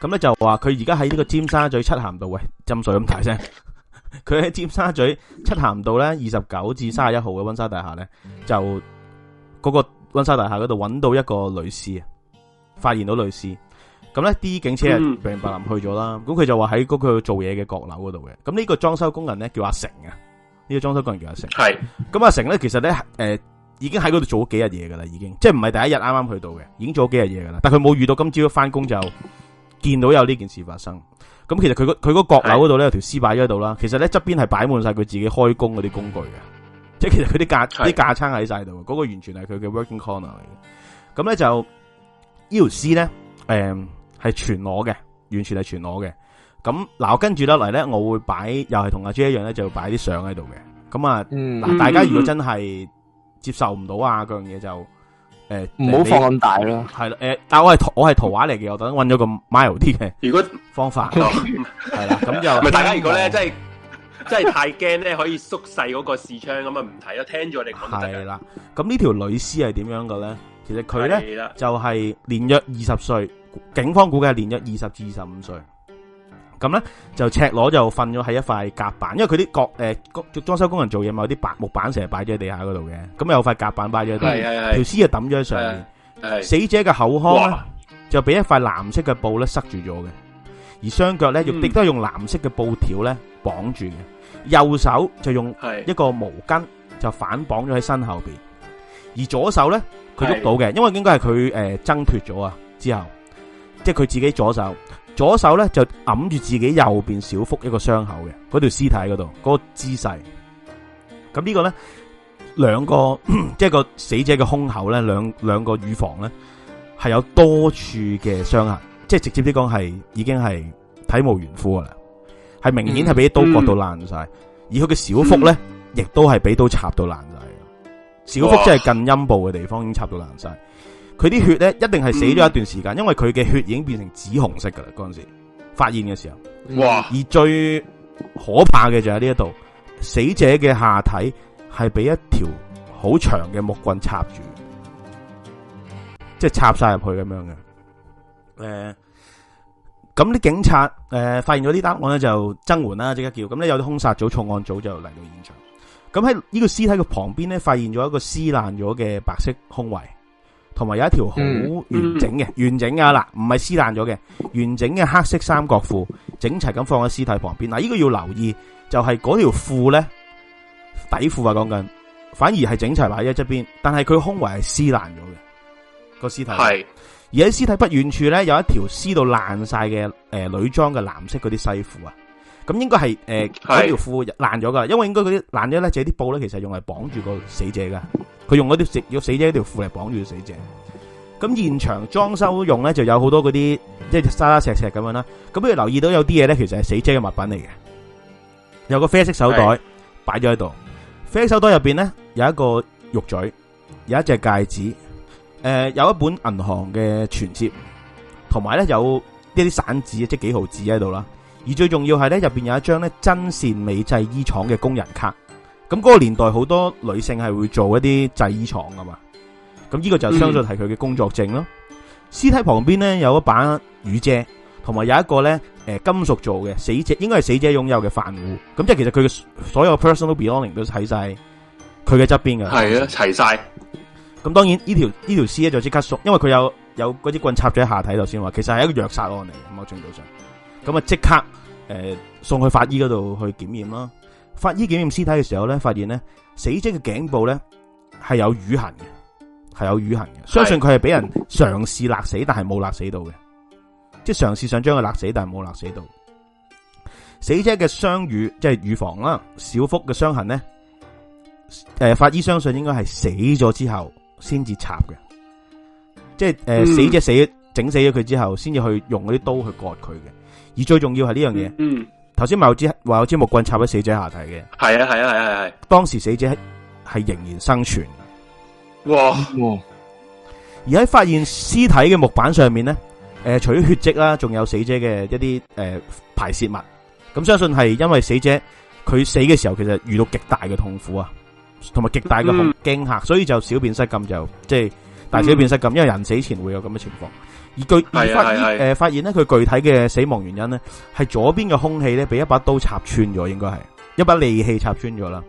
咁咧就話佢而家喺呢個尖沙咀漆咸道，嘅浸水咁大聲，佢喺尖沙咀漆咸道咧二十九至三十一號嘅温莎大廈咧，就嗰個温莎大廈嗰度揾到一個女屍，啊，發現到女屍。咁咧啲警車係明白林去咗啦，咁佢就話喺嗰個做嘢嘅閣樓嗰度嘅，咁呢個裝修工人咧叫阿成啊，呢、這個裝修工人叫阿成，係，咁阿成咧其實咧誒。呃已經喺嗰度做咗幾日嘢噶啦，已經即係唔係第一日啱啱去到嘅，已經做咗幾日嘢噶啦。但係佢冇遇到今朝一翻工就見到有呢件事發生。咁其實佢個佢個閣樓嗰度咧有條屍擺咗喺度啦。其實咧側邊係擺滿晒佢自己開工嗰啲工具嘅，即係其實佢啲架啲架撐喺晒度。嗰、那個完全係佢嘅 working corner 嚟嘅。咁咧就、這個、絲呢條屍咧，誒、嗯、係全裸嘅，完全係全裸嘅。咁嗱，跟住得嚟咧，我會擺又係同阿 J 一樣咧，就擺啲相喺度嘅。咁啊，嗱、嗯，大家如果真係，嗯嗯接受唔到啊！嗰樣嘢就誒，唔好放咁大咯。係啦，誒，但係我係我係圖畫嚟嘅，我等陣揾咗個 mild 啲嘅。如果方法係啦，咁就咪大家如果咧，真係真係太驚咧，可以縮細嗰個視窗咁啊，唔睇咯，聽住我哋講。係啦，咁呢條女屍係點樣嘅咧？其實佢咧就係年約二十歲，警方估計係年約二十至二十五歲。咁咧就赤裸就瞓咗喺一塊夾板，因為佢啲角、誒工、裝修工人做嘢嘛，有啲白木板成日擺咗喺地下嗰度嘅。咁有塊夾板擺咗喺度，條屍就抌咗喺上面。死者嘅口腔就俾一塊藍色嘅布咧塞住咗嘅，而雙腳咧亦亦都係用藍色嘅布條咧綁住嘅。右手就用一個毛巾就反綁咗喺身後邊，而左手咧佢喐到嘅，因為應該係佢誒掙脫咗啊之後，即係佢自己左手。左手咧就揞住自己右邊小腹一個傷口嘅，嗰條屍體嗰度，嗰、嗰個姿勢。咁呢個咧，兩個即係個死者嘅胸口咧，兩兩個乳房咧係有多處嘅傷痕，即係直接啲講係已經係體無完膚噶啦，係明顯係俾刀割到爛晒，嗯，而佢嘅小腹咧亦都係俾刀插到爛晒，小腹即係近陰部嘅地方已經插到爛晒。佢啲血咧，一定係死咗一段時間，嗯、因為佢嘅血已經變成紫紅色噶啦。嗰陣時發現嘅時候，哇！而最可怕嘅就喺呢一度，死者嘅下體係俾一條好長嘅木棍插住，即係插曬入去咁樣嘅。誒、呃，咁啲警察誒、呃、發現咗呢單案咧，就增援啦，即刻叫。咁咧有啲兇殺組、重案組就嚟到現場。咁喺呢個屍體嘅旁邊咧，發現咗一個撕爛咗嘅白色胸圍。同埋有一條好完整嘅、嗯嗯、完整㗎喇，唔係撕爛咗嘅完整嘅黑色三角褲，整齊咁放喺屍體旁邊嗱，呢、這個要留意，就係嗰條褲咧底褲啊講緊，反而係整齊埋一側邊，但係佢胸圍係撕爛咗嘅個屍體，係而喺屍體不遠處咧有一條撕到爛晒嘅誒女裝嘅藍色嗰啲西褲啊，咁應該係誒嗰條褲爛咗噶，因為應該嗰啲爛咗咧，這啲布咧其實是用嚟綁住個死者噶。佢用嗰啲死要死者條褲嚟綁住死者。咁現場裝修用咧就有好多嗰啲即係沙沙石石咁樣啦。咁不如留意到有啲嘢咧，其實係死者嘅物品嚟嘅，有個啡色手袋擺咗喺度。啡色手袋入邊咧有一個玉嘴，有一隻戒指，誒、呃，有一本銀行嘅存折，同埋咧有一啲散紙，即係幾毫紙喺度啦。而最重要係咧，入邊有一張咧真善美製衣廠嘅工人卡。咁嗰個年代好多女性係會做一啲製衣廠噶嘛，咁呢個就相信係佢嘅工作證咯。屍、嗯、體旁邊咧有一把雨遮，同埋有一個咧誒、呃、金屬做嘅死者應該係死者擁有嘅飯壺，咁即係其實佢嘅所有 personal belongings 都睇晒佢嘅側邊噶，係啊齊晒。咁、嗯嗯、當然呢條呢條屍咧就即刻熟，因為佢有有嗰支棍插咗喺下體度先話，其實係一個虐殺案嚟嘅某程度上。咁啊即刻誒、呃、送去法醫嗰度去檢驗咯。法醫檢驗屍體嘅時候咧，發現咧死者嘅頸部咧係有瘀痕嘅，係有瘀痕嘅。相信佢係俾人嘗試勒死，但係冇勒死到嘅，即係嘗試想將佢勒死，但係冇勒死到。死者嘅雙乳即係乳房啦，小腹嘅傷痕咧，誒，法醫相信應該係死咗之後先至插嘅，即係誒死者死咗整死咗佢之後，先至去用嗰啲刀去割佢嘅。而最重要係呢樣嘢。頭先咪有支，話有支木棍插喺死者下體嘅，係啊係啊係啊係，當時死者係仍然生存，哇！而喺發現屍體嘅木板上面咧，誒，除咗血迹啦，仲有死者嘅一啲誒排泄物，咁相信係因為死者佢死嘅時候，其實遇到極大嘅痛苦啊，同埋極大嘅驚吓，所以就小便失禁就即係大小便失禁，因為人死前會有咁嘅情況。而具而法醫誒，發現咧佢具體嘅死亡原因咧，係左邊嘅空氣咧，俾一把刀插穿咗，應該係一把利器插穿咗啦，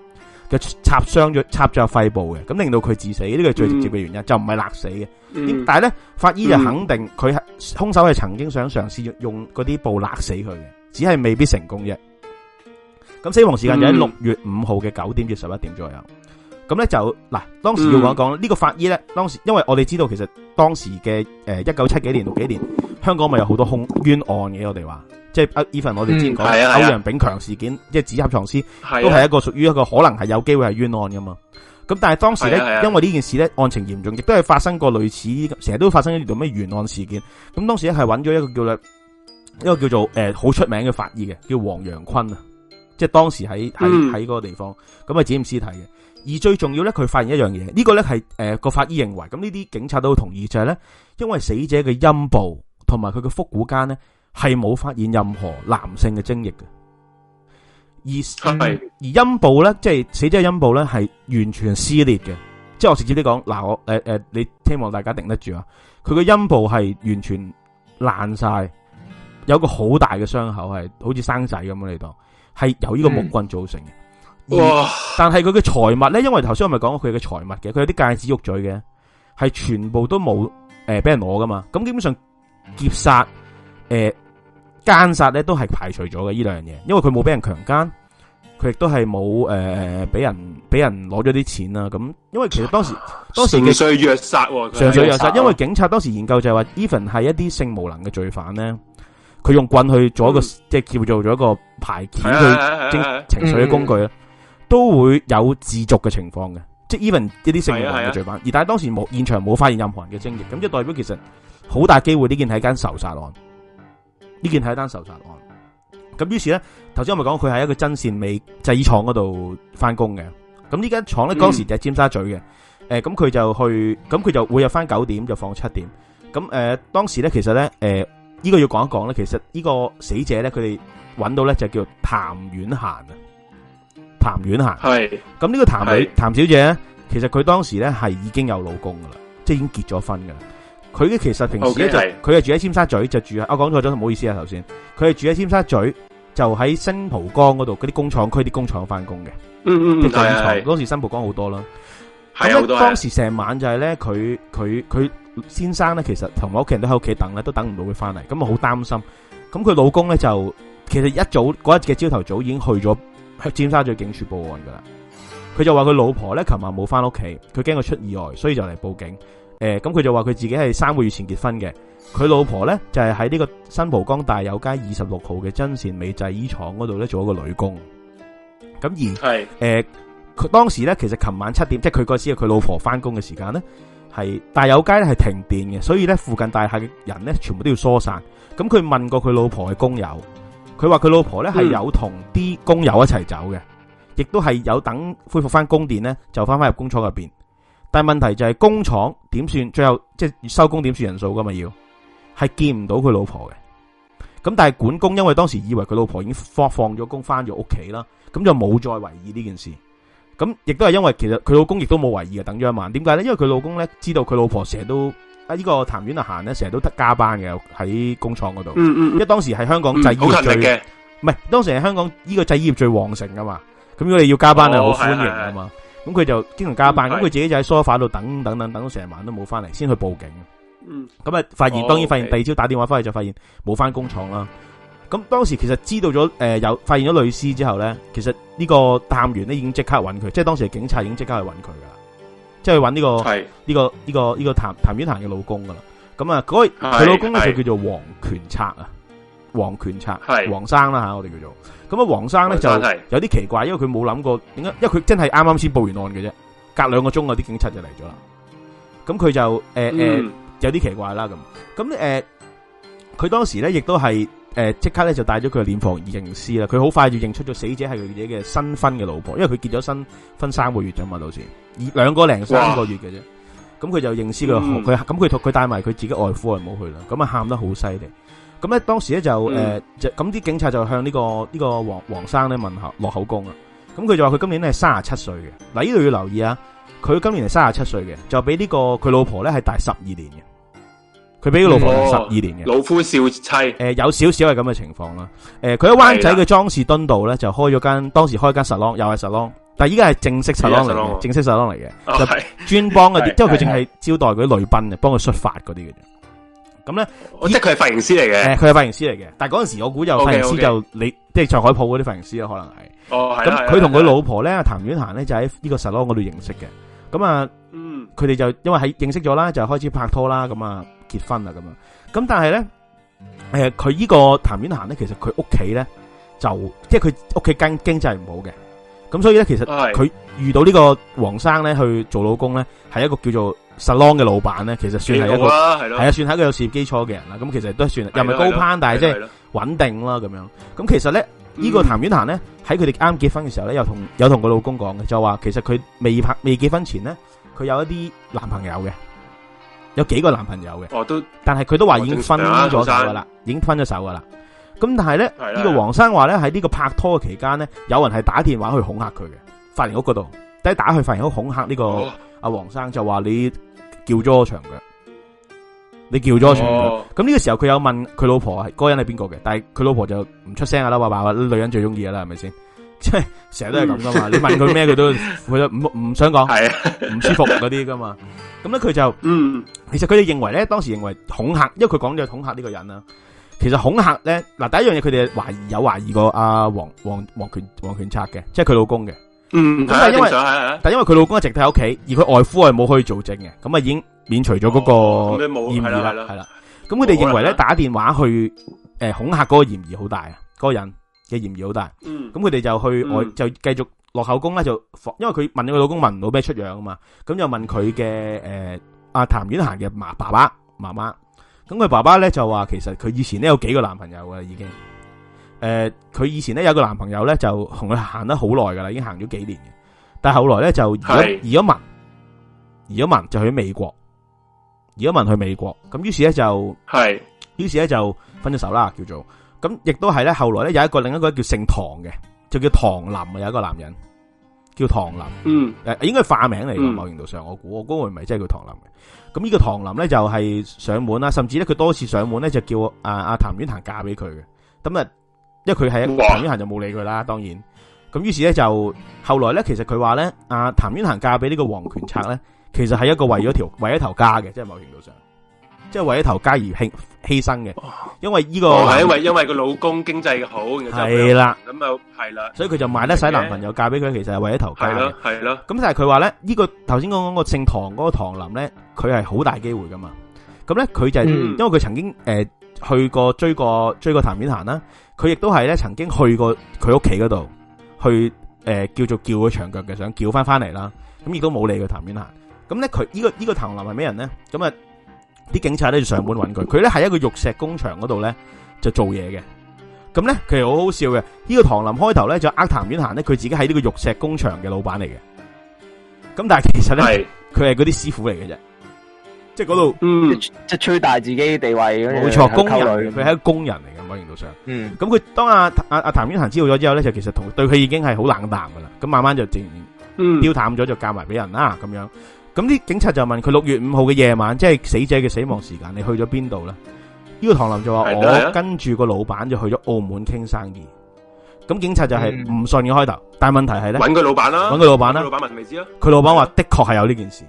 就插傷咗插咗肺部嘅，咁令到佢致死，呢個係最直接嘅原因，嗯、就唔係勒死嘅。嗯、但係咧，法醫就肯定佢係凶手係曾經想嘗試用嗰啲布勒死佢嘅，只係未必成功啫。咁死亡時間就喺六月五號嘅九點至十一點左右。咁咧就嗱，當時要我講呢、嗯呢個法醫咧，當時因為我哋知道其實當時嘅誒一九七幾年六幾年，香港咪有好多空冤案嘅，我哋話即係，依份我哋之前講、嗯啊、歐陽炳強事件、啊、即係紙盒藏屍、啊，都係一個屬於一個可能係有機會係冤案噶嘛。咁但係當時咧、啊啊，因為呢件事咧案情嚴重，亦都係發生過類似，成日都發生一段咩冤案事件。咁當時咧係揾咗一個叫咧一個叫做誒好、呃、出名嘅法醫嘅，叫黃陽坤啊，即係當時喺喺喺嗰個地方咁啊指驗屍體嘅。而最重要咧，佢發現一樣嘢，呢、這個咧係誒個法醫認為，咁呢啲警察都同意就係咧，因為死者嘅陰部同埋佢嘅腹股間咧係冇發現任何男性嘅精液嘅，而係、嗯、而陰部咧，即係死者嘅陰部咧係完全撕裂嘅，即、嗯、係我直接啲講，嗱我誒誒，你希望大家頂得住啊，佢嘅陰部係完全爛晒，有一個很大的傷，好大嘅傷口係好似生仔咁樣嚟，當係由呢個木棍造成嘅。嗯哇！但係佢嘅財物咧，因為頭先我咪講過佢嘅財物嘅，佢有啲戒指玉墜嘅，係全部都冇誒俾人攞噶嘛。咁基本上劫殺誒、呃、奸殺咧都係排除咗嘅呢兩樣嘢，因為佢冇俾人強奸，佢亦都係冇誒俾人俾人攞咗啲錢啦。咁因為其實當時當時嘅情緒虐殺、啊，虐殺，因為警察當時研究就係話，Even 係一啲性無能嘅罪犯咧，佢用棍去做一個、嗯、即係叫做做一個排遣佢情緒嘅工具啊。嗯嗯都會有自續嘅情況嘅，即係 even 一啲性年人嘅罪犯，啊啊、而但係當時冇現場冇發現任何人嘅精液，咁即係代表其實好大機會呢件係間仇殺案，呢件係一單仇殺案。咁於是咧，頭先我咪講佢喺一個真善美製衣廠嗰度翻工嘅，咁呢間廠咧、嗯、當時就係尖沙咀嘅，誒咁佢就去，咁佢就會有翻九點就放七點，咁誒、呃、當時咧其實咧，呢、呃這個要講一講咧，其實呢個死者咧佢哋揾到咧就是、叫譚婉嫻啊。譚婉嫻係，咁呢個譚譚小姐咧，其實佢當時咧係已經有老公噶啦，即係已經結咗婚噶啦。佢其實平時就佢係、okay, 住喺尖沙咀，就住啊，我講錯咗，唔好意思啊，頭先佢係住喺尖沙咀，就喺新蒲崗嗰度，嗰啲工廠區啲工廠翻工嘅。嗯嗯嗯，係係。當時新蒲崗好多啦，係啊，好多。當時成晚就係咧，佢佢佢先生咧，其實同我屋企人都喺屋企等咧，都等唔到佢翻嚟，咁啊好擔心。咁佢老公咧就，其實一早嗰日嘅朝頭早已經去咗。去尖沙咀警署報案噶啦，佢就話佢老婆咧琴晚冇翻屋企，佢驚佢出意外，所以就嚟報警。誒、呃，咁佢就話佢自己係三個月前結婚嘅，佢老婆咧就係喺呢個新蒲崗大有街二十六號嘅真善美製衣廠嗰度咧做一個女工。咁而係誒，佢、呃、當時咧其實琴晚七點，即係佢個時佢老婆翻工嘅時間咧係大有街咧係停電嘅，所以咧附近大廈嘅人咧全部都要疏散。咁佢問過佢老婆嘅工友。佢話佢老婆咧係有同啲工友一齊走嘅，亦都係有等恢復翻供電咧就翻返入工廠入邊。但係問題就係工廠點算？最後即係收工點算人數噶嘛？要係見唔到佢老婆嘅。咁但係管工因為當時以為佢老婆已經放放咗工翻咗屋企啦，咁就冇再為意呢件事。咁亦都係因為其實佢老公亦都冇為意啊。等咗一晚，點解咧？因為佢老公咧知道佢老婆成日都。啊！呢、這個譚婉啊，行咧成日都得加班嘅，喺工廠嗰度。嗯嗯。因為當時係香港製衣業最，唔、嗯、係當時係香港呢個製衣業最旺盛噶嘛。咁佢哋要加班係好歡迎㗎嘛。咁、哦、佢就經常加班。咁、嗯、佢自己就喺梳化度等等等等，成晚都冇翻嚟，先去報警。咁、嗯、啊、嗯，發現、哦、當然發現，okay. 第二朝打電話翻嚟就發現冇翻工廠啦。咁當時其實知道咗誒、呃、有發現咗女屍之後咧，其實呢個探員咧已經即刻揾佢，即係當時警察已經即刻去揾佢噶。即係搵呢個呢、這個呢、這個呢個譚譚婉嫻嘅老公噶啦。咁啊佢老公咧就叫做黃權策啊，黃權策黃生啦吓，我哋叫做，咁啊黃生咧就有啲奇怪，因為佢冇諗過點解，因為佢真係啱啱先報完案嘅啫，隔兩個鐘啊，啲警察就嚟咗啦，咁佢就誒誒、呃嗯呃、有啲奇怪啦，咁，咁誒，佢、呃、當時咧亦都係。誒、呃，即刻咧就帶咗佢嘅殮房而認屍啦。佢好快就認出咗死者係佢自己嘅新婚嘅老婆，因為佢結咗新婚三個月咋嘛到時，兩兩個零三個月嘅啫。咁佢就認屍佢，佢咁佢佢帶埋佢自己外父，係冇去啦。咁啊，喊得好犀利。咁咧當時咧就誒、嗯呃，就咁啲警察就向呢、這個呢、這個黃黃生咧問下落口供啊。咁佢就話佢今年咧係三十七歲嘅。嗱，呢度要留意啊，佢今年係三十七歲嘅，就比呢個佢老婆咧係大十二年嘅。佢俾個老婆十二年嘅，哦、老夫少妻，誒、呃、有少少係咁嘅情況啦。誒、呃，佢喺灣仔嘅莊士敦道咧就開咗間，當時開間沙龍，又係沙龍，但係依家係正式沙龍嚟嘅，正式沙龍嚟嘅，就專幫嗰啲，即係佢淨係招待嗰啲女賓嘅，幫佢恤髮嗰啲嘅。咁咧，即係佢係髮型師嚟嘅，佢係髮型師嚟嘅。但係嗰陣時我估就髮型師就 okay, okay 你，即係上海鋪嗰啲髮型師可能係。哦，咁，佢同佢老婆咧，譚婉嫻咧就喺呢個沙龍嗰度認識嘅。咁啊，嗯，佢哋就因為喺認識咗啦，就開始拍拖啦，咁啊。結婚啦咁樣，咁但係咧，誒，佢呢個譚婉嫻咧，其實佢屋企咧就即係佢屋企經經濟唔好嘅，咁所以咧，其實佢遇到呢個黃生咧去做老公咧，係一個叫做「salon」嘅老闆咧，其實算係一個係啊，算係一個有事業基礎嘅人啦。咁其實都算，又唔係高攀，但係即係穩定啦咁樣。咁其實咧，這個、譚行呢個譚婉嫻咧喺佢哋啱結婚嘅時候咧，又同又同個老公講嘅，就話其實佢未拍未結婚前咧，佢有一啲男朋友嘅。有幾個男朋友嘅，但係佢都話已經分咗手噶啦，已經分咗手噶啦。咁但係咧，呢個黃生話咧喺呢個拍拖嘅期間咧，有人係打電話去恐嚇佢嘅，髮型屋嗰度，即係打去髮型屋恐嚇呢個阿黃生，就話你叫咗長腳，你叫咗長腳。咁呢個時候佢有問佢老婆係嗰人係邊個嘅，但係佢老婆就唔出聲噶啦，話話女人最中意㗎啦，係咪先？即係成日都係咁噶嘛？你問佢咩，佢都佢唔唔想講，係唔舒服嗰啲噶嘛？咁咧佢就，其實佢哋認為咧，當時認為恐嚇，因為佢講咗恐嚇呢個人啦。其實恐嚇咧，嗱第一樣嘢，佢哋懷疑有懷疑過阿黃黃黃權黃權策嘅，即係佢老公嘅。嗯，咁啊，正常係啊。但因為佢老公一直喺屋企，而佢外父係冇可以做證嘅，咁啊已經免除咗嗰個嫌疑啦。係啦，咁佢哋認為咧打電話去誒恐嚇嗰個嫌疑好大啊，嗰個人。嘅嫌疑好大，咁佢哋就去外、嗯、就繼續落口供呢。就因為佢問佢老公問唔到咩出樣啊嘛，咁就問佢嘅誒阿譚婉嫻嘅麻爸爸、媽媽，咁佢爸爸咧就話其實佢以前咧有幾個男朋友啦已經，誒、呃、佢以前咧有個男朋友咧就同佢行得好耐噶啦，已經行咗幾年，但係後來咧就移咗移咗民，移咗民就去美國，移咗民去美國，咁於是咧就係，於是咧就分咗手啦，叫做。咁亦都係咧，後來咧有一個另一個叫姓唐嘅，就叫唐林啊，有一個男人叫唐林，嗯，誒，應該化名嚟嘅，某程度上我估我估個唔係真係叫唐林嘅。咁呢個唐林咧就係上門啦，甚至咧佢多次上門咧就叫啊啊譚婉嫻嫁俾佢嘅。咁啊，因為佢係一個譚婉嫻就冇理佢啦，當然。咁於是咧就後來咧、啊，其實佢話咧，阿譚婉嫻嫁俾呢個黃權策咧，其實係一個為咗條為咗頭家嘅，即係某程度上。即、就、係、是、為咗頭家而犧牲嘅，因為呢、這個、哦、因為因為個老公經濟好，係啦，咁啊係啦，所以佢就賣得晒男朋友嫁俾佢，其實係為咗頭家嘅，係啦，咁但係佢話咧，呢、這個頭先講講個姓唐嗰個唐林咧，佢係好大機會噶嘛，咁咧佢就是嗯、因為佢曾經誒、呃、去過追過追過譚婉嫻啦，佢亦都係咧曾經去過佢屋企嗰度去誒、呃、叫做叫佢長腳，嘅，想叫翻翻嚟啦，咁亦都冇理佢譚婉嫻，咁咧佢呢、這個、這個、譚呢個唐林係咩人咧？咁啊？啲警察咧，就上門搵佢，佢咧係一個玉石工場嗰度咧，就做嘢嘅。咁咧佢係好好笑嘅，呢個唐林開頭咧就呃譚婉嫻咧，佢自己喺呢個玉石工場嘅老闆嚟嘅。咁但係其實咧，佢係嗰啲師傅嚟嘅啫，即係嗰度，即、嗯、係吹大自己地位咁冇錯，工人，佢係一個工人嚟嘅，某程度上。嗯，咁佢當阿阿阿譚婉嫻知道咗之後咧，就其實同對佢已經係好冷淡噶啦，咁慢慢就漸漸，嗯，掉淡咗就嫁埋俾人啦，咁樣。咁啲警察就問佢六月五號嘅夜晚，即係死者嘅死亡時間，你去咗邊度啦？呢個唐林就話，我跟住個老闆就去咗澳門傾生意。咁警察就係唔信嘅，開頭，但係問題係咧，揾佢老闆啦，揾佢老闆啦，老闆咪未知啦。佢老闆話的確係有呢件事。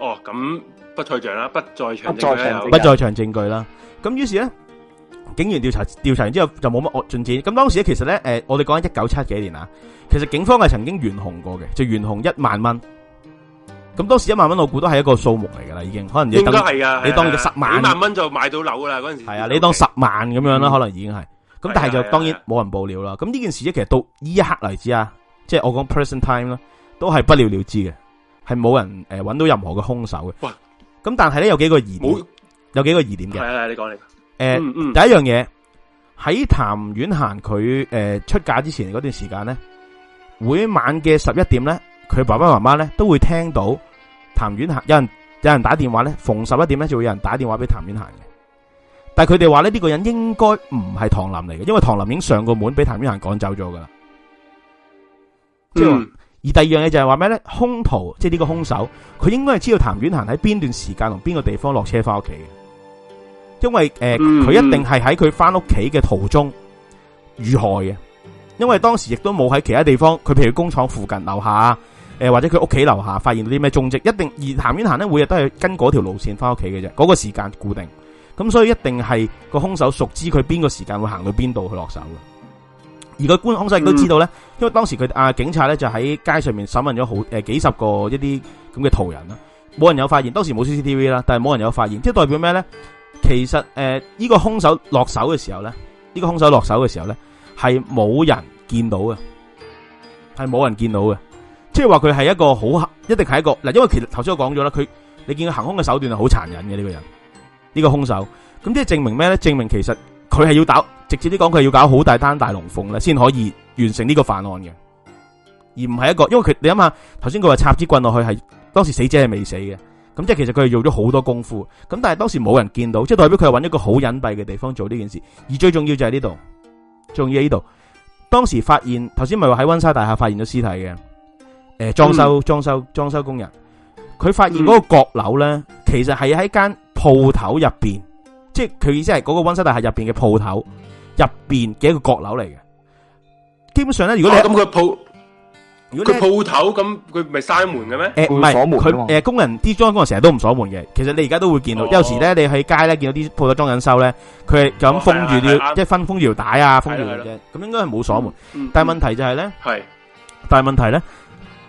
哦，咁不在場啦，不在場，不在場，不在場證據啦。咁於是咧，警員調查，調查完之後就冇乜惡進展。咁當時咧，其實咧，誒，我哋講緊一九七幾年啊，其實警方係曾經懸紅過嘅，就懸紅一萬蚊。咁當時一萬蚊我估都係一個數目嚟噶啦，已經可能你等你當十萬，萬蚊就買到樓啦嗰陣時。係啊，你當十萬咁樣啦，可能已經係。咁但係就當然冇人報料啦。咁呢件事咧，其實到呢一刻嚟止啊，即係我講 present time 啦，都係不了了之嘅，係冇人誒揾到任何嘅凶手嘅。哇！咁但係咧有幾個疑點，有幾個疑點嘅。係啊，係你講你。誒，第一樣嘢喺譚婉嫻佢誒出嫁之前嗰段時間咧，每晚嘅十一點咧，佢爸爸媽媽咧都會聽到。譚婉嫻有人有人打電話咧，逢十一點咧就會有人打電話俾譚婉嫻嘅。但係佢哋話咧呢個人應該唔係唐林嚟嘅，因為唐林已經上過門譚，俾譚婉嫻趕走咗噶啦。即係而第二樣嘢就係話咩咧？兇徒即係呢個兇手，佢應該係知道譚婉嫻喺邊段時間同邊個地方落車翻屋企嘅，因為誒佢、呃嗯、一定係喺佢翻屋企嘅途中遇害嘅，因為當時亦都冇喺其他地方，佢譬如工廠附近樓下。誒，或者佢屋企樓下發現到啲咩蹤跡，一定而譚完行呢，每日都係跟嗰條路線翻屋企嘅啫，嗰、嗰個時間固定，咁所以一定係個凶手熟知佢邊個時間會行到邊度去落手嘅。而個凶手亦都知道呢，因為當時佢、啊、警察呢就喺街上面審問咗好誒、呃、幾十個一啲咁嘅途人啦，冇人有發現，當時冇 CCTV 啦，但係冇人有發現，即係代表咩呢？其實誒，呢、呃呢個凶手落手嘅時候呢，呢、呢個凶手落手嘅時候呢，係冇人見到嘅，係冇人見到嘅。即係話佢係一個好一定係一個嗱，因為其實頭先我講咗啦，佢你見佢行兇嘅手段係好殘忍嘅呢個人呢個兇手，咁即係證明咩咧？證明其實佢係要搞，直接啲講，佢係要搞好大單大龍鳳咧，先可以完成呢個犯案嘅，而唔係一個因為佢你諗下頭先佢話插支棍落去係當時死者係未死嘅，咁即係其實佢係用咗好多功夫，咁但係當時冇人見到，即係代表佢係搵一個好隱蔽嘅地方做呢件事，而最重要就係呢度，重要呢度，當時發現頭先咪話喺溫莎大廈發現咗屍體嘅。誒，裝修裝修裝修工人，佢發現嗰個閣樓咧，其實係喺間鋪頭入邊，即係佢意思係嗰個溫莎大廈入邊嘅鋪頭入邊嘅一個閣樓嚟嘅。基本上咧，如果你咁個鋪，如果鋪頭咁，佢咪閂門嘅咩？誒，唔係，佢誒，工人啲裝修工人成日都唔鎖門嘅。其實你而家都會見到，有時咧你喺街咧見到啲鋪頭裝緊修咧，佢係咁封住啲，即係分封條帶啊，封住嘅啫。咁應該係冇鎖門。但係問題就係咧，係，但係問題咧。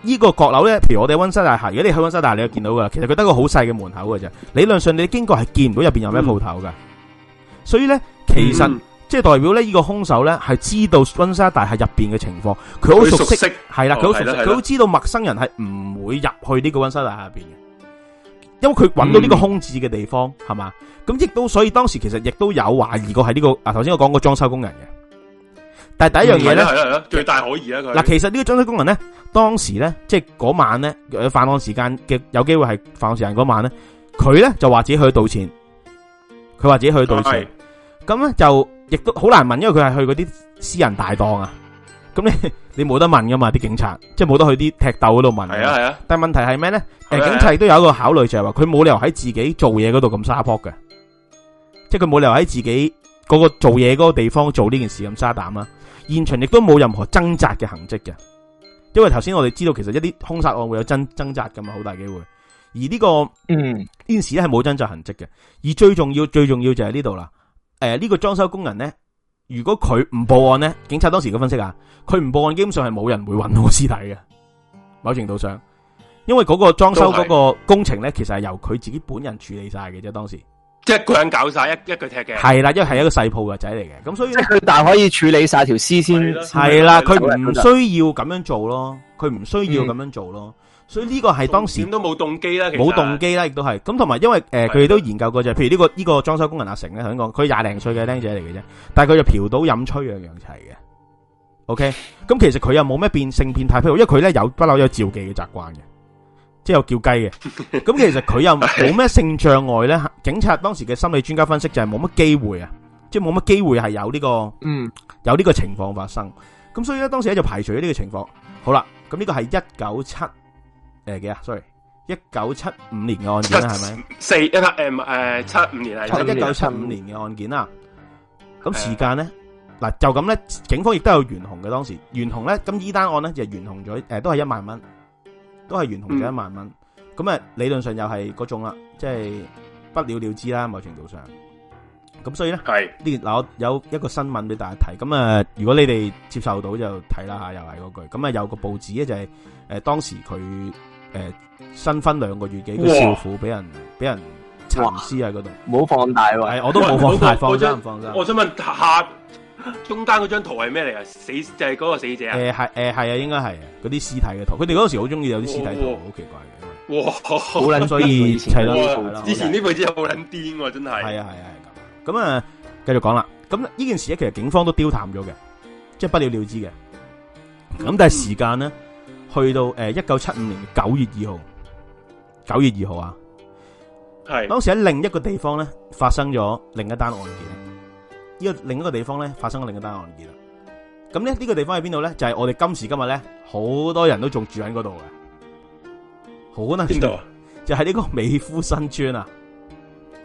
這個、角呢個閣樓咧，譬如我哋温莎大廈，如果你去温莎大廈，你又見到噶。其實佢得個好細嘅門口噶啫。理論上你經過係見唔到入邊有咩鋪頭噶。所以咧，其實、嗯、即係代表咧，呢個凶手咧係知道温莎大廈入邊嘅情況，佢好熟悉，係啦，佢好熟悉，佢都、哦、知道陌生人係唔會入去呢個温莎大廈入邊嘅。因為佢揾到呢個空置嘅地方，係、嗯、嘛？咁亦都所以當時其實亦都有懷疑過係呢、這個啊，頭先我講個裝修工人嘅。但係第一樣嘢咧，最大可疑啦佢。嗱，其實呢個裝修工人咧，當時咧，即係嗰晚咧，犯案時間嘅有機會係犯案時間嗰晚咧，佢咧就話自己去咗賭錢，佢話自己去咗賭錢，咁咧就亦都好難問，因為佢係去嗰啲私人大檔啊，咁你你冇得問㗎嘛？啲警察即係冇得去啲踢斗嗰度問。係啊係啊。但係問題係咩咧？誒，警察亦都有一個考慮就係話，佢冇理由喺自己做嘢嗰度咁沙潑嘅，即係佢冇理由喺自己嗰個做嘢嗰個地方做呢件事咁沙膽啊。現場亦都冇任何掙扎嘅痕跡嘅，因為頭先我哋知道其實一啲兇殺案會有掙掙扎噶嘛，好大機會。而呢、個嗯件事咧係冇掙扎痕跡嘅。而最重要最重要就係呢度啦，誒、呃、呢、個裝修工人咧，如果佢唔報案咧，警察當時嘅分析啊，佢唔報案基本上係冇人會搵到我屍體嘅。某程度上，因為嗰個裝修嗰個工程咧，其實係由佢自己本人處理晒嘅啫，當時。即、就是、一個人搞晒一一腳踢嘅係啦，因為係一個細鋪嘅仔嚟嘅，咁所以佢但係可以處理晒條屍先係啦。佢唔需要咁樣做咯，佢唔需要咁樣做咯、嗯。所以呢個係當時都冇動機啦，冇動機啦，亦都係。咁同埋因為誒，佢、呃、哋都研究過就係，譬如呢、這個呢、這個裝修工人阿成咧，頭先講佢廿零歲嘅僆仔嚟嘅啫，但係佢就嫖賭飲吹樣樣齊嘅。OK， *laughs* 咁其實佢又冇咩變性變態，譬如因為佢咧有不嬲有召妓嘅習慣嘅。即係有叫雞嘅，咁 *laughs* 其實佢又冇咩性障礙咧。 *laughs* 警察當時嘅心理專家分析就係冇乜機會啊，即係冇乜機會係有呢個，嗯，有呢個情況發生。咁所以咧當時咧就排除咗呢個情況。好啦，咁呢個係一九七誒幾啊？sorry，一九七五年嘅案件啦係咪？四一八誒誒七五年係一九七五年嘅案件啦。咁時間咧嗱就咁咧，警方亦都有懸紅嘅。當時懸紅咧，咁呢單案咧就懸紅咗誒，都係一萬蚊。都係原紅咗一萬蚊，咁、嗯、啊理論上又係嗰種啦，即、就、係、是、不了了之啦，某程度上。咁所以咧，係呢嗱，我有一個新聞俾大家睇，咁啊，如果你哋接受到就睇啦吓，又係嗰句。咁啊，有個報紙咧就係、是，誒、呃、當時佢誒新婚兩個月幾嘅少婦俾人俾人沉屍喺嗰度，冇放大我都冇放大放啦，我想問下。中間嗰張圖係咩嚟啊？死就係、是、嗰個死者啊？誒係誒係啊，應該係啊，嗰啲屍體嘅圖，佢哋嗰時好中意有啲屍體圖，好奇怪嘅。哇，好撚！所以，啦，之前呢輩子好撚癲，真係。係啊係係咁，咁啊繼續講啦。咁呢件事咧，其實警方都丟淡咗嘅，即、就、係、是、不了了之嘅。咁但係時間咧、嗯，去到誒一九七五年九月二號，九月二號啊，係當時喺另一個地方咧發生咗另一單案件。呢、這個另一個地方咧，發生咗另一個單案件啦。咁咧，呢個地方喺邊度咧？就係、是、我哋今時今日咧，好多人都仲住喺嗰度嘅。好啦，邊度？就係呢個美孚新邨啊！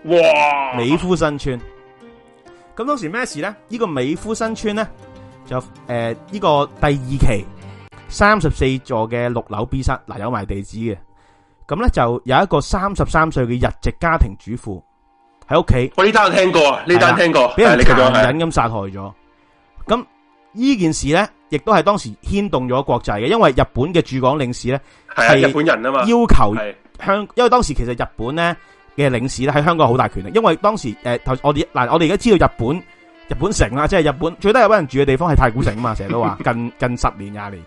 哇！美孚新邨。咁當時咩事咧？呢、這個美孚新邨咧，就誒呢個第二期三十四座嘅六樓 B 室，嗱有埋地址嘅。咁咧就有一個三十三歲嘅日籍家庭主婦，喺屋企，我呢單聽過，呢單聽過俾人殘忍咁殺害咗。咁呢件事呢，亦都係當時牽動咗國際嘅，因為日本嘅駐港領事呢，係日本人啊嘛，要求香，因為當時其實日本呢嘅領事呢，喺香港好大權力，因為當時誒，頭我哋嗱，我哋而家知道日本日本城啦，即係日本最多日本人住嘅地方係太古城啊嘛，成日都話近近十年廿年。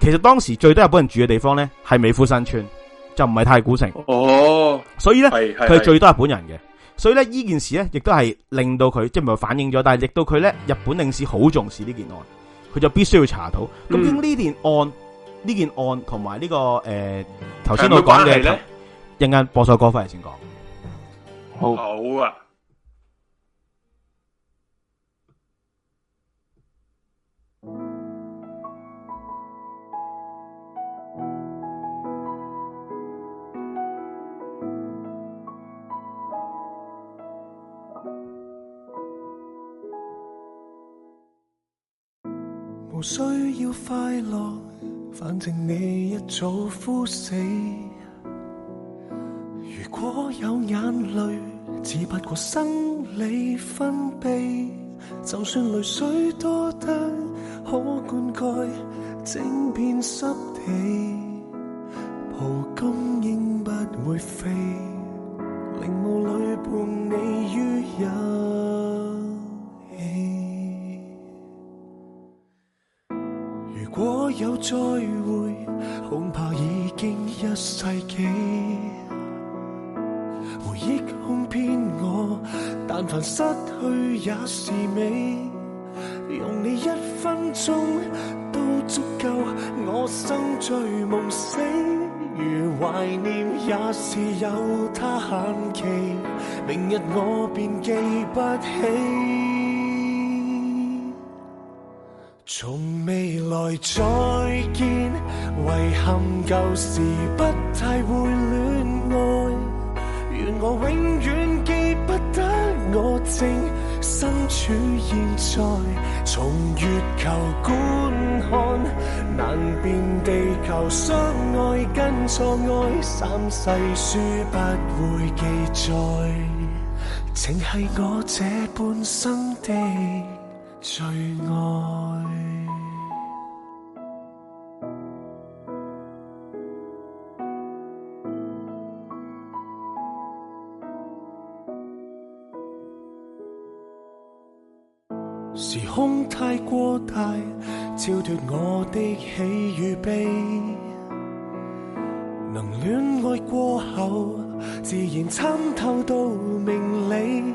其實當時最多日本人住嘅地方呢，係美孚新邨，就唔係太古城。哦，所以呢，佢係最多日本人嘅。所以咧，呢件事咧，亦都係令到佢，即係唔係反映咗？但係，令到佢咧，日本領事好重視呢件案，佢就必須要查到。究竟，嗯，呢件案，呢件案同埋，這個呃，呢個誒，頭先我講嘅，一陣間播首歌翻嚟先講。好。好啊。無需要快樂，反正你一早枯死。如果有眼淚，只不過生理分泌。就算淚水多得可灌溉整片濕地，蒲公英不會飛，陵墓裏伴你於一起。如果有再會，恐怕已經一世紀。回憶哄騙我，但凡失去也是美。用你一分鐘都足夠，我生醉夢死，如懷念也是有他限期。明日我便記不起。從未來再見，遺憾舊時不太會戀愛。願我永遠記不得，我正身處現在。從月球觀看，難辨地球相愛跟錯愛，三世書不會記載，情繫我這半生的。最愛。時空太過大，超脫我的喜與悲。能戀愛過後，自然參透到明理。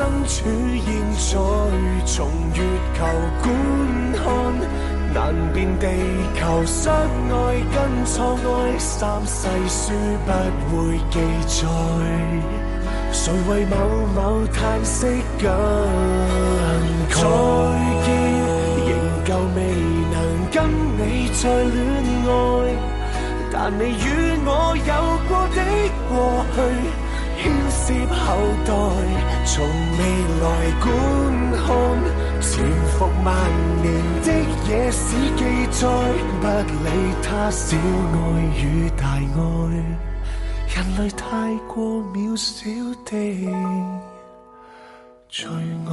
身處現在，從月球觀看，難辨地球相愛跟錯愛，三世書不會記載，誰為某某嘆息感慨？再見，仍舊未能跟你再戀愛，但你與我有過的過去。接後代，從未來觀看，潛伏萬年的野史記載，不理他小愛與大愛，人類太過渺小的最愛。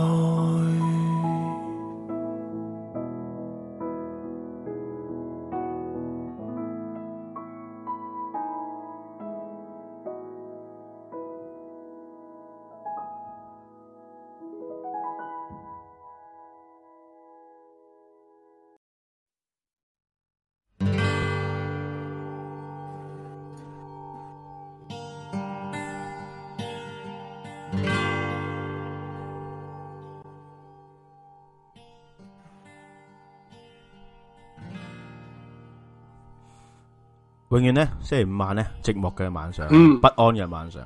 永遠咧，星期五晚咧，寂寞嘅晚上，不安嘅晚上，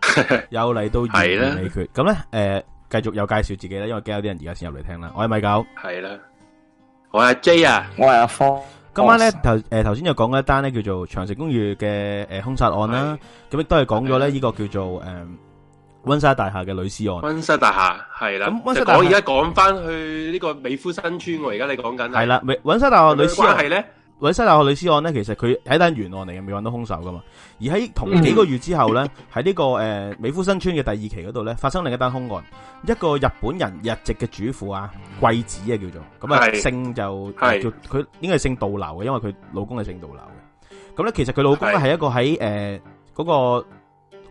又嚟到懸疑未決。咁咧，誒，繼續又介紹自己咧，因為驚有啲人而家先入嚟聽啦。我係米九，係啦，我係 J 啊，我係阿方。今晚咧，頭誒頭先又講咗一單咧，叫做長城公寓嘅誒凶殺案啦。咁亦都係講咗咧，呢個叫做誒溫莎大廈嘅女屍案。溫莎大廈，係啦，咁溫莎大廈而家講翻去呢個美孚新邨，我而家你講緊係啦，溫溫莎大廈女屍係咧。溫莎大廈女屍案咧，其實佢係一單懸案嚟嘅，未揾到凶手噶嘛。而喺同幾個月之後咧，喺、嗯、呢、這個誒、呃、美孚新邨嘅第二期嗰度咧，發生另一單凶案，一個日本人日籍嘅主婦啊，貴子啊叫做，咁啊姓就叫佢應該係姓杜流嘅，因為佢老公係姓杜流嘅。咁咧，其實佢老公係一個喺誒嗰個、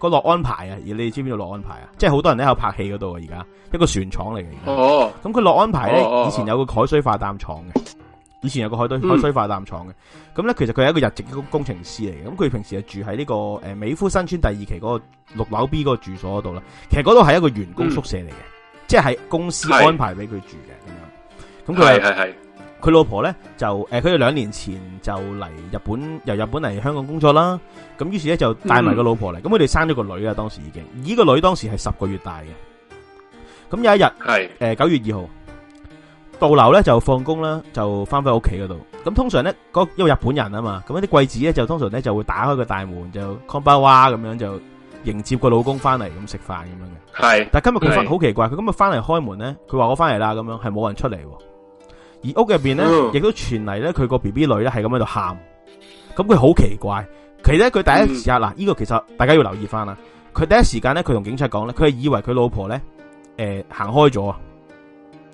那個樂、那個、安排啊，而你知唔知道樂安排啊？即係好多人喺度拍戲嗰度啊，而家一個船廠嚟嘅。哦，咁佢樂安排咧、哦哦，以前有個海水化淡廠嘅。以前有個海堆水化淡廠嘅，咁、嗯、咧其實佢係一個日籍嘅工程師嚟嘅，咁佢平時就住喺呢個誒美孚新邨第二期嗰個六樓 B 嗰個住所度啦。其實嗰度係一個員工宿舍嚟嘅、嗯，即係公司安排俾佢住嘅咁樣。咁佢係佢老婆咧就誒，佢、呃、哋兩年前就嚟日本，由日本嚟香港工作啦。咁於是咧就帶埋個老婆嚟，咁佢哋生咗個女啊，當時已經，呢個女，而這個女當時係十個月大嘅。咁有一日、呃、9日係誒九月二號。到樓咧就放工啦，就翻返屋企嗰度。咁通常咧，因為日本人啊嘛，咁一啲貴子咧就通常咧就會打開個大門就康巴哇咁樣就迎接個老公翻嚟，咁食飯咁樣嘅。係，但今日佢翻好奇怪，佢今日翻嚟開門咧，佢話我翻嚟啦，咁樣，係冇人出嚟，而屋入邊咧亦都傳嚟咧佢個 B B 女咧係咁喺度喊，咁佢好奇怪。其實呢，佢第一時間嗱，呢、嗯，這個其實大家要留意翻啦。佢第一時間咧佢同警察講咧，佢係以為佢老婆咧誒行開咗啊，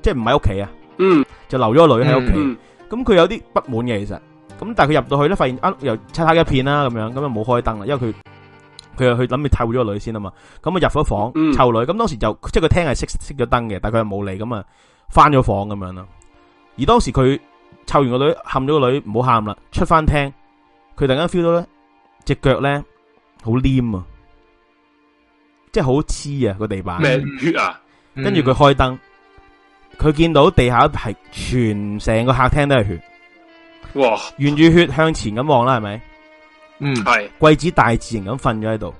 即係唔喺屋企啊。嗯，就留咗個女喺屋企，咁佢有啲不滿嘅其實的，咁但係佢入到去咧，發現啊又漆黑一片啦、啊、咁樣，咁就冇開燈啦，因為佢佢又去諗住湊咗個女先啊嘛，咁啊入咗房湊、嗯、女，咁當時就即係個廳係熄熄咗燈嘅，但係佢又冇嚟，咁啊翻咗房咁樣啦，而當時佢湊完個女，喊咗個女唔好喊啦，出翻廳，佢突然間 feel 到咧隻腳咧好黏啊，即係好黐啊個地板，血啊，跟住佢開燈。佢見到地下係全成個客廳都係血，哇！沿住血向前咁望啦，係咪？嗯，係。桂子大字型咁瞓咗喺度，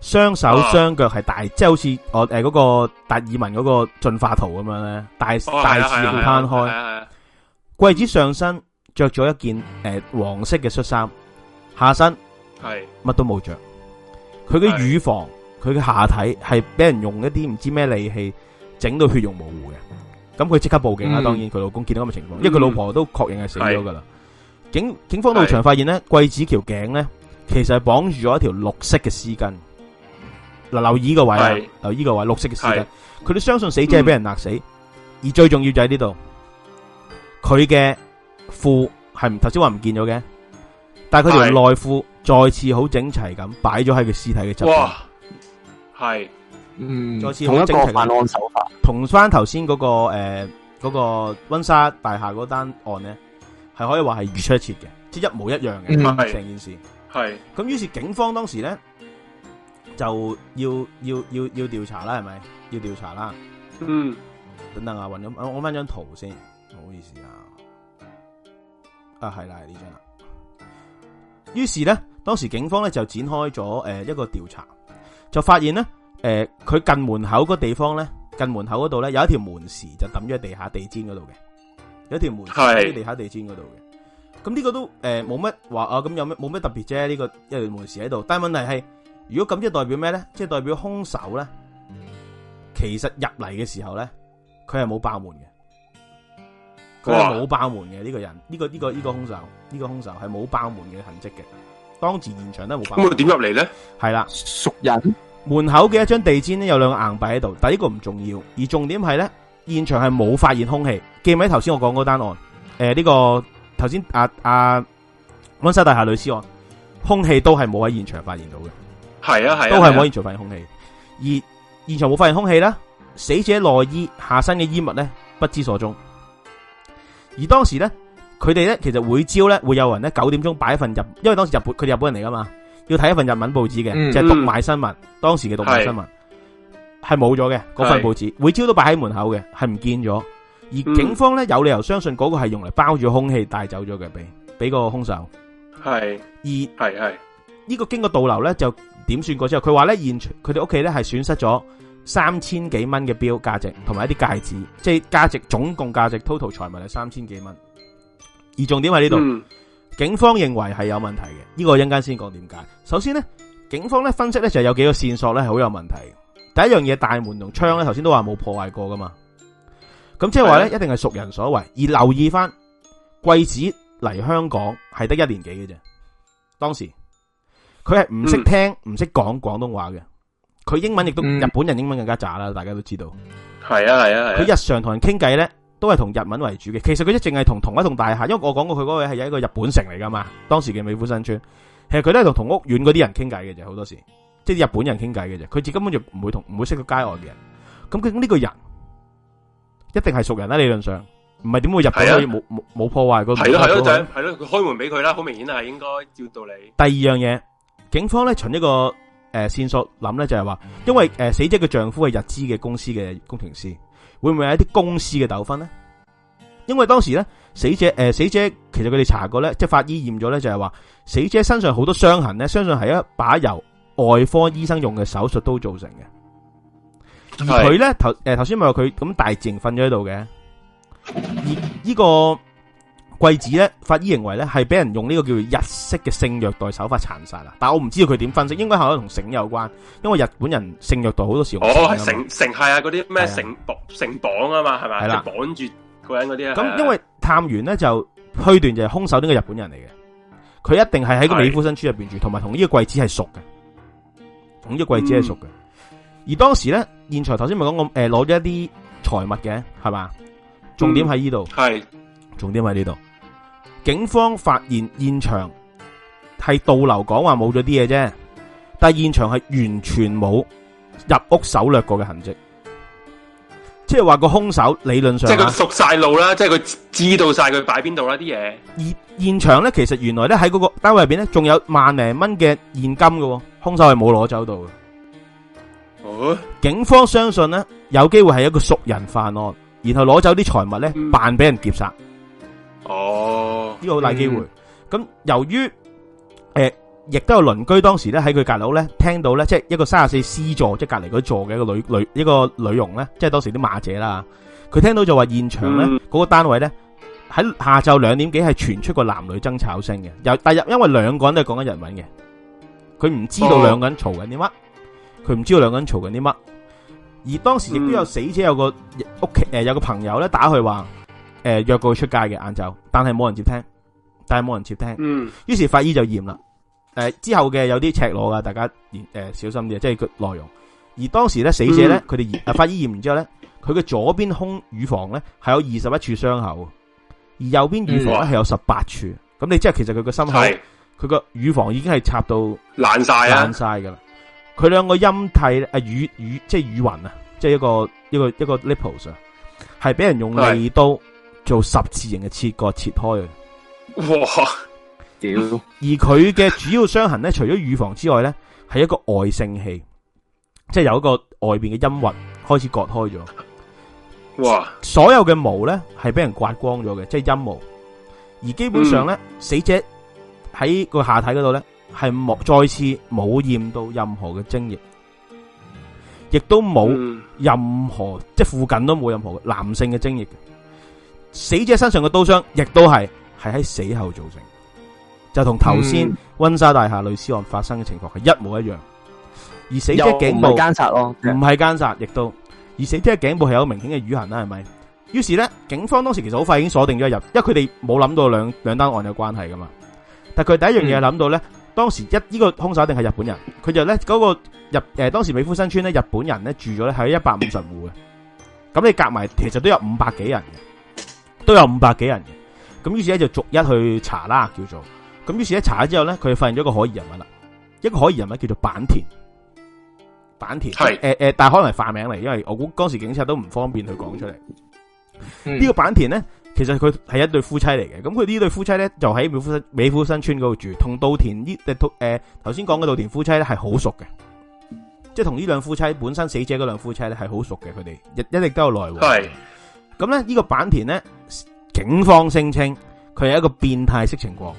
雙手雙腳係大，啊、即係好似誒嗰個達爾文嗰個進化圖咁樣咧，大、啊、大字型攤開。桂、啊、子、啊啊啊啊啊、上身着咗一件誒、呃、黃色嘅恤衫，下身係乜都冇着。佢嘅乳房，佢嘅下體係俾人用一啲唔知咩利器整到血肉模糊嘅。咁佢即刻報警啦，當然佢老公見到咁嘅情況，因為佢老婆都確認係死咗㗎喇。警警方到場發現呢，櫃子條頸呢其實係綁住咗一條綠色嘅絲巾。嗱，留意個位啊，留意個位，綠色嘅絲巾。佢哋相信死者係俾人勒死，而最重要就喺呢度，佢嘅褲係頭先話唔見咗嘅，但係佢條內褲再次好整齊咁擺咗喺佢屍體嘅側邊。哇，係。嗯，再次正常同一個犯案手法，同翻頭先嗰個誒，嗰，呃嗰個溫莎大廈嗰單案咧，係可以話係如出一轍嘅，即係一模一樣嘅，成，嗯、件事係。咁於是，是警方當時咧就要要要要調查啦，係咪？要調查啦？嗯。等等啊我搵，我搵翻張圖先，唔好意思啊。啊，係啦，張，呢張啦。於是咧，當時警方咧就展開咗誒，呃、一個調查，就發現咧。誒、呃，佢近門口嗰地方咧，近門口嗰度咧，有一條門匙就抌咗喺地下地氈嗰度嘅，有條門匙喺地下地氈嗰度嘅。咁呢個都誒冇乜話啊，咁有咩冇咩特別啫？呢個一條門匙喺度，但係問題係，如果咁，即係代表咩咧？即係代表兇手咧，其實入嚟嘅時候咧，佢係冇爆門嘅，佢係冇爆門嘅呢個人，呢個呢個呢個兇手，呢個兇手係冇爆門嘅痕跡嘅，當時現場都冇爆門。咁佢點入嚟咧？係啦，熟人。門口嘅一張地氈咧，有兩個硬幣喺度，但呢個唔重要，而重點係咧，現場係冇發現空氣。記唔記頭先我講嗰單案？誒、呃，呢、這個頭先阿阿溫莎大廈女屍案，空氣都係冇喺現場發現到嘅。係啊係、啊啊，都係冇現場發現空氣。而現場冇發現空氣啦，死者內衣下身嘅衣物咧，不知所蹤。而當時咧，佢哋咧其實每朝咧，會有人咧九點鐘擺一份入，因為當時日本佢哋日本人嚟噶嘛。要睇一份日文報紙嘅，嗯，就係讀賣新聞，嗯，當時嘅讀賣新聞係冇咗嘅，嗰份報紙，每朝都擺喺門口嘅，係唔見咗。而警方咧，嗯、有理由相信嗰個係用嚟包住空氣帶走咗嘅，俾俾個凶手。係二，係係呢個經過倒流咧，就點算過之後，佢話咧現場佢哋屋企咧係損失咗三千幾蚊嘅標價值，同埋一啲戒指，即係價值總共價值 total 財物係三千幾蚊。而重點喺呢度。嗯警方認為係有問題嘅，呢、呢個一陣間先講點解。首先呢，警方咧分析咧就有幾個線索咧係好有問題的。第一樣嘢，大門同窗咧，頭先都話冇破壞過噶嘛。咁即係話咧，一定係熟人所為。而留意翻，貴子嚟香港係得一年幾嘅啫。當時佢係唔識聽、唔識講廣東話嘅，佢英文亦都、嗯、日本人英文更加渣啦，大家都知道。係啊，係啊，佢、啊、日常同人傾偈呢，都係同日文為主嘅，其實佢一直係同同一棟大廈，因為我講過佢嗰位係一個日本城嚟噶嘛，當時嘅美孚新邨，其實佢都係同同屋苑嗰啲人傾偈嘅啫，好多時即係日本人傾偈嘅啫，佢自根本就唔會同唔會識到街外嘅人，咁佢呢個人一定係熟人啦，理論上唔係點會日本可以冇冇破壞個係咯係咯，就係咯，佢開門俾佢啦，好明顯係應該照道理。第二樣嘢，警方咧循一個誒、呃、綫索諗咧就係、是、話，因為誒、呃、死者嘅丈夫係日資嘅公司嘅工程師。會唔會係一啲公司嘅糾紛咧？因為當時咧，死者誒、呃，死者其實佢哋查過咧，即係法醫驗咗咧，就係話死者身上好多傷痕咧，相信係一把由外科醫生用嘅手術刀造成嘅、呃。而佢咧，頭誒，頭先咪話佢咁大字瞓咗喺度嘅，而呢個。貴子咧，法醫認為咧係俾人用呢個叫做日式嘅性虐待手法殘殺啦。但係我唔知道佢點分析，應該係可能同繩有關，因為日本人性虐待好多時用繩。哦，繩繩係啊，嗰啲咩繩綁繩綁啊嘛，係嘛，就綁住個人嗰啲啊。咁因為探員咧就推斷就係凶手呢個日本人嚟嘅，佢一定係喺個美孚新邨入邊住，同埋同呢個貴子係熟嘅，同呢個貴子係熟嘅。而當時咧現場頭先咪講我誒攞咗一啲財物嘅係嘛，重點喺呢度，係重點喺呢度。警方發現現場係倒流講話冇咗啲嘢啫，但係現場係完全冇入屋搜掠過嘅痕迹，即係話個凶手理論上即係佢熟晒路啦，即係佢知道晒佢擺邊度啦啲嘢。而現場咧，其實原來咧喺嗰個單位入邊咧，仲有萬零蚊嘅現金嘅，凶手係冇攞走到嘅。哦，警方相信呢，有機會係一個熟人犯案，然後攞走啲財物咧，扮、嗯、俾人劫殺。哦，呢個好大機會。咁、嗯、由於誒、呃，亦都有鄰居當時咧喺佢隔樓咧聽到咧，即係一個三十四 C 座，即係隔籬嗰座嘅一個女女，一個女傭咧，即係當時啲馬姐啦。佢聽到就話現場咧嗰、嗯嗰個單位咧喺下晝兩點幾係傳出個男女爭吵聲嘅。又但係因為兩個人都係講緊日文嘅，佢唔知道兩個人吵緊啲乜，佢、哦、唔知道兩個人吵緊啲乜。而當時亦都有死者有個屋企誒，有個朋友咧打佢話。誒、呃，約過佢出街嘅晏晝，但係冇人接聽，但係冇人接聽。嗯，於是法醫就驗啦。誒、呃，之後嘅有啲赤裸噶，大家誒、呃、小心啲，即係內容。而當時咧，死者咧，佢哋驗誒，法醫驗完之後咧，佢嘅左邊胸乳房咧係有二十一處傷口，而右邊乳房咧係、嗯、有十八處。咁你即係其實佢個心口佢個乳房已經係插到爛晒啊，爛晒噶啦。佢兩個陰蒂咧，啊，乳乳即係乳暈啊，即係一個一個一個 lips 啊，係俾人用利刀。做十字形嘅切割切開佢！哇，屌！而佢嘅主要傷痕咧， *laughs* 除咗乳房之外咧，係一個外性器，即係有一個外邊嘅陰核開始割開咗。哇！所有嘅毛咧係俾人刮光咗嘅，即係陰毛。而基本上咧、嗯，死者喺個下體嗰度咧係冇再次冇驗到任何嘅精液，亦都冇任何、嗯、即係附近都冇任何的男性嘅精液。死者身上嘅刀傷亦都係係喺死後造成，就同頭先溫莎大廈女屍案發生嘅情況係一模一樣。而死者頸部奸殺咯，唔係奸殺，亦都。而死者嘅頸部係有明顯嘅淤痕啦，係咪？於是咧，警方當時其實好快已經鎖定咗入，因為佢哋冇諗到兩兩單案有關係噶嘛。但係佢第一樣嘢諗到咧，當時一呢個凶手一定係日本人。佢就咧嗰個日誒，當時美孚新村咧日本人咧住咗咧係一百五十戶嘅，咁你夾埋其實都有五百幾人。都有五百幾人嘅，咁於是咧就逐一去查啦，叫做咁於是咧查咗之後咧，佢就發現咗個可疑人物啦，一個可疑人物叫做坂田，坂田係誒誒，但係可能係化名嚟，因為我估當時警察都唔方便去講出嚟。嗯這個、田呢個坂田咧，其實佢係一對夫妻嚟嘅，咁佢呢對夫妻咧就喺美孚新美孚新村嗰度住，同稻田呢誒誒頭先講嘅稻田夫妻咧係好熟嘅，即係同呢兩夫妻本身死者嗰兩夫妻咧係好熟嘅，佢哋一一直都有來往。咁咧，這個、板呢個坂田咧，警方聲稱佢係一個變態色情狂，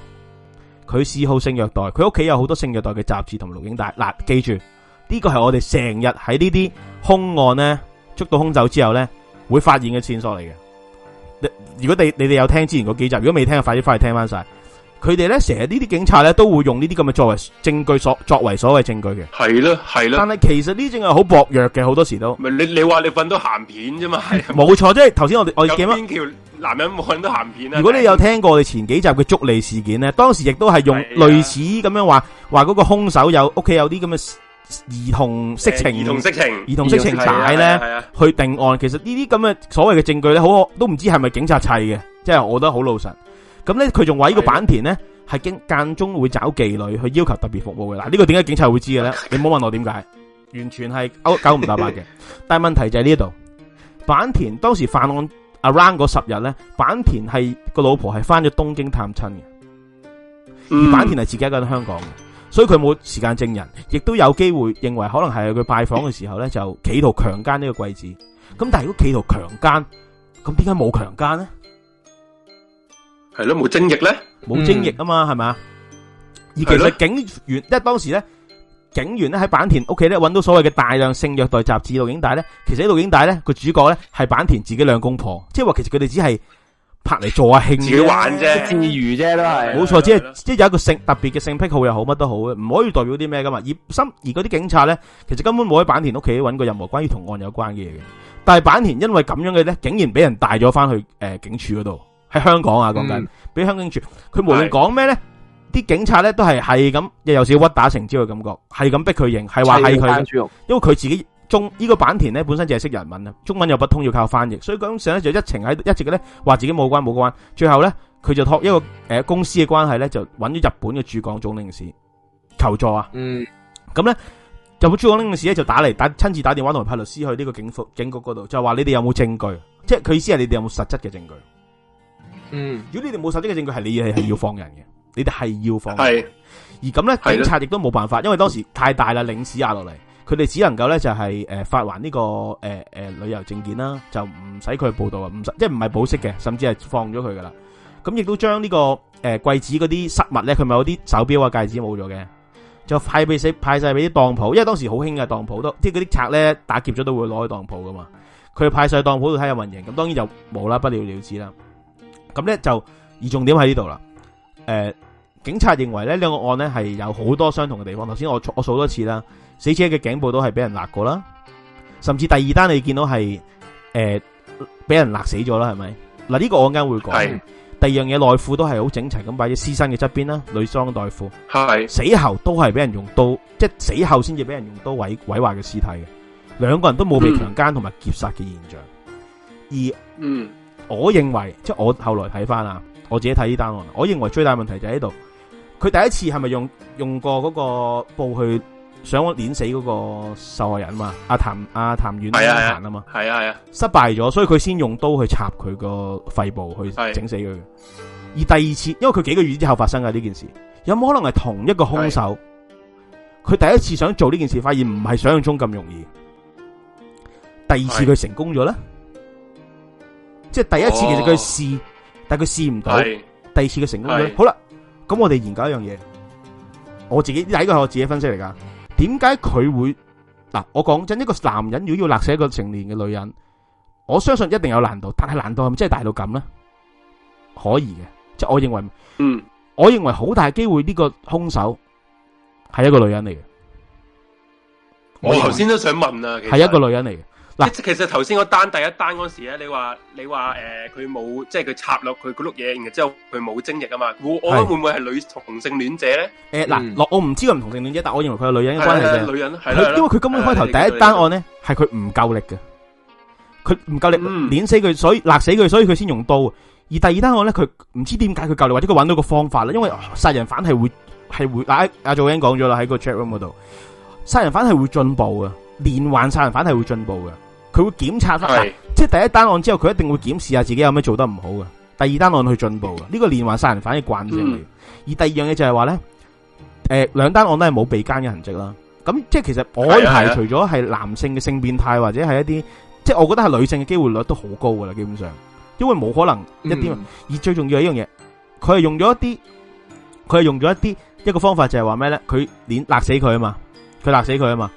佢嗜好性虐待，佢屋企有好多性虐待嘅雜誌同錄影帶。嗱、啊，記住呢個係我哋成日喺呢啲凶案咧捉到凶手之後咧會發現嘅線索嚟嘅。如果你你哋有聽之前嗰幾集，如果未聽，快啲翻去聽翻晒。佢哋咧成日呢啲警察咧都會用呢啲咁嘅作為證據所作為所謂證據嘅，係啦係啦。但係其實呢證係好薄弱嘅，好多時都咪你你話你揾到鹹片啫嘛，係冇錯。即係頭先我哋，我見咩天橋男人冇揾到鹹片啊！如果你有聽過我哋前幾集嘅捉離事件咧，當時亦都係用類似咁樣話話嗰個凶手有屋企有啲咁嘅兒童色情、欸、兒童色情、兒童色情帶咧去定案。其實呢啲咁嘅所謂嘅證據咧，好都唔知係咪警察砌嘅，即係我覺得好老實。咁咧，佢仲話呢個坂田咧係經間中會找妓女，去要求特別服務嘅嗱。呢、這個點解警察會知嘅咧？你唔好問我點解，完全係九唔搭八嘅。 *laughs* 但係問題就喺呢一度，坂田當時犯案 around 嗰十日咧，坂田係個老婆係返咗東京探親嘅，嗯，而坂田係自己喺香港，所以佢冇時間證人，亦都有機會認為可能係佢拜訪嘅時候咧就企圖強姦呢個貴子。咁，嗯、但係如果企圖強姦，咁點解冇強姦咧？係咯，冇精液咧，冇精液啊嘛，係、嗯、咪？而其實警員，即係當時咧，警員咧喺坂田屋企咧揾到所謂嘅大量性虐待雜誌錄影帶咧，其實喺錄影帶咧個主角咧係坂田自己兩公婆，即係話其實佢哋只係拍嚟做下慶自己玩啫，自娛啫，都係冇錯，即係即係有一個性特別嘅性癖好又好乜都好，唔可以代表啲咩㗎嘛。而心而嗰啲警察咧，其實根本冇喺坂田屋企揾過任何關於同案有關嘅嘢嘅，但係坂田因為咁樣嘅咧，竟然俾人帶咗返去誒、呃、警署嗰度。喺香港啊，講緊俾香港住，佢無論講咩咧，啲警察咧都係係咁，又有少屈打成招嘅感覺，係咁逼佢認，係話係佢，因為佢自己中呢、這個坂田咧，本身就係識日文啊，中文又不通，要靠翻譯，所以咁上咧就一情喺一直嘅咧，話自己冇關冇關，最後咧佢就託一個誒、呃、公司嘅關係咧，就搵咗日本嘅駐港總領事求助啊。嗯，咁咧日本駐港領事咧就打嚟打親自打電話同佢派律師去呢個警服警局嗰度，就話你哋有冇證據？即係佢意思係你哋有冇實質嘅證據？嗯，如果你哋冇實質嘅證據，係你係係要放人嘅，你哋係要放人。係而咁咧，警察亦都冇辦法，因為當時太大啦，領事壓落嚟，佢哋只能夠咧就係、是、誒、呃、發還呢、這個誒誒、呃呃、旅遊證件啦，就唔使佢報報道啊，唔即係唔係保釋嘅，甚至係放咗佢噶啦。咁亦都將呢個誒櫃子嗰啲失物咧，佢咪有啲手錶啊戒指冇咗嘅，就派俾死派晒俾啲當鋪，因為當時好興嘅當鋪都即係嗰啲賊咧打劫咗都會攞去當鋪噶嘛，佢派晒當鋪度睇下運營，咁當然就冇啦，不了了之啦。咁咧就而重點喺呢度啦。誒、呃，警察認為咧，呢兩個案咧係有好多相同嘅地方。頭先我我數多次啦，死者嘅頸部都係俾人勒過啦，甚至第二單你見到係誒俾人勒死咗啦，係咪？嗱、這、呢個我間會講。係第二樣嘢內褲都係好整齊咁擺喺屍身嘅側邊啦，女裝袋褲係死後都係俾人用刀，即、就、係、是、死後先至俾人用刀毀毀壞嘅屍體嘅。兩個人都冇被強姦同埋劫殺嘅現象。而嗯。而嗯我認為即係我後來睇翻啊，我自己睇呢單案，我認為最大問題就喺度，佢第一次係咪用用過嗰個布去想碾死嗰個受害人啊嘛？阿譚阿譚遠啊嘛，係啊係啊,啊,啊，啊失敗咗，所以佢先用刀去插佢個肺部去整死佢。啊、而第二次，因為佢幾個月之後發生嘅呢件事，有冇可能係同一個凶手？佢、啊、第一次想做呢件事，發現唔係想象中咁容易，第二次佢成功咗咧？即係第一次，其實佢試、哦，但係佢試唔到。第二次嘅成功好啦，咁我哋研究一樣嘢，我自己第個係我自己分析嚟噶，點解佢會嗱？我講真，一個男人如果要勒死一個成年嘅女人，我相信一定有難度，但係難度係咪真係大到咁咧？可以嘅，即係我認為，嗯，我認為好大機會呢個兇手係一個女人嚟嘅。我頭先都想問啊，係一個女人嚟嘅。其實頭先個單第一單嗰時咧，你話你話誒，佢、呃、冇即係佢插落佢嗰碌嘢，然之後佢冇精液啊嘛？我我會唔會係女同性戀者咧？誒、嗯、嗱、欸，我唔知佢唔同性戀者，但我認為佢係女人嘅關係女人，佢因為佢根本開頭第一單案咧，係佢唔夠力嘅，佢唔夠力碾、嗯、死佢，所以勒死佢，所以佢先用刀。而第二單案咧，佢唔知點解佢夠力，或者佢搵到個方法啦。因為殺、哦、人犯係會係會，阿阿祖英講咗啦，喺、啊、個 chat room 嗰度，殺人犯係會進步嘅，連環殺人犯係會進步嘅。佢會檢查返，是即係第一單案之後，佢一定會檢視下自己有咩做得唔好嘅。第二單案去進步嘅，呢、這個連環殺人犯嘅慣性嚟。而第二樣嘢就係話咧，誒、呃，兩單案都係冇被奸嘅痕跡啦。咁即係其實我排除咗係男性嘅性變態或者係一啲，即係我覺得係女性嘅機會率都好高噶啦。基本上，因為冇可能一啲、嗯。而最重要係一樣嘢，佢係用咗一啲，佢係用咗一啲一個方法就係話咩咧？佢捻勒死佢啊嘛，佢勒死佢啊嘛。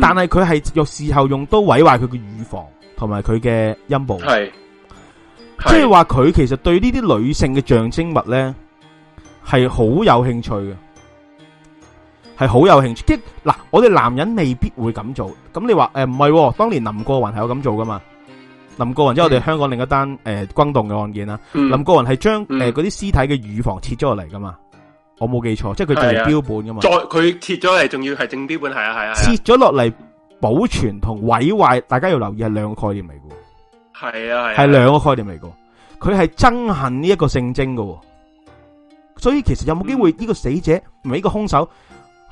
但係佢係又事後用刀毀壞佢嘅乳房同埋佢嘅陰部，係即係話佢其實對呢啲女性嘅象徵物咧係好有興趣嘅，係好有興趣。即嗱，我哋男人未必會咁做。咁你話誒，唔係，當年林過雲係有咁做噶嘛？林過雲即係我哋香港另一單誒轟動嘅案件啊。林過雲係將誒嗰啲屍體嘅乳房切咗落嚟噶嘛？我冇記錯，即係佢做嚟標本噶嘛？再佢切咗嚟，仲要係正標本，係啊係啊。切咗落嚟保存同毀壞，大家要留意係兩個概念嚟噶。係啊係。係兩個概念嚟噶，佢係憎恨呢一個性徵噶，所以其實有冇機會呢個死者唔係一個凶手，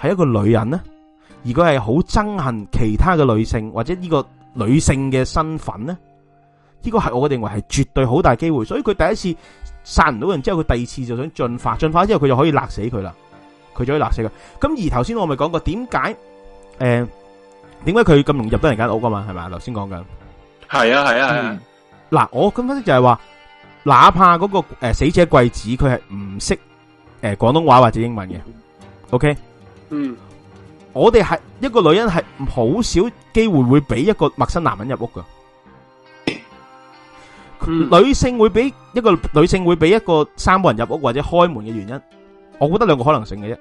係一個女人呢？而佢係好憎恨其他嘅女性或者呢個女性嘅身份呢？呢個係我認為係絕對好大機會，所以佢第一次。殺唔到人之後，佢第二次就想進化，進化之後佢就可以勒死佢啦。佢就可以勒死佢。咁而頭先我咪講過，點解誒？點解佢咁容易入得人間屋噶嘛？係咪？頭先講緊，係啊係啊。嗱、啊啊嗯，我咁分析就係話，哪怕嗰、那個誒、呃、死者貴子，佢係唔識誒廣東話或者英文嘅。O K。嗯，OK? 嗯我哋係一個女人係好少機會會俾一個陌生男人入屋噶。嗯、女性會俾一個女性會俾一個三個人入屋或者開門嘅原因，我覺得兩個可能性嘅啫。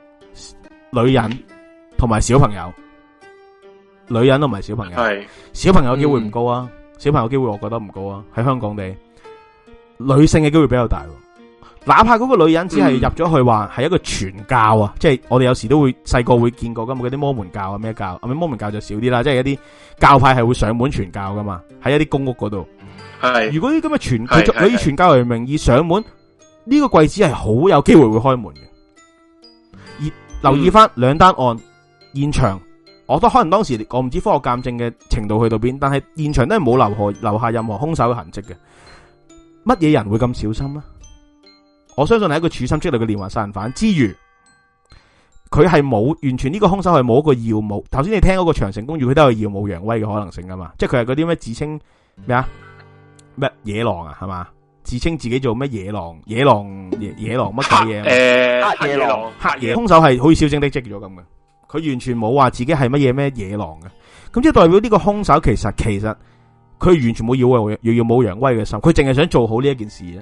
女人同埋小朋友，女人都唔係小朋友，係小朋友機會唔高啊、嗯！小朋友機會我覺得唔高啊，喺香港地，女性嘅機會比較大，啊。哪怕嗰個女人只係入咗去話係一個傳教啊，嗯、即係我哋有時都會細個會見過噶嘛，嗰啲摩門教啊咩教，咁摩門教就少啲啦，即係一啲教派係會上門傳教噶嘛，喺一啲公屋嗰度。係如果呢，咁嘅全佢以傳教為名義上門呢個櫃子係好有機會會開門嘅。而留意翻兩單案、嗯、現場，我都可能當時我唔知科學鑑證嘅程度去到邊，但係現場都係冇留下留下任何兇手嘅痕跡嘅。乜嘢人會咁小心呀？我相信係一個處心積慮嘅連環殺人犯。之餘佢係冇完全呢個兇手係冇一個耀武。頭先你聽嗰個長城公寓，佢都有耀武揚威嘅可能性噶嘛？即係佢係嗰啲咩自稱咩啊？咩野狼啊，係嘛？自稱自己做咩野狼？野狼野，野狼乜鬼嘢？誒、啊欸，黑野狼，黑野凶手係好似小正太 j 咗咁嘅。佢完全冇話自己係乜嘢咩野狼嘅。咁即係代表呢個凶手其實其實佢完全冇耀武又冇揚威嘅心，佢淨係想做好呢一件事啊。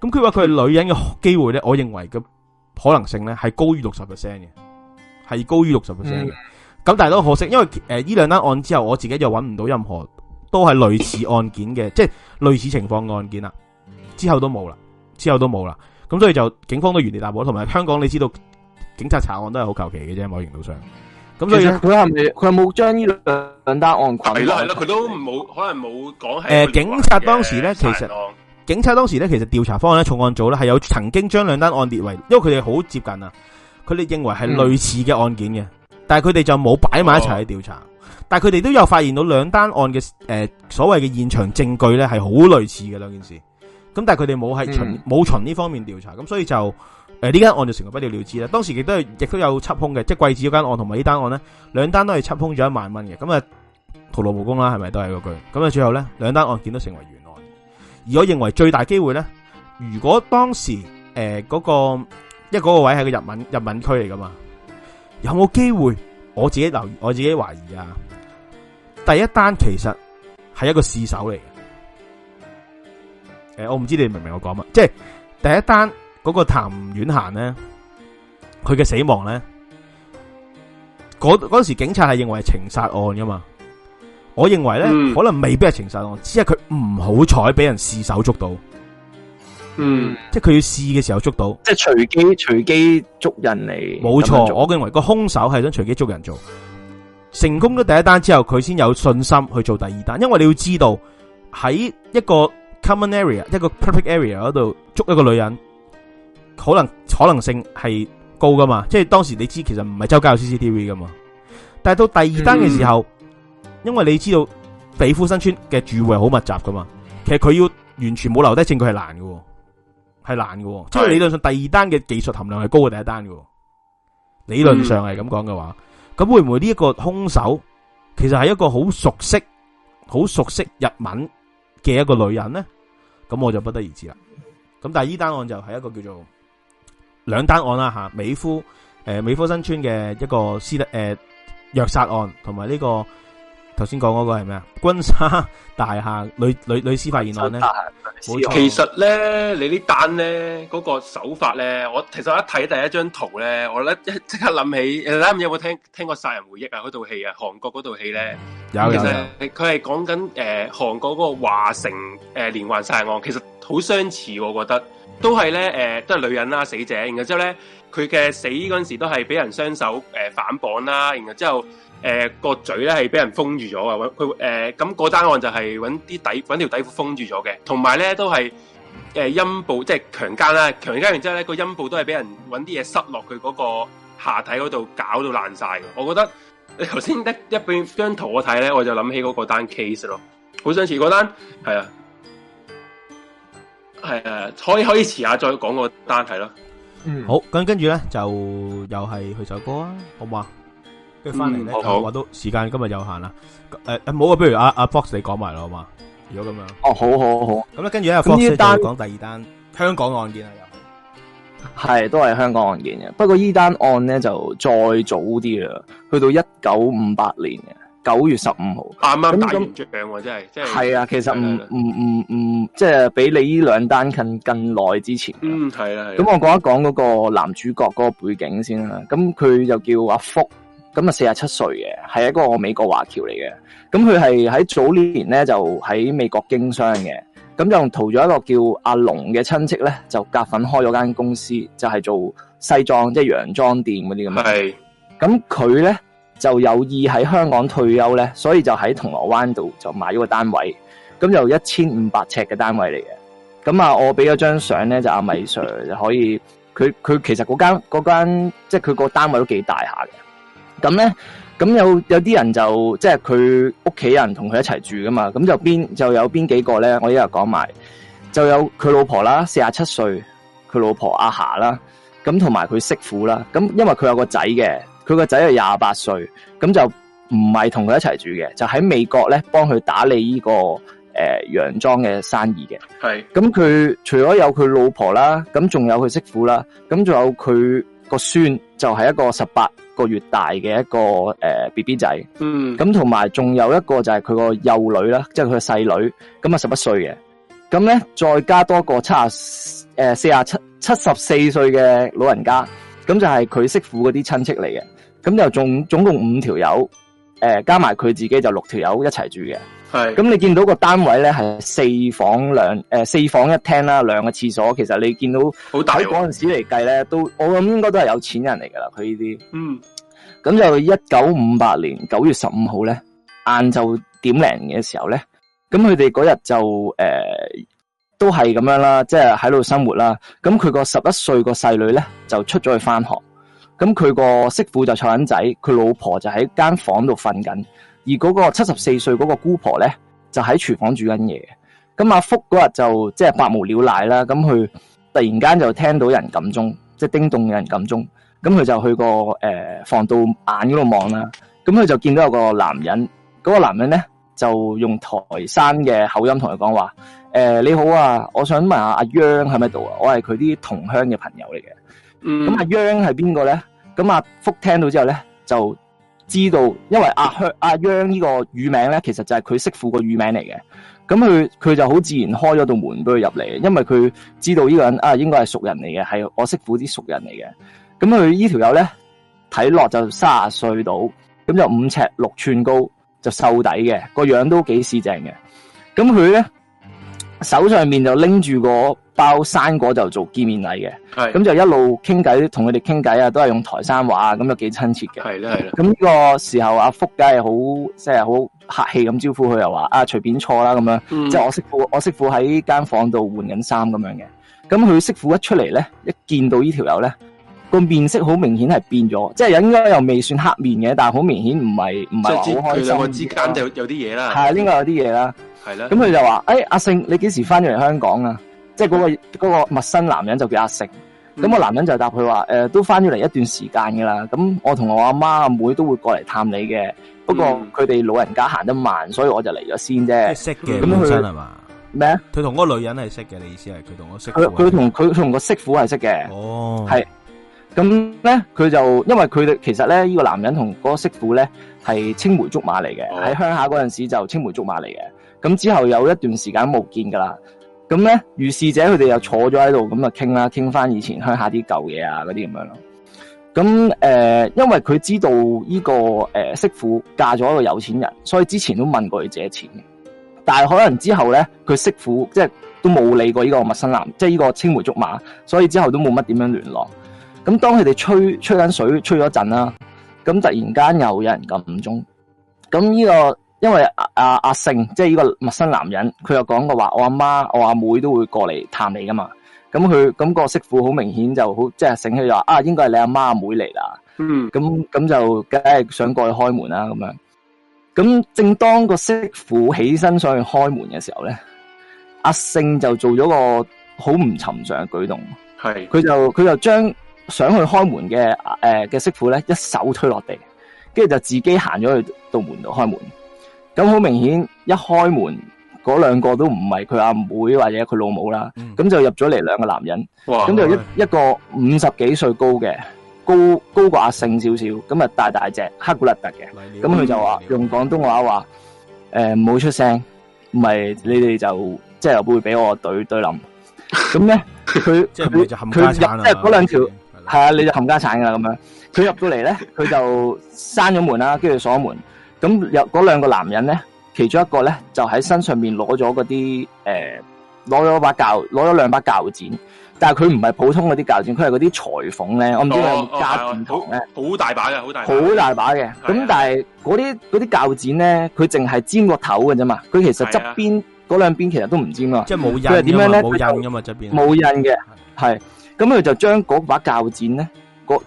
咁佢話佢係女人嘅機會咧，我認為嘅可能性咧係高於六十 percent 嘅，係高於六十 percent 嘅。咁、嗯、但係都可惜，因為誒呢、呃、兩單案之後，我自己又揾唔到任何。都係類似案件嘅，即係類似情況案件啦。之後都冇啦，之後都冇啦。咁所以就警方都原地踏步啦。同埋香港，你知道警察查案都係好求其嘅啫，某程到上某程度上，咁所以佢係冇將呢兩兩單案係咯係咯，佢都冇可能冇講。誒，警察當時咧，其實警察當時咧，其實調查方案咧，重案組咧，係有曾經將兩單案列為，因為佢哋好接近啊。佢哋認為係類似嘅案件嘅，嗯、但係佢哋就冇擺埋一齊去調查。哦但係佢哋都有發現到兩單案嘅，誒，所謂嘅現場證據咧係好類似嘅兩件事。咁但係佢哋冇，係冇循呢方面調查，咁所以就誒呢間案就成為不了了之啦。當時亦都係亦都有緝兇嘅，即係貴子嗰間案同埋呢單案咧，兩單都係緝兇咗一萬蚊嘅。咁啊徒勞無功啦，係咪都係嗰句？咁啊最後咧，兩單案件都成為懸案。而我認為最大機會咧，如果當時誒嗰、呃那個，因、那、為個位係個日文日文區嚟噶嘛，有冇機會我？我自己留，我自己懷疑啊。第一單其實係一個試手嚟，誒，我唔知你明唔明我講乜，即係第一單嗰個譚婉嫻咧，佢嘅死亡咧，嗰嗰時警察係認為係情殺案噶嘛？我認為咧，嗯、可能未必係情殺案，只係佢唔好彩俾人試手捉到，嗯，即係佢要試嘅時候捉到，即係隨機隨機捉人嚟。冇錯，我認為個凶手係想隨機捉人做。成功咗第一單之後，佢先有信心去做第二單，因為你要知道喺一個 common area、一個 perfect area 嗰度捉一個女人，可能可能性係高噶嘛。即係當時你知其實唔係周街有 CCTV 噶嘛。但係到第二單嘅時候，嗯、因為你知道美孚新邨嘅住戶好密集噶嘛，其實佢要完全冇留低證據係難噶，係難噶。即係理論上第二單嘅技術含量係高過第一單噶。嗯、理論上係咁講嘅話。咁會唔會呢一個兇手其實係一個好熟悉、好熟悉日文嘅一個女人咧？咁我就不得而知啦。咁但係呢單案就係一個叫做兩單案啦，吓美孚誒、呃、美孚新村嘅一個私誒、呃、虐殺案，同埋呢個。頭先講嗰個係咩啊？溫莎大，大廈女女女屍發現案咧，冇錯其呢呢、那個呢。其實咧，你呢單咧，嗰個手法咧，我其實一睇第一張圖咧，我咧即刻諗起，誒，咁有冇聽聽過《殺人回憶》啊？嗰套戲啊，韓國嗰套戲咧，有有。佢係講緊誒，韓國嗰個華城誒、呃、連環殺人案，其實好相似，我覺得都係咧，誒，都係、呃、女人啦、啊，死者。然後之後咧，佢嘅死嗰陣時都係俾人雙手誒、呃、反綁啦、啊。然後之後。誒、呃，個嘴咧係俾人封住咗啊。佢、呃、誒、咁、呃那個單案就係揾啲底，揾條底褲封住咗嘅，同埋咧都係誒陰部，即係強姦啦，強姦完之後咧、那個陰部都係俾人揾啲嘢塞落佢嗰個下體嗰度，搞到爛晒。我覺得你頭先得一半張圖我睇咧，我就諗起嗰個單 case 咯，好相似嗰單，係啊，係啊，可以可以遲下再講個單題咯。嗯，好，好，咁跟住咧就又係去首歌啊，好唔好啊？跟住翻嚟咧，我、嗯、話都時間今日有限啦。誒誒，冇啊，不、啊、如阿、啊、阿 Fox 你講埋咯，好嘛？如果咁樣，哦，好好好。咁咧、啊，跟住咧，咁呢單講第二單香港案件啊、嗯，又係，係都係香港案件嘅。不過呢單案咧就再早啲啦，去到一九五八年嘅九月十五號，啱啱打完仗喎，真係，係啊，其實唔唔唔唔，即係、嗯嗯嗯就是、比你呢兩單近更耐之前。嗯，係啊，咁我講一講嗰個男主角嗰個背景先啦。咁佢就叫阿福。咁啊，四十七歲嘅，係一個美國華僑嚟嘅。咁佢係喺早年咧就喺美國經商嘅。咁就圖咗一個叫阿龍嘅親戚咧，就夾份開咗間公司，就係做西裝即係洋裝店嗰啲咁樣。係。咁佢咧就有意喺香港退休咧，所以就喺銅鑼灣度就買咗個單位。咁就一千五百尺嘅單位嚟嘅。咁啊，我俾咗張相咧就阿米 Sir 就可以，佢佢其實嗰間嗰間即係佢個單位都幾大下嘅。咁咧，咁有有啲人就即係佢屋企人同佢一齊住㗎嘛，咁就邊就有邊幾個咧，我一日講埋，就有佢老婆啦，四十七歲，佢老婆阿霞啦，咁同埋佢媳婦啦，咁因為佢有個仔嘅，佢個仔係廿八歲，咁就唔係同佢一齊住嘅，就喺美國咧幫佢打理呢、這個誒、呃、洋裝嘅生意嘅，係，咁佢除咗有佢老婆啦，咁仲有佢媳婦啦，咁仲有佢個孫就係、是、一個十八。一個月大嘅一個誒 B B 仔，咁同埋仲有一個就係佢個幼女啦，即係佢細女，咁啊十一歲嘅，咁咧再加多個七啊誒四啊七七十四歲嘅老人家，咁就係佢媳婦嗰啲親戚嚟嘅，咁就總總共五條友，誒、呃、加埋佢自己就六條友一齊住嘅。係，咁你見到個單位咧係四房兩、呃、四房一廳啦，兩個廁所。其實你見到喺嗰陣時嚟計咧，都我諗應該都係有錢人嚟㗎啦。佢呢啲，嗯，咁就一九五八年九月十五號咧，晏晝點零嘅時候咧，咁佢哋嗰日就誒、呃、都係咁樣啦，即係喺度生活啦。咁佢個十一歲個細女咧就出咗去返學，咁佢個媳婦就湊緊仔，佢老婆就喺間房度瞓緊。而嗰個七十四歲嗰個姑婆咧，就喺廚房煮緊嘢。咁、啊、阿福嗰日就即係百無聊賴啦，咁佢突然間就聽到有人撳鐘，即係叮咚有人撳鐘。咁佢就去個防盜眼嗰度望啦。咁佢就見到有個男人。嗰、那個男人咧就用台山嘅口音同佢講話：你好啊，我想問，問下阿央喺咪度啊？我係佢啲同鄉嘅朋友嚟嘅。咁、嗯、阿央係邊個咧？咁阿、啊、福聽到之後咧就。知道，因為阿香阿央呢個乳名呢個乳名咧，其實就係佢叔父個乳名嚟嘅。咁佢佢就好自然開咗道門俾佢入嚟，因為佢知道呢個人啊應該係熟人嚟嘅，係我叔父啲熟人嚟嘅。咁佢呢條友咧睇落就三十歲到，咁就五尺六寸高，就瘦底嘅，個樣都幾四正嘅。咁佢咧。手上面就拎住個包生果就做見面禮嘅，咁就一路傾偈，同佢哋傾偈啊，都係用台山話，咁就幾親切嘅。係啦係啦。咁呢個時候阿福梗係好，即係好客氣咁招呼佢，又話啊隨便坐啦咁樣。即、嗯、係我媳婦，我媳婦喺間房度換緊衫咁樣嘅。咁佢媳婦一出嚟咧，一見到呢條友咧，個面色好明顯係變咗，即、就、係、是、應該又未算黑面嘅，但係好明顯唔係唔係好開心。兩個之間就有啲嘢啦，係應該有啲嘢啦。係啦，咁佢就話：，誒、哎，阿盛，你幾時翻咗嚟香港啊？即係嗰個嗰、那個陌生男人就叫阿盛，咁、嗯那個男人就答佢話：，誒、呃，都翻咗嚟一段時間噶啦，咁我同我阿媽阿妹都會過嚟探你嘅，不過佢哋老人家行得慢，所以我就嚟咗先啫。嗯那個、識嘅本身係嘛？咩啊？佢同嗰個女人係識嘅，你意思係佢同我識？佢佢同佢同個媳婦係識嘅。哦，係，咁咧，佢就因為佢哋其實咧，呢、這個男人同嗰個媳婦咧係青梅竹馬嚟嘅，喺、哦、鄉下嗰陣時就青梅竹馬嚟嘅。咁之後有一段時間冇見噶啦，咁咧如是者佢哋又坐咗喺度，咁啊傾啦，傾翻以前鄉下啲舊嘢啊嗰啲咁樣咯。咁誒、呃，因為佢知道呢、這個誒、呃、媳婦嫁咗一個有錢人，所以之前都問過佢借錢嘅。但係可能之後咧，佢媳婦即係都冇理過呢個陌生男，即係呢個青梅竹馬，所以之後都冇乜點樣聯絡。咁當佢哋吹吹緊水，吹咗陣啦，咁突然間又有人暗中，咁呢、這個。因為阿阿阿盛，即係呢個陌生男人，佢又講過話，我阿媽,媽、我阿妹,妹都會過嚟探你噶嘛。咁佢咁個媳婦好明顯就好，即係醒起話啊，應該係你阿媽阿妹嚟啦。嗯，咁咁就梗係想過去開門啦、啊。咁樣咁，正當個媳婦起身想去開門嘅時候咧，阿、啊、盛就做咗個好唔尋常嘅舉動，係佢就佢就將想去開門嘅誒嘅媳婦咧一手推落地，跟住就自己行咗去到門度開門。咁好明顯，一開門嗰兩個都唔係佢阿妹或者佢老母啦，咁就入咗嚟兩個男人，咁就一一個五十幾歲高嘅，高高過阿勝少少，咁啊大大隻黑古勒特嘅，咁佢就話用廣東話話，誒唔好出聲，唔係你哋就即係會俾我懟懟冧，咁咧佢佢佢入即係嗰兩條，係啊，你就冚家鏟啦咁樣，佢入到嚟咧，佢就閂咗門啦，跟住鎖門。咁有嗰兩個男人咧，其中一個咧就喺身上面攞咗嗰啲誒，攞、呃、咗把鉸，攞咗兩把鉸剪，但係佢唔係普通嗰啲鉸剪，佢係嗰啲裁縫咧，我唔知係咪加剪刀咧、哦哦哦哦哎哦哎哦，好大把嘅，好大好大把嘅。咁但係嗰啲嗰啲鉸剪咧，佢淨係尖個頭嘅啫嘛，佢其實側邊嗰兩邊其實都唔尖啊，即係冇印啊嘛，佢係點樣咧？冇印嘅嘛，側邊冇印嘅係，咁佢就將嗰把鉸剪咧，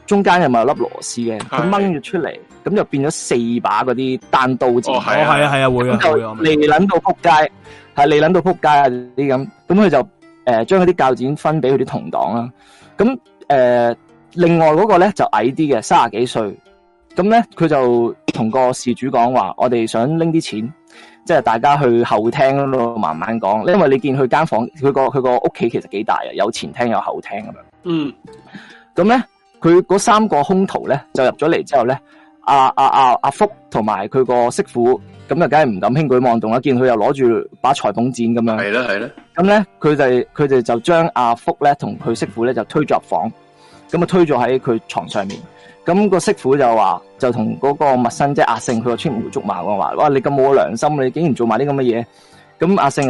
中間又咪有粒螺絲嘅，佢掹咗出嚟。咁就變咗四把嗰啲單刀劍，哦係啊係啊係啊會啊，咁、啊啊啊啊、就嚟捻到撲街，係嚟捻到撲街啊啲咁，咁佢就誒將啲鉸剪分俾佢啲同黨啦。咁誒、呃，另外嗰個咧就矮啲嘅，卅幾歲，咁咧佢就同個事主講話，我哋想拎啲錢，即係大家去後廳咯，慢慢講。因為你見佢間房，佢個佢個屋企其實幾大啊，有前廳有後廳咁樣。嗯，咁咧佢嗰三個兇徒咧就入咗嚟之後咧。阿阿阿阿福同埋佢個媳婦，咁就梗係唔敢輕舉妄動啦。見佢又攞住把裁縫剪咁樣，係啦係啦。咁咧，佢哋佢哋就將阿、啊、福咧同佢媳婦咧就推咗入房，咁啊推咗喺佢床上面。咁個媳婦就話，就同嗰個陌生，即係阿勝，佢就穿紅捉馬講話，哇！你咁冇良心，你竟然做埋啲咁嘅嘢！咁、嗯、阿勝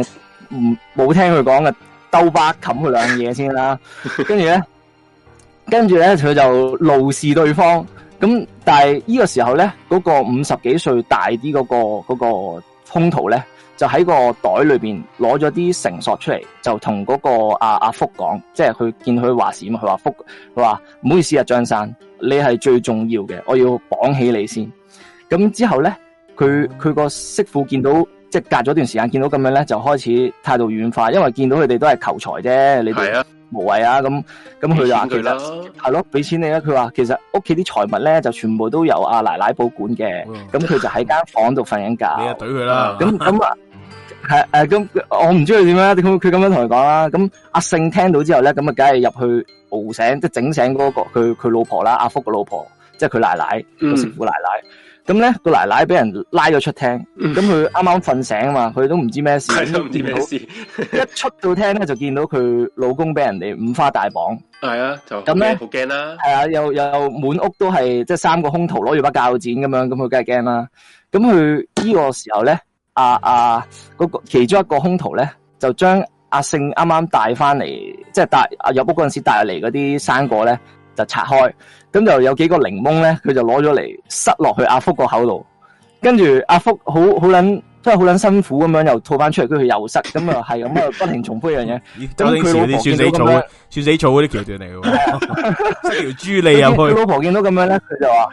唔冇聽佢講嘅，兜巴冚佢兩嘢先啦。跟住咧，跟住咧佢就怒視對方。咁、嗯、但係呢個時候咧，嗰、那個五十幾歲大啲嗰、那個嗰、那個凶徒咧，就喺個袋裏邊攞咗啲繩索出嚟，就同嗰個阿、啊、阿、啊、福講，即係佢見佢話事，佢話福，佢話唔好意思啊，張生，你係最重要嘅，我要綁起你先。咁之後咧，佢佢個媳婦見到即係隔咗段時間見到咁樣咧，就開始態度軟化，因為見到佢哋都係求財啫，你哋。無謂啊，咁咁佢話其實係咯，俾錢你啦。」佢話其實屋企啲財物咧就全部都由阿奶奶保管嘅，咁、哦、佢就喺間房度瞓緊覺。你懟佢啦，咁咁啊，係誒，咁、 *laughs* 嗯、我唔知佢點樣，佢佢咁樣同佢講啦，咁阿勝聽到之後咧，咁啊，梗係入去熬醒，即係整醒嗰個佢佢老婆啦，阿福個老婆，即係佢奶奶個少婦奶奶。嗯那個咁咧，個奶奶俾人拉咗出廳，咁佢啱啱瞓醒啊嘛，佢都唔知咩事， *laughs* 都唔知咩事。 *laughs* 一出到廳咧，就見到佢老公俾人哋五花大綁。係 *laughs* 啊， *laughs* 就咁咧，好驚啦。係啊，又又滿屋都係，即係三個兇徒攞住把鉸剪咁樣，咁佢梗係驚啦。咁佢呢個時候咧，啊，啊嗰、個、其中一個兇徒咧，就將阿勝啱啱帶翻嚟，即係帶入屋嗰陣時帶嚟嗰啲生果咧。就拆開，咁就有幾個檸檬咧，佢就攞咗嚟塞落去阿福個口度，跟住阿福好好捻，即係好捻辛苦咁樣又吐翻出嚟都要又塞，咁啊係咁啊不停重複一 *laughs* 樣嘢。周星馳嗰啲算死草，算死草嗰啲橋段嚟嘅。塞條豬脷入去， *laughs* 佢老婆見到咁樣咧，佢就話：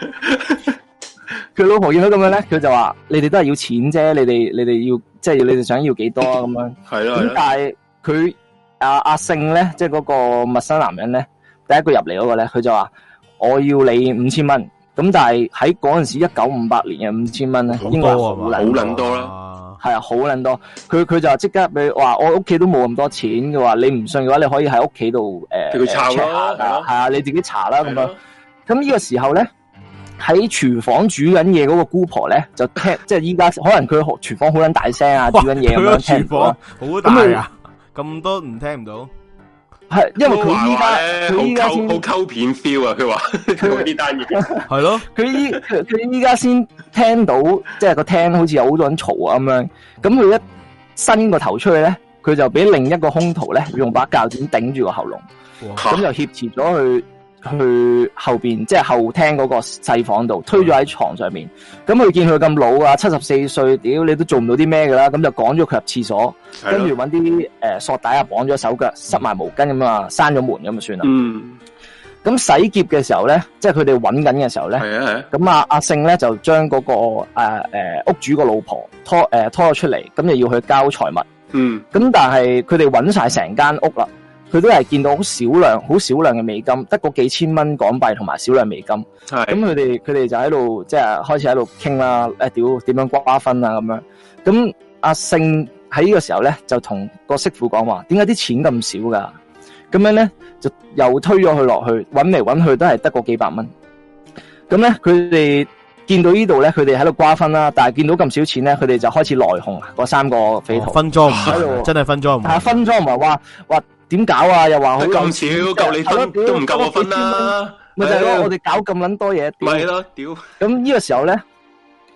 佢老婆見到咁樣咧，佢就話：你哋都係要錢啫，你哋你哋要，即係你哋想要幾多啊？咁樣係啦。咁 *laughs* *laughs* 但係佢阿阿勝咧，即係嗰個陌生男人咧。第一個入嚟嗰個咧，佢就話我要你五千蚊，咁但係喺嗰陣時一九五八年嘅五千蚊咧，應該好捻多啦，係啊好捻多。佢佢、啊、就即刻，比話我屋企都冇咁多錢嘅話，你唔信嘅話，你可以喺屋企度誒查下，係、呃、啊，啊，啊，啊，你自己查啦咁樣。咁呢、啊啊、個時候咧，喺廚房煮緊嘢嗰個姑婆咧，就聽即係依家可能佢廚房好捻大聲啊，煮緊嘢啊，廚房好大啊，咁多唔聽唔到。係，因為佢依家佢依家好溝片 feel 啊！佢話佢呢單嘢係咯，佢依佢佢依家先聽到，即係個廳好似有好多人嘈啊咁樣。咁佢一伸個頭出去咧，佢就俾另一個兇徒咧用把鉸剪頂住個喉嚨，咁就挾持咗佢。去後邊，即係後廳嗰個細房度，推咗喺床上面。咁佢見佢咁老啊，七十四歲，屌你都做唔到啲咩噶啦。咁就趕咗佢入廁所，跟住搵啲誒索帶啊綁咗手腳，塞埋毛巾咁啊，閂咗門咁就算啦。嗯。咁洗劫嘅時候咧，即係佢哋搵緊嘅時候咧，係啊係啊。咁啊阿阿勝咧就將嗰、嗰個誒誒、呃、屋主個老婆拖誒、呃、拖咗出嚟，咁就要去交財物。嗯。咁但係佢哋搵晒成間屋啦。佢都係見到好少量、好少量嘅美金，得個幾千蚊港幣同埋少量美金。係咁，佢哋佢哋就喺度即係開始喺度傾啦，誒屌點樣瓜分啊咁樣。咁阿勝喺呢個時候咧，就同個媳婦講話：點解啲錢咁少㗎？咁樣咧就又推咗佢落去，揾嚟揾去都係得個幾百蚊。咁咧佢哋見到呢度咧，佢哋喺度瓜分啦。但係見到咁少錢咧，佢哋就開始內哄啦。嗰三個匪徒分裝唔喺度，真係分裝唔係。嚇分裝唔係話哇！點搞啊？又話好咁少，夠你分都唔夠我分啦！咪就係咯，我哋搞咁捻多嘢。咪係咯，屌！咁呢個時候咧，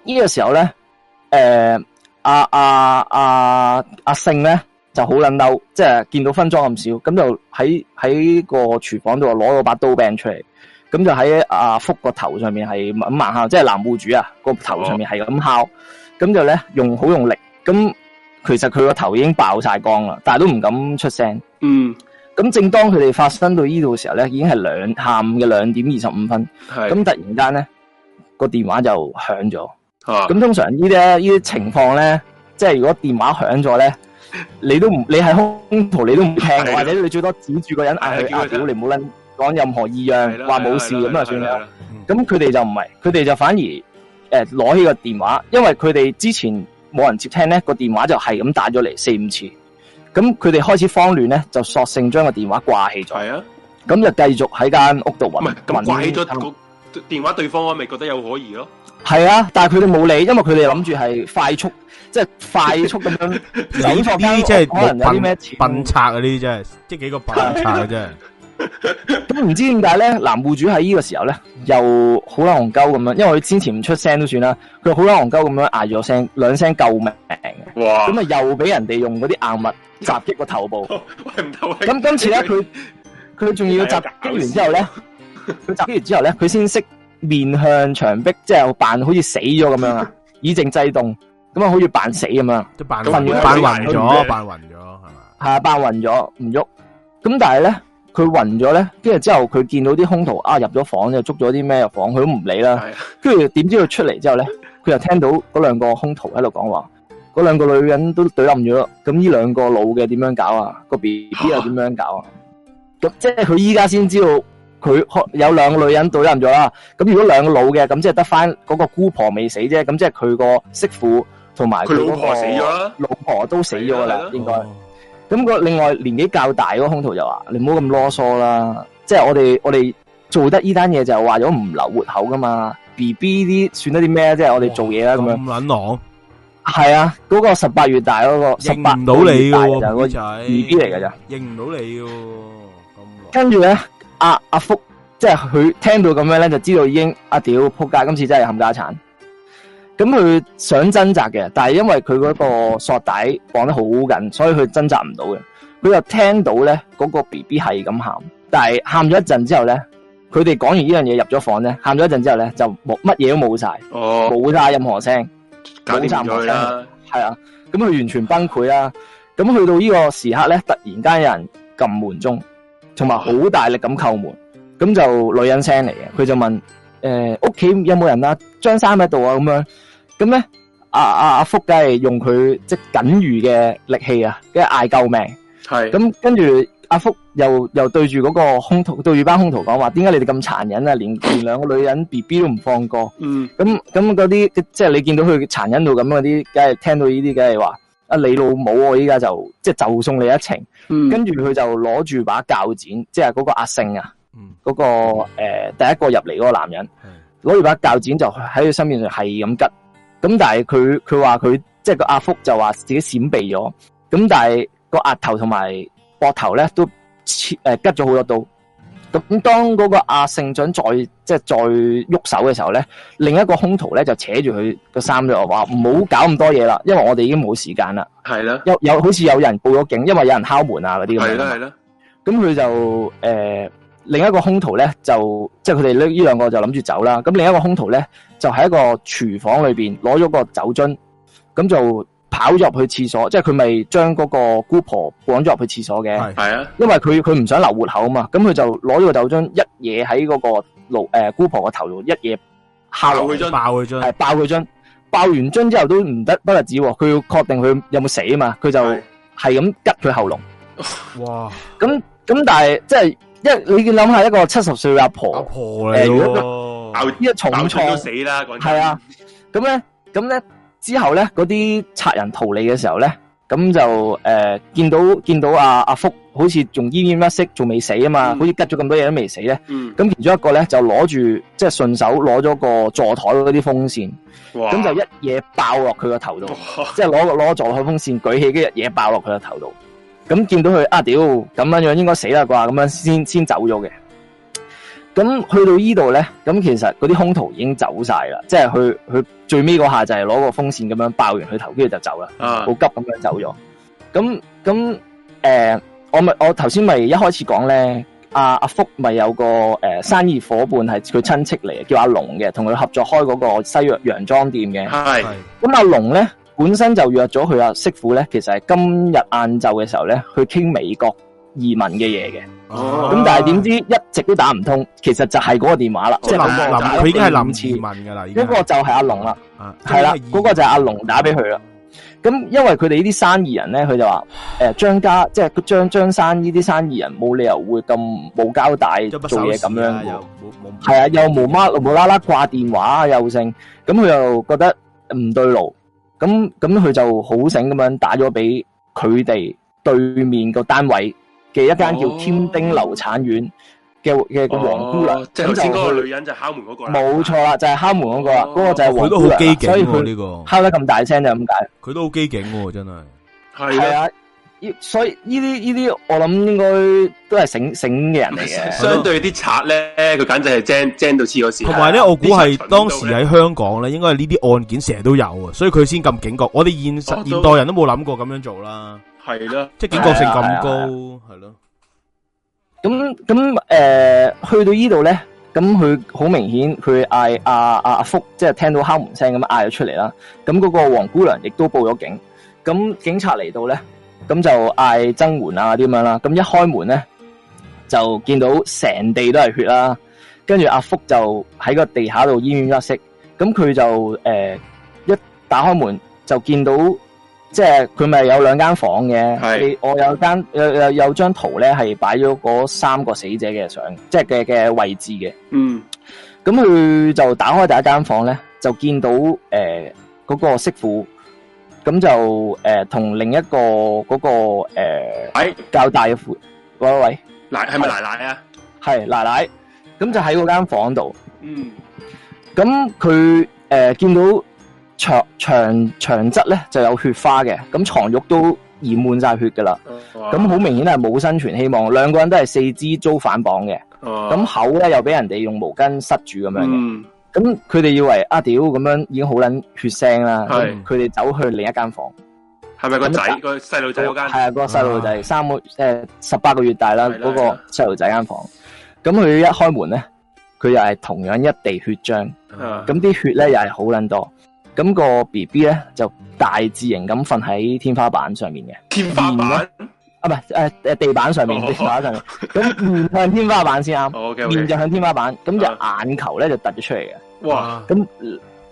呢個時候咧，誒，阿阿阿阿勝咧就好捻嬲，即係見到分裝咁少，咁就喺喺個廚房度攞咗把刀柄出嚟，咁就喺阿福個頭上面係咁猛敲，即係男戶主啊個頭上面係咁敲，咁就咧用好用力咁。其實佢個頭已經爆晒光啦，但係都唔敢出聲。嗯，咁正當佢哋發生到呢度嘅時候咧，已經係兩下午嘅兩點二十五分。咁突然間咧，個電話就響咗。咁、啊、通常呢啲呢啲情況咧，即係如果電話響咗咧，你都唔你係空頭，你都唔聽， *laughs* 或者你最多指住個人嗌佢阿表，你唔好捻講任何異樣，話冇事咁啊算啦。咁佢哋就唔係，佢哋就反而誒攞、呃、起個電話，因為佢哋之前。冇人接聽咧，個電話就係咁打咗嚟四五次，咁佢哋開始慌亂咧，就索性將個電話掛起咗。係啊，咁就繼續喺間屋度揾。唔係掛起咗個電話，對方我咪覺得有可疑咯。係啊，但係佢哋冇理，因為佢哋諗住係快速，即係快速咁樣。 *laughs* 有啲即係笨，有啲咩笨賊嗰啲，即係即係幾個笨賊嘅啫。 *laughs* *laughs* 咁 *laughs* 唔知點解咧，男戶主喺呢個時候咧，又好鬼戇鳩咁樣，因為佢之前唔出聲都算啦，佢好鬼戇鳩咁樣嗌咗聲兩聲救命嘅，哇！咁啊又俾人哋用嗰啲硬物襲擊個頭部，咁今次咧佢佢仲要襲擊完之後咧，襲 *laughs* 擊完之後咧，佢先識面向牆壁，即係扮好似死咗咁樣啊， *laughs* 以靜制動，咁啊好似扮死咁樣，就扮瞓，扮暈咗，扮暈咗係嘛？係啊，扮暈咗唔喐，咁但係咧，佢暈咗咧，跟住之後佢見到啲凶徒啊入咗房，又捉咗啲咩入房，佢都唔理啦。跟住點知佢出嚟之後咧，佢又聽到嗰兩個凶徒喺度講話，嗰兩個女人都懟冧咗，咁呢兩個老嘅點樣搞啊？個 B B 又點樣搞啊？咁 *laughs* 即係佢依家先知道，佢有兩個女人懟冧咗啦。咁如果兩個老嘅，咁即係得翻嗰個姑婆未死啫。咁即係佢個媳婦同埋佢老婆死咗，老婆都死咗啦，啊、 *laughs* 應該。咁、那個另外年紀較大嗰個兇徒就話，你唔好咁囉嗦啦，即係我哋我哋做得呢單嘢就話咗唔留活口噶嘛。B B 啲算得啲咩？即係我哋做嘢啦，咁、哦、樣。咁撚狼。係啊，嗰、那個十八月大嗰、那個認唔到你噶，仔 B B 嚟噶咋？認唔到你噶。跟住咧，阿、啊、阿、啊、福即係佢聽到咁樣咧，就知道已經阿、啊、屌仆街，今次真係冚家鏟。咁佢想掙扎嘅，但係因為佢嗰個索帶綁得好緊，所以佢掙扎唔到嘅。佢就聽到咧嗰個 BB 係咁喊，但係喊咗一陣之後咧，佢哋講完呢樣嘢入咗房咧，喊咗一陣之後咧就冇乜嘢都冇晒，冇、哦、晒任何聲，冇任何聲，係啊，咁佢完全崩潰啦。咁去到呢個時刻咧，突然間有人撳門鐘同埋好大力咁叩門，咁就女人聲嚟嘅，佢就問。誒、呃，屋企有冇人啊？張生喺度啊，咁樣，咁咧，阿阿阿福梗係用佢即係僅餘嘅力氣啊，跟住嗌救命。係。咁跟住阿福又又對住嗰個凶徒，對住班凶徒講話：，點解你哋咁殘忍啊？連連兩個女人 B B 都唔放過。嗯。咁咁嗰啲，即係你見到佢殘忍到咁嗰啲，梗係聽到呢啲，梗係話啊你老母，我依家就即係就送你一程。嗯。跟住佢就攞住把鉸剪，即係嗰個阿勝啊。嗰、那個誒、呃，第一個入嚟嗰個男人攞住、嗯、把鉸剪就，就喺佢身邊上係咁吉咁。但係佢佢話佢即係個阿福就話自己閃避咗，咁但係個額頭同埋膊頭咧都誒吉咗好多刀。咁、嗯、當嗰個阿勝長再即係再喐手嘅時候咧，另一個凶徒咧就扯住佢個衫就，話唔好搞咁多嘢啦，因為我哋已經冇時間啦。係啦，有有好似有人報咗警，因為有人敲門啊嗰啲咁。係啦係啦，咁佢就誒。呃另一個兇徒咧就即係佢哋呢呢兩個就諗住走啦，咁另一個兇徒咧就喺一個廚房裏邊攞咗個酒樽，咁就跑咗入去廁所，即係佢咪將嗰個姑婆綁咗入去廁所嘅。係啊，因為佢佢唔想留活口啊嘛，咁佢就攞咗個酒樽一嘢喺嗰個爐誒、呃、姑婆個頭度一嘢下落去，爆佢樽係爆佢樽，爆完樽之後都唔得，不得止，佢要確定佢有冇死啊嘛，佢就係咁拮佢喉嚨。哇！咁咁但係即係。因為你要諗下一個七十歲阿婆，誒、呃，如果一重創都死啦，係啊，咁咧，咁咧之後咧，嗰啲賊人逃離嘅時候咧，咁就誒、呃、見到見到阿、啊、阿、啊、福好似仲奄奄一息，仲未死啊嘛，嗯、好似吉咗咁多嘢都未死咧，咁、嗯、其中一個咧就攞住，即係順手攞咗個座台嗰啲風扇，咁就一嘢爆落佢個頭度，即係攞個攞座台風扇舉起，跟住一嘢爆落佢個頭度。咁見到佢啊屌咁樣樣應該死啦啩，咁樣先先走咗嘅。咁去到依度咧，咁其實嗰啲兇徒已經走晒啦，即係佢佢最尾嗰下就係攞個風扇咁樣爆完佢頭，跟住就走啦。啊，好急咁樣走咗。咁咁誒，我咪我頭先咪一開始講咧，阿、啊、阿、啊、福咪有個誒、呃、生意伙伴係佢親戚嚟，叫阿龍嘅，同佢合作開嗰個西藥洋、洋裝店嘅。係。咁阿龍咧？本身就約咗佢阿媳婦咧，其實係今日晏晝嘅時候咧，去傾美國移民嘅嘢嘅。哦。咁但係點知一直都打唔通，其實就係嗰個電話啦。即係諗佢已經係諗住問㗎啦。嗰個就係阿龍啦。係、啊、啦，嗰、就係啊嗰個就係阿龍打俾佢啦。咁因為佢哋呢啲生意人咧，佢就話：誒張家即係、就係、張張生呢啲生意人，冇理由會咁冇交代做嘢咁樣，係啊，又冇乜無啦啦掛電話，電話又剩咁佢又覺得唔對路。咁咁佢就好醒咁樣打咗俾佢哋對面個單位嘅，一間叫添丁流產院嘅，嘅個黃姑娘，咁、哦、就嗰個女人就敲門嗰個冇錯啦，就係、是、敲門嗰個嗰、哦那個就係黃姑娘。哦警啊、所以佢敲得咁大聲就咁解，佢都好機警喎、啊，真係。係啊。所以呢啲呢啲，我諗應該都係醒醒嘅人嚟嘅。相對啲賊咧，佢簡直係精精到黐咗線。同埋咧，我估係當時喺香港咧，應該係呢啲案件成日都有啊，所以佢先咁警覺。我哋現實現代人都冇諗過咁樣做啦，係咯，即係警覺性咁高，係咯。咁咁誒，去到呢度咧，咁佢好明顯、啊，佢嗌阿阿阿福，即係聽到敲門聲咁嗌咗出嚟啦。咁嗰個黃姑娘亦都報咗警。咁警察嚟到咧。咁就嗌增援啊，啲咁樣啦，咁一開門咧就見到成地都係血啦，跟住阿福就喺個地下度奄奄一息，咁佢就誒、呃、一打開門就見到，即係佢咪有兩間房嘅，係我有間有有有張圖咧係擺咗嗰三個死者嘅相，即係嘅嘅位置嘅，嗯，咁佢就打開第一間房咧就見到誒嗰、呃那個媳婦。咁就誒，同、呃、另一個嗰、嗰個誒、呃哎，較大嘅父，喂喂喂，奶係咪奶奶啊？係奶奶，咁就喺嗰間房度。嗯，咁佢誒見到牆牆牆側咧就有血花嘅，咁床褥都染滿晒血噶啦。咁好明顯係冇生存希望，兩個人都係四肢遭反綁嘅。咁口咧又俾人哋用毛巾塞住咁樣嘅。嗯咁佢哋以為阿屌咁樣已經好捻血腥啦，佢哋走去另一間房，係咪個仔個細路仔嗰間？係啊，個細路仔三個誒十八個月大啦，嗰、那個細路仔間房，咁佢一開門咧，佢又係同樣一地血漿，咁、啊、啲血咧又係好捻多，咁、那個 B B 咧就大自然咁瞓喺天花板上面嘅天花板。啊，唔，誒誒，地板上面，等我一陣。咁、oh. 面向天花板先啱，oh, okay, okay. 面就向天花板，咁隻眼球咧就突咗出嚟嘅、uh. 嗯。哇！咁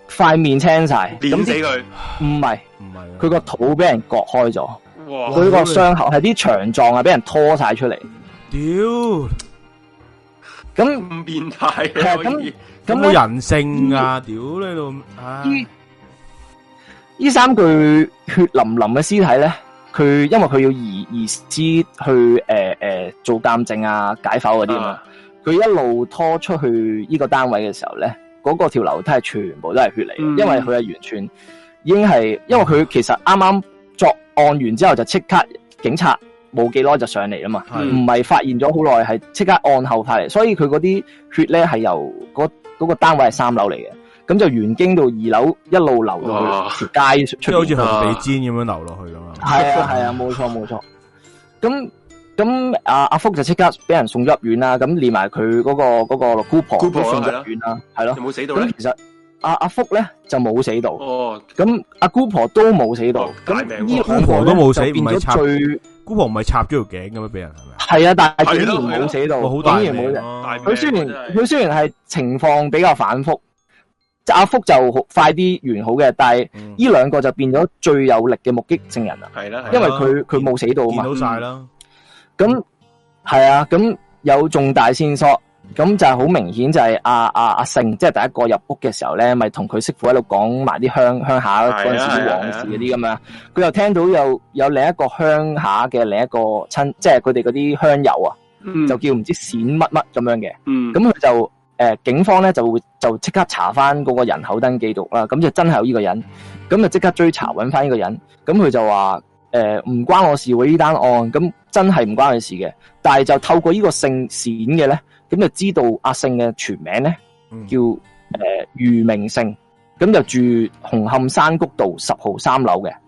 塊面青晒，碾死佢。唔係，唔係，佢個肚俾人割開咗。哇！佢個傷口係啲腸臟啊，俾人拖晒出嚟。屌！咁唔變態嘅，咁咁冇人性啊！屌呢度，呢呢、啊嗯、三具血淋淋嘅屍體咧。佢因為佢要移移屍去誒、呃呃、做鑑證啊解剖嗰啲啊，佢一路拖出去呢個單位嘅時候咧，嗰、嗰個條樓梯係全部都係血嚟，嗯、因為佢係完全已經係因為佢其實啱啱作案完之後就即刻警察冇幾耐就上嚟啦嘛，唔係發現咗好耐係即刻案後返嚟，所以佢嗰啲血咧係由嗰、嗰、嗰、個嗰個單位係三樓嚟嘅。咁就沿經到二樓，一路流落去街，好似紅地氈咁樣流落去咁啊！係啊係啊，冇錯冇錯。咁咁阿阿福就即刻俾人送咗入院啦。咁連埋佢嗰個姑婆，姑婆送咗入院啦，係咯。有冇、啊、死到咧？其實阿阿、啊、福咧就冇死到。哦。咁阿、啊、姑婆都冇死到。咁、哦、姑、啊、婆都冇死，唔係最，姑婆唔係插咗條頸咁樣俾人係咪？係啊，但係竟然冇死到，哦、竟然冇人。佢、啊、雖然佢、啊、雖然係情況比較反覆。即阿福就好快啲完好嘅，但係呢兩個就變咗最有力嘅目擊證人啦。係、嗯、啦，因為佢佢冇死到啊嘛。見到晒啦。咁係啊，咁、嗯、有重大線索，咁就係好明顯就係阿阿阿盛，即、啊、係、啊就是、第一個入屋嘅時候咧，咪同佢媳婦喺度講埋啲鄉鄉下嗰陣時啲往事嗰啲咁樣。佢又聽到有有另一個鄉下嘅另一個親，即係佢哋嗰啲鄉友啊、嗯，就叫唔知冼乜乜咁樣嘅。咁、嗯、佢就。誒，警方咧就會就即刻查翻嗰個人口登記度啦，咁就真係有呢個人，咁就即刻追查揾翻呢個人，咁佢就話誒唔關我事喎呢單案，咁真係唔關佢事嘅，但係就透過呢個姓氏嘅咧，咁就知道阿姓嘅全名咧、嗯、叫誒、呃、余明勝，咁就住紅磡山谷道十號三、呃、樓嘅、啊，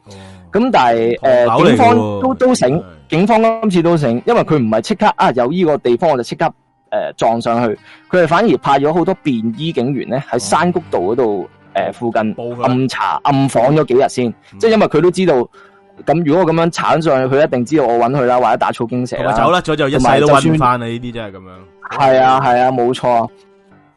咁但係誒警方都都醒，警方今次都醒，因為佢唔係即刻啊有呢個地方我就即刻。誒，撞上去，佢哋反而派咗好多便衣警員咧喺山谷道嗰度誒附近暗查，嗯嗯、暗訪咗幾日先，嗯，即係因為佢都知道咁。如果我咁樣鏟上去，佢一定知道我揾佢啦，或者打草驚蛇啦。走甩咗就一世都揾唔翻。啊！呢啲，真係咁樣。係啊，係啊，冇錯。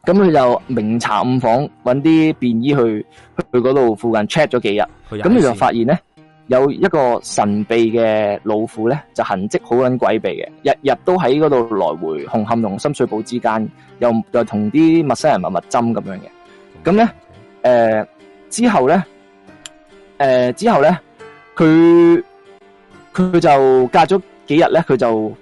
咁佢就明查暗訪，揾啲便衣去去嗰度附近 check 咗幾日，咁佢就發現咧。有一個神秘嘅老虎咧，就痕跡好捻詭秘嘅，日日都喺嗰度來回紅磡同深水埗之間，又又同啲陌生人密密針咁樣嘅。咁咧，誒、呃、之後咧，誒、呃、之後咧，佢佢就隔咗幾日咧，佢就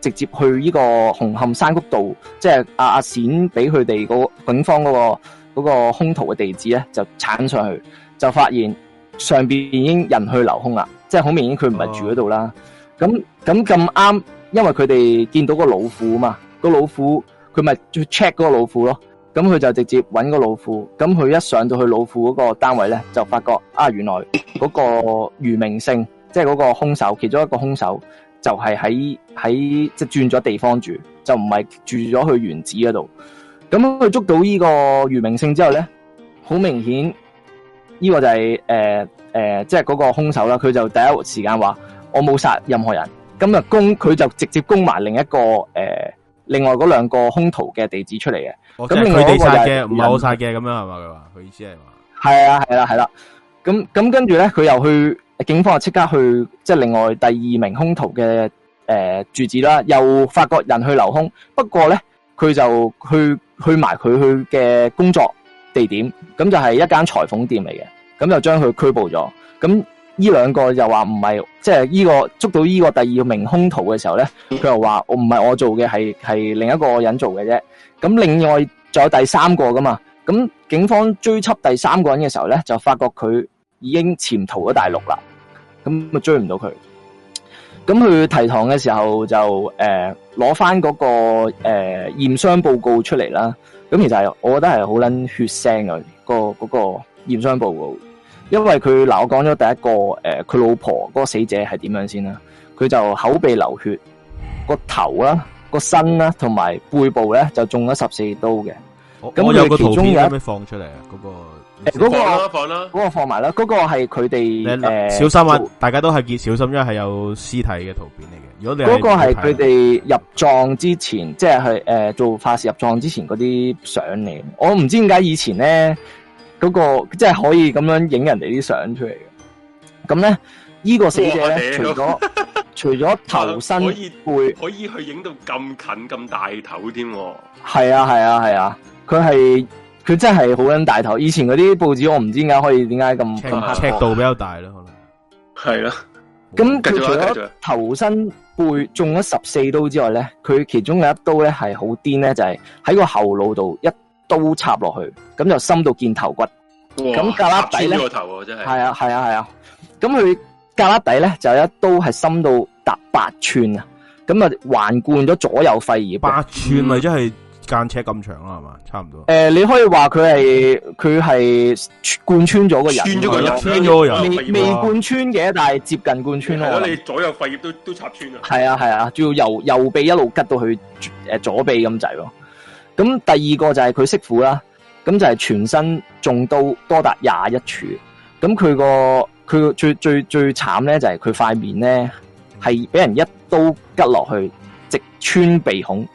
直接去呢個紅磡山谷道，即、就、係、是、阿阿冼俾佢哋個警方嗰、那個嗰、那個兇徒嘅地址咧，就剷上去，就發現。上邊已經人去樓空啦，即係好明顯佢唔係住嗰度啦。咁咁咁啱，因為佢哋見到個老虎啊嘛，個老虎佢咪去 check 嗰個老虎咯。咁佢就直接搵個老虎，咁佢一上到去老虎嗰個單位咧，就發覺啊，原來嗰個余明勝，即係嗰個凶手，其中一個凶手就係喺喺即係轉咗地方住，就唔係住咗去原址嗰度。咁佢捉到呢個余明勝之後咧，好明顯。呢、這個就係誒誒，即係嗰個兇手啦。佢就第一時間話我冇殺任何人，咁啊供，佢就直接供埋另一個誒、呃，另外嗰兩個兇徒嘅地址出嚟嘅。咁佢哋一個唔係好殺嘅，咁樣係嘛？佢話佢意思係話係啊係啦係啦。咁咁跟住咧，佢又去警方啊，即刻去即係、就是、另外第二名兇徒嘅誒、呃、住址啦，又發覺人去留空。不過咧，佢就去去埋佢去嘅工作。地點咁就係一間裁縫店嚟嘅，咁就將佢拘捕咗。咁呢兩個就話唔係，即係呢個捉到呢個第二名凶徒嘅時候咧，佢又話我唔係我做嘅，係係另一個人做嘅啫。咁另外仲有第三個噶嘛？咁警方追緝第三個人嘅時候咧，就發覺佢已經潛逃咗大陸啦。咁咪追唔到佢。咁佢提堂嘅時候就誒攞翻嗰個誒驗傷報告出嚟啦。咁其實係，我覺得係好捻血腥啊！嗰個嗰、嗰個驗傷報告，因為佢嗱，我講咗第一個誒，佢老婆嗰個死者係點樣先啦？佢就口鼻流血，個頭啦、個身啦，同埋背部咧就中咗十四刀嘅。我有個圖片其中有，有咩放出嚟啊？嗰、嗰個。嗰、那個啊啊那個放啦，嗰、那個放埋啦，嗰個係佢哋誒，小心啊！大家都係見小心，因為係有屍體嘅圖片嚟嘅。如果你嗰個係佢哋入葬之前，即係去誒做法事入葬之前嗰啲相嚟。我唔知點解以前咧，嗰、那個即係、就是、可以咁樣影人哋啲相出嚟嘅。咁咧，呢、這個死者咧，除咗除咗頭身， *laughs* 可以背，可以去影到咁近咁大頭添。係啊係啊係啊，佢係、啊。佢真係好撚大頭，以前嗰啲報紙我唔知點解可以點解咁咁尺度比較大啦，可能係啦。咁除咗頭身背中咗十四刀之外咧，佢其中有一刀咧係好癲咧，就係喺個後腦度一刀插落去，咁就深到見頭骨。咁格旯底咧，係啊係啊係啊。咁佢格旯底咧就有一刀係深到達八寸啊！咁啊，橫貫咗左右肺而八寸啊、就是，真、嗯、係。間車咁長啦，係嘛？差唔多。誒、呃，你可以話佢係佢係貫穿咗個人，穿咗個穿咗個人，未未貫穿嘅、啊，但係接近貫穿咯。係咯，你左右肺葉都都插穿啦。係啊係啊，仲、啊、要右右臂一路拮到去誒、呃、左臂咁滯咯。咁第二個就係佢媳婦啦，咁就係全身中刀多達廿一處。咁佢個佢最最最慘咧，就係佢塊面咧係俾人一刀拮落去，直穿鼻孔。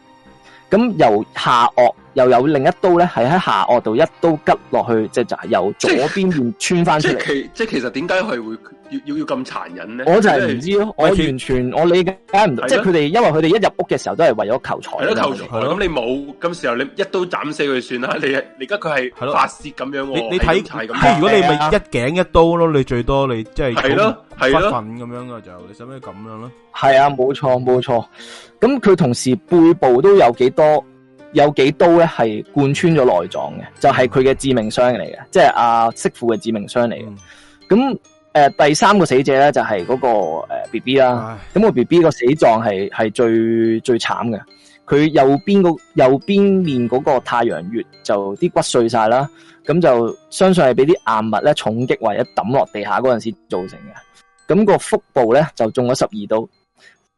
咁由下顎，又有另一刀咧，係喺下顎度一刀拮落去，即係就係由左邊面穿翻出嚟。即係其實點解佢會要要要咁殘忍咧？我就係唔知咯，我完全我理解唔到。即係佢哋因為佢哋一入屋嘅時候都係為咗求財。係咯，求財。咁你冇咁時候，你一刀斬死佢算啦。你而家佢係發洩咁樣。你你睇係咁。即係如果你咪一頸一刀咯，你最多你即係骨粉咁樣啊？就你使唔使咁樣咧？係啊，冇錯冇錯。咁佢同時背部都有幾多？有幾刀咧係貫穿咗內臟嘅，就係佢嘅致命傷嚟嘅，即係阿媳婦嘅致命傷嚟嘅。咁、嗯、誒、呃，第三個死者咧就係、是、嗰、那個誒 B B 啦。咁、呃那個 B B、那個死狀係係最最慘嘅，佢右邊個右邊面嗰個太陽穴就啲骨碎晒啦。咁就相信係俾啲硬物咧重擊或者抌落地下嗰陣時造成嘅。咁、那個腹部咧就中咗十二刀，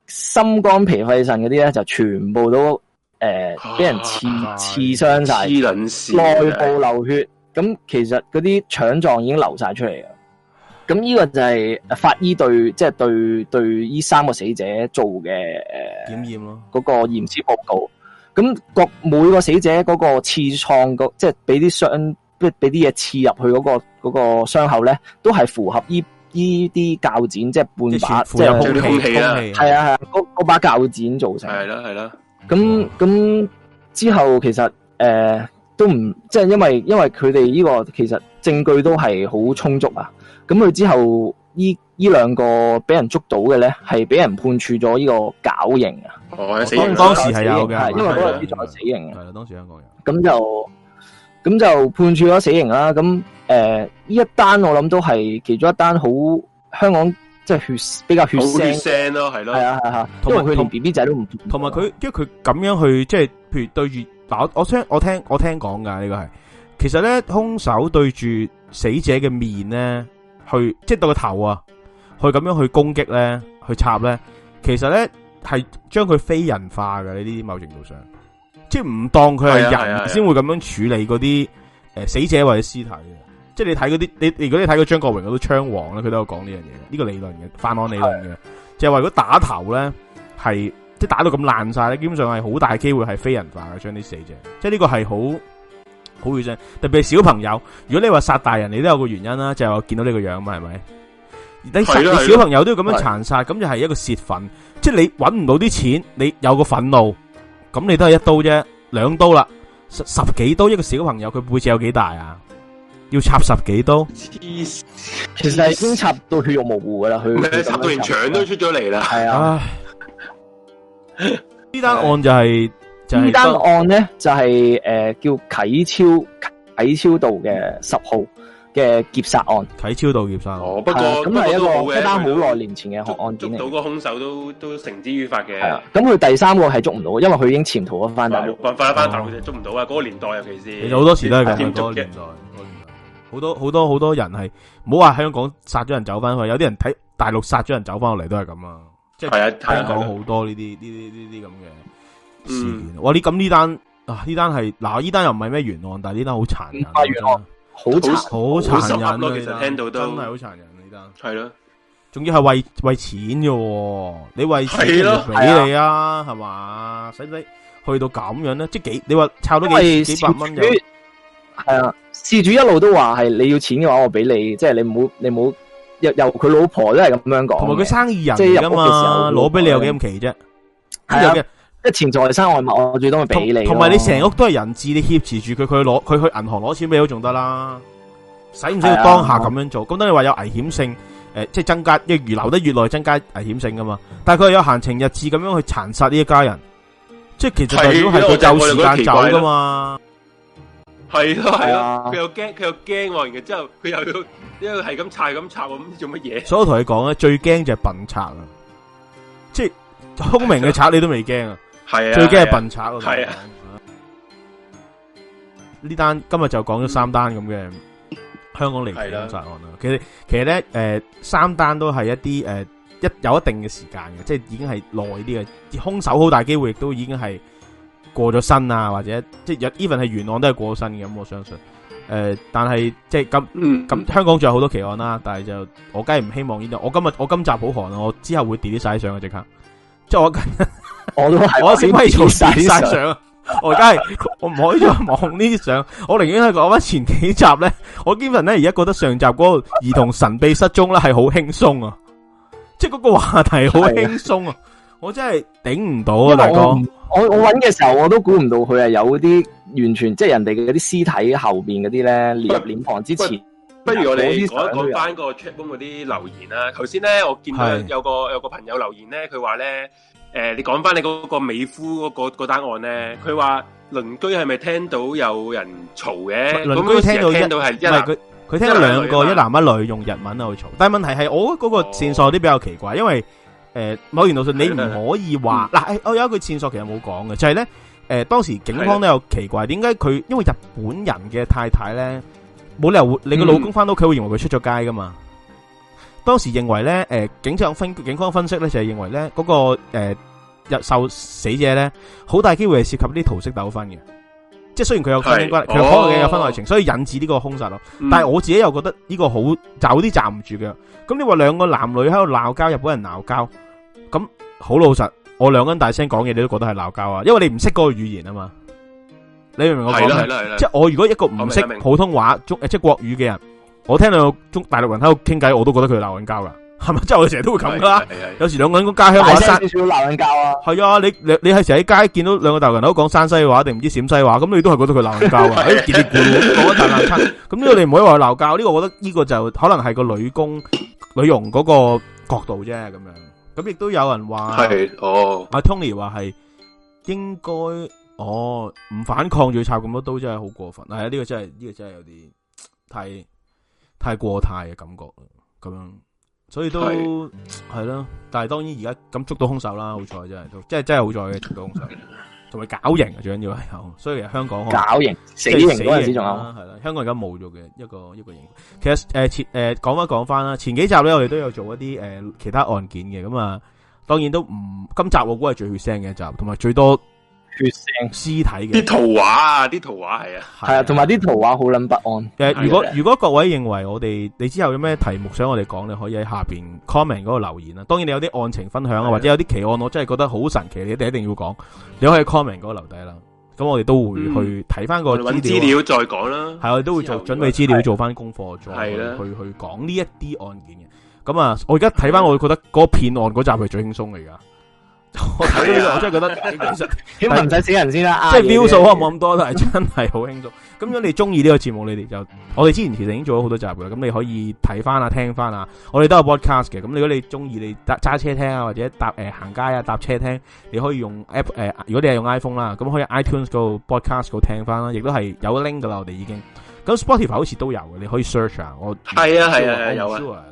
心肝脾肺腎嗰啲咧就全部都。誒、呃，俾人刺、啊、刺傷晒，內部流血，咁其實嗰啲腸臟已經流晒出嚟噶。咁呢個就係法醫對，即、就、係、是、對對呢三個死者做嘅檢驗咯。嗰、啊那個驗屍報告，咁、那個、每個死者嗰個刺創、那個，即係俾啲傷，俾俾啲嘢刺入去嗰、那個嗰、那個傷口咧，都係符合呢啲鉸剪，即、就、係、是、半把，即係兇器啦，係啊係啊，嗰把鉸剪做成，係啦係啦。咁咁之後其實誒、呃、都唔即係因為因為佢哋呢個其實證據都係好充足啊，咁佢之後依依兩個俾人捉到嘅咧，係俾人判處咗呢個絞刑啊哦，死刑當，當時係有嘅，係因為嗰個仲有死刑啊，係啊當時係香港人。咁就咁就判處咗死刑啦。咁誒依一單我諗都係其中一單好香港。即係血比較血腥咯，係咯，係啊，係啊，同埋佢連 B B 仔都唔同，埋佢因為佢咁樣去即係，譬如對住嗱我我聽我聽我聽講噶呢個係，其實咧兇手對住死者嘅面咧，去即係對個頭啊，去咁樣去攻擊咧，去插咧，其實咧係將佢非人化嘅呢啲某程度上，即係唔當佢係人先會咁樣處理嗰啲誒死者或者屍體嘅。即係你睇嗰啲，你如果你睇嗰張國榮嗰啲槍王咧，佢都，都有講呢樣嘢，呢、呢個理論嘅犯案理論嘅，是的就係話如果打頭咧係即係打到咁爛晒咧，基本上係好大機會係非人化嘅將啲死者，即係呢個係好好認真，特別係小朋友。如果你話殺大人，你都有一個原因啦，就係，我，見到呢個樣嘛，係咪？你小朋友都要咁樣殘殺，咁就係一個洩憤。即係你搵唔到啲錢，你有個憤怒，咁你都係一刀啫，兩刀啦，十十幾刀一個小朋友，佢背脊有幾大啊？要插十幾刀，其實係已經插到血肉模糊噶啦，佢插到連腸都出咗嚟啦。係啊，呢單案就係呢單案咧，就係誒叫啟超啟超道嘅十號嘅劫殺案。啟超道劫殺案，哦，不過咁係一個一單好耐年前嘅案，捉到個兇手都都繩之於法嘅。係啊，咁佢第三個係捉唔到，因為佢已經潛逃咗翻大陸，但係冇辦法翻大陸就捉唔到啊！嗰個年代尤其是，好多時都係咁捉唔到。好多好多好多人係，唔好話喺香港殺咗人走翻去，有啲人睇大陸殺咗人走翻落嚟都係咁啊！即係睇香港好多呢啲呢啲呢啲咁嘅事件。哇！你咁呢單啊？呢單係嗱，呢、啊、單又唔係咩冤案，但係呢單好殘忍。好殘好殘忍。好殘忍，其實聽到都真係好殘忍呢單。係咯，仲要係為為錢嘅，你為錢俾你啊，係嘛？使唔使去到咁樣咧？即係幾？你話抄多幾幾百蚊係啊？事主一路都話係，你要錢嘅話我俾你，即係你唔好你唔好由佢老婆都係咁樣講，同埋佢生意人即係入屋嘅時候攞，俾你有幾咁奇啫？係嘅，即係潛在生外物，我最多俾你，同埋你成屋都係人質，你挾持住佢，佢攞佢去銀行攞錢俾都仲得啦，使唔使要當下咁樣做？咁等你話有危險性，誒、呃，即係增加越遺留得越耐，增加危險性噶嘛？但係佢有閒情逸致咁樣去殘殺呢一家人，即係其實代表係佢有時間走噶嘛？係咯，係咯，佢又驚佢又驚喎，然之後佢又要，因為係咁拆咁拆，唔知做乜嘢。所以我同你講咧，最驚就係笨賊啊！即係聰明嘅賊，你都未驚啊！係啊，最驚係笨賊啊！係啊，呢單今日就講咗三單咁嘅香港離奇凶殺案啦。其實其實咧，誒，三單都係一啲誒，一有一定嘅時間嘅，即係已經係耐啲嘅，而凶手好大機會亦都已經係。過咗身啊，或者即係 even 係元朗都係過咗身嘅，咁我相信。誒、呃，但係即係咁咁，香港仲有好多奇案啦、啊。但係就我梗係唔希望呢度。我今日我今集好寒啊，我之後會 delete 晒相嘅即刻。即係我我都我死可以 delete 晒相啊。我梗係 *laughs* 我唔可以再望呢啲相。我寧願係講翻前幾集咧。我基本 even 咧而家覺得上集嗰個兒童神秘失蹤咧係好輕鬆啊，即係嗰個話題好輕鬆啊。 *laughs* 我真係頂唔到啊，大哥！我我揾嘅時候，我都估唔到佢係有啲完全，即係人哋嘅啲屍體後邊嗰啲咧入殮房之前。不如我哋講一講翻個 check 嗰啲留言啦。頭先咧，我見到有個有個朋友留言咧，佢話咧，誒、呃，你講翻你嗰個美孚嗰個單案咧，佢話鄰居係咪聽到有人嘈嘅？鄰居聽到聽到係，唔係佢佢聽到兩個一男一女用日文喺度嘈。但係問題係，我嗰個線索啲比較奇怪，因為。誒、呃，某元老師，你唔可以話嗱、嗯，我有一句線索其實冇講嘅，就係、是、咧，誒、呃，當時警方都有奇怪點解佢因為日本人嘅太太咧，冇理由會你個老公翻到屋企會認為佢出咗街噶嘛？當時認為咧，誒、呃，警察分警方分析咧，就係、是、認為咧，嗰、那個誒日、呃、受死者咧，好大機會係涉及啲桃色糾紛嘅。即係雖然佢有婚姻關係，佢可能有婚外情，所以引致呢個凶殺咯。但係我自己又覺得呢個好有啲站唔住腳。咁你話兩個男女喺度鬧交，日本人鬧交，咁好老實，我兩個人大聲講嘢，你都覺得係鬧交啊？因為你唔識嗰個語言啊嘛。你明唔明我講？係啦係啦係啦。即係我如果一個唔識普通話，中即係國語嘅人，我聽到中大陸人喺度傾偈，我都覺得佢鬧緊交噶。係咪即係我成日都會咁噶、啊、有時兩個人工家鄉話山少少鬧緊交啊。係啊，你你你係成日喺街見到兩個大陸人都講山西話，定唔知陝西話咁，你都係覺得佢鬧人交啊？跌跌咕咕講一陣，咁呢、嗯嗯、個你唔可以話佢鬧交。呢、這個我覺得呢個就可能係個女工 *coughs* 女傭嗰個角度啫。咁樣咁亦都有人話哦，阿、啊、Tony 話係應該哦，唔反抗仲要插咁多刀，真係好過分。嗱、哎，呢、這個真係呢、這個真係有啲太太過態嘅感覺咁樣。所以都係咯、嗯，但係當然而家咁捉到凶手啦，好彩真係，都即係真係好彩嘅捉到凶手，同埋絞刑。啊，最緊要係所以其實香港絞刑，死刑嗰陣時仲有，係啦，香港而家冇咗嘅一個一個刑。其實誒、呃、前誒講翻講翻啦，前幾集咧我哋都有做一啲誒、呃、其他案件嘅，咁啊，當然都唔，今集我估係最血腥嘅一集，同埋最多。血腥屍體嘅啲圖畫啊，啲圖畫係啊，係啊，同埋啲圖畫好捻不安。誒，如果如果各位認為我哋，你之後有咩題目想我哋講，你可以喺下邊 comment 嗰個留言啦。當然你有啲案情分享啊，或者有啲奇案，我真係覺得好神奇，你一定一定要講。你可以 comment 嗰個留低啦。咁、嗯、我哋都會去睇翻個資料，嗯、找資料再講啦。係我哋都會做準備資料做，做翻功課，再去去講呢一啲案件嘅。咁啊，我而家睇翻，我會覺得嗰個騙案嗰集係最輕鬆嘅而家。我睇到呢我真係覺得起碼唔使死人先啦，即係 view 數可能冇咁多，但係真係好輕鬆。咁 *laughs* 樣你中意呢個節目，你哋就我哋之前其實已經做咗好多集啦。咁你可以睇翻啊，聽翻啊。我哋都有 podcast 嘅。咁如果你中意，你揸車聽啊，或者搭誒、呃、行街啊，搭車聽，你可以用 app 誒、呃。如果你係用 iPhone 啦，咁可以 iTunes go podcast go 聽翻啦。亦都係有 link 噶啦，我哋已經。咁 Spotify 好似都有嘅，你可以 search 啊。我係啊係啊,啊有啊。有啊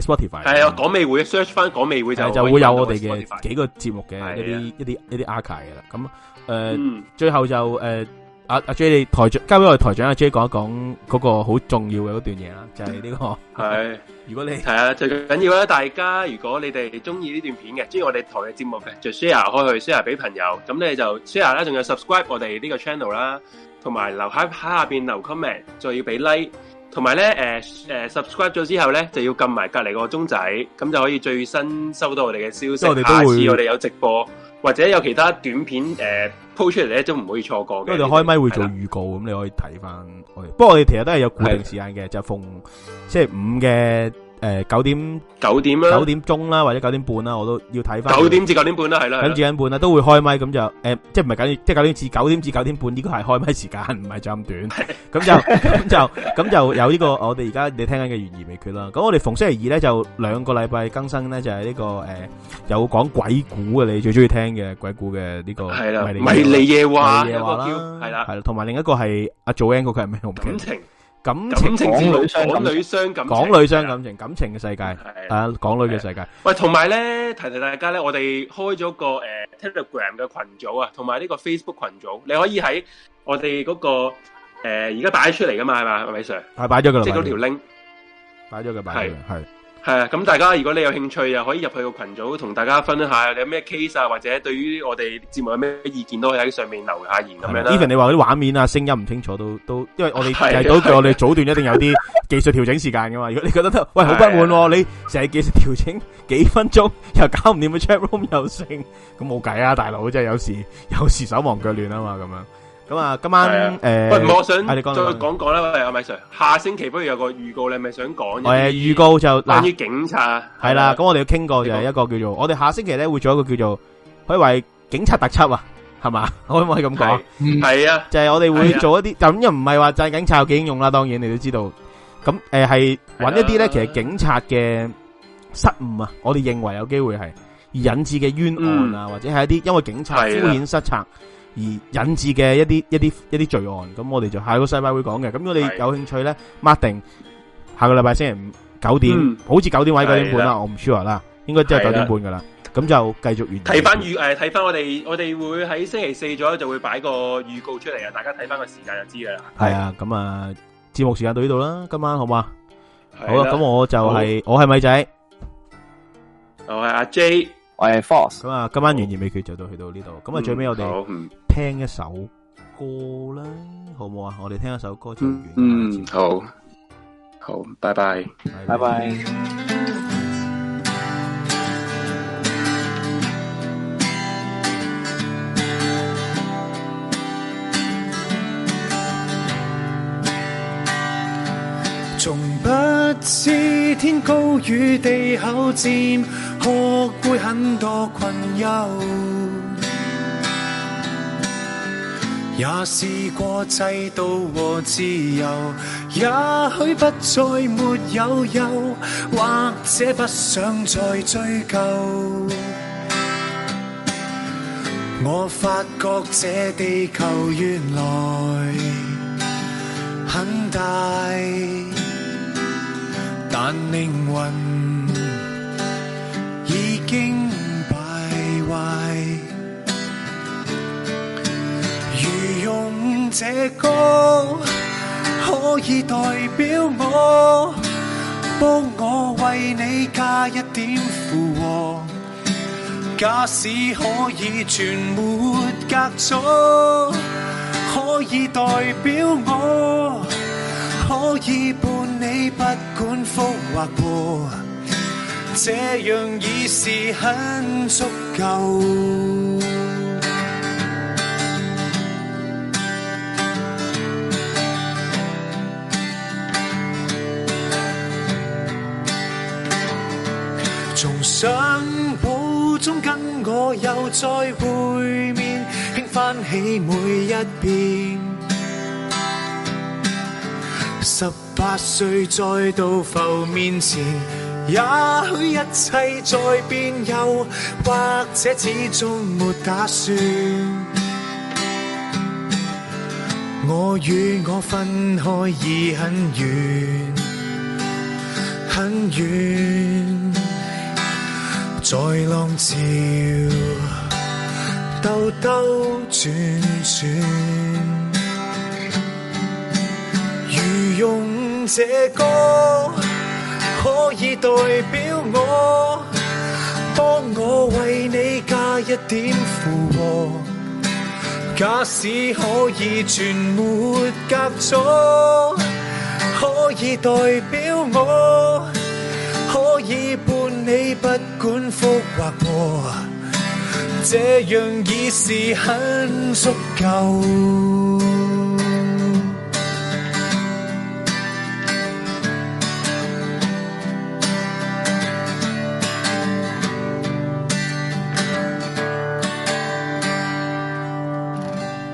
Spotify 係、嗯、啊，港美會 search 翻港美會就就會有我哋嘅幾個節目嘅一啲、啊、一啲一啲 archive 嘅啦。咁誒、呃嗯，最後就誒阿、呃、阿 J，台長交俾我哋台長阿 J 講一講嗰個好重要嘅嗰段嘢啦，就係、是、呢、這個係。如果你係啊，最緊要咧，大家如果你哋中意呢段片嘅，中意我哋台嘅節目嘅，就 share 開去，share 俾朋友。咁你就 share 啦，仲有 subscribe 我哋呢個 channel 啦，同埋留喺喺下邊留 comment，仲要俾 like。同埋咧，誒誒、subscribe 咗之後咧，就要撳埋隔離個鐘仔，咁就可以最新收到我哋嘅消息，我哋都會。下次我哋有直播或者有其他短片誒鋪、呃、 *laughs* 出嚟咧，都唔可以錯過嘅。因為你開咪會做預告，咁你可以睇翻。不過我哋其實都係有固定時間嘅，就奉逢星期五嘅。誒，九點九點啦，九點鐘啦，或者九點半啦，我都要睇翻。九點至九點半啦，係啦，緊住緊半啦，都會開麥咁就，誒，即係唔係九點，即係九點至九點至九點半呢個係開麥時間，唔係咁短，咁就咁就咁就有呢個，我哋而家你聽緊嘅懸疑未決啦。咁我哋逢星期二咧就兩個禮拜更新咧，就係呢個誒有講鬼故嘅，你最中意聽嘅鬼故嘅呢個係啦，迷你夜話，係啦，係啦，同埋另一個係阿祖恩嗰個係咩？感情。感情之女，港女傷感情，港女傷感情，感情嘅世界，啊，港女嘅世界。喂，同埋咧，提提大家咧，我哋開咗個誒 Telegram 嘅群組啊，同埋呢個 Facebook 群組，你可以喺我哋嗰個誒而家擺出嚟噶嘛，係咪，阿米 Sir，係擺咗嘅，即係嗰條 link，擺咗佢，係係。係啊，咁大家如果你有興趣啊，又可以入去個群組同大家分享下，你有咩 case 啊，或者對於我哋節目有咩意見都可以喺上面留下言咁樣啦。even 你話啲畫面啊、聲音唔清楚都都，因為我哋係到，叫我哋組段一定有啲技術調整時間噶嘛。 *laughs* 如果你覺得喂好不滿，啊，你成日技術調整幾分鐘又搞唔掂嘅 chat room 又剩，咁冇計啊！大佬即係有時有時手忙腳亂啊嘛，咁樣。咁啊，今晚誒，唔，我想再講講啦，阿米 Sir，下星期不如有個預告咧，你咪想講？誒，預告就關於警察係啦。咁我哋要傾過就係一個叫做，我哋下星期咧會做一個叫做可以話係警察特輯啊，係嘛？可唔可以咁講？係啊，就係我哋會做一啲咁又唔係話就警察有幾英勇啦，當然你都知道。咁誒係搵一啲咧，其實警察嘅失誤啊，我哋認為有機會係而引致嘅冤案啊，或者係一啲因為警察敷衍失策。而引致嘅一啲一啲一啲罪案，咁我哋就下個禮拜會講嘅。咁我哋有興趣咧，mark 定下個禮拜星期五九點，好似九點位九點半啦。我唔 sure 啦，應該都係九點半噶啦。咁就繼續完睇翻預誒，睇翻我哋我哋會喺星期四左右就會擺個預告出嚟啊，大家睇翻個時間就知噶啦。係啊，咁啊，節目時間到呢度啦，今晚好嘛？好啦，咁我就係我係米仔，我係阿 J，我係 Fox。咁啊，今晚懸疑未決就到去到呢度。咁啊，最尾我哋。聽一首歌啦，好唔好啊？我哋聽一首歌就完。嗯，好，好，拜拜，拜拜。從不知天高與地厚，漸學會很多困擾。也試過制度和自由，也許不再沒有憂，或者不想再追究。我發覺這地球原來很大，但靈魂已經敗壞。這歌可以代表我，幫我為你加一點附和。假使可以全沒隔阻，可以代表我，可以伴你不管風或雨，這樣已是很足夠。相簿中跟我又再會面，輕翻起每一遍。十八歲再到浮面前，也許一切在變，又或者始終沒打算。我與我分開已很遠，很遠。在浪潮兜兜轉轉，如用這歌可以代表我，當我為你加一點負荷。假使可以全沒隔阻，可以代表我。可以伴你，不管福或禍，這樣已是很足夠。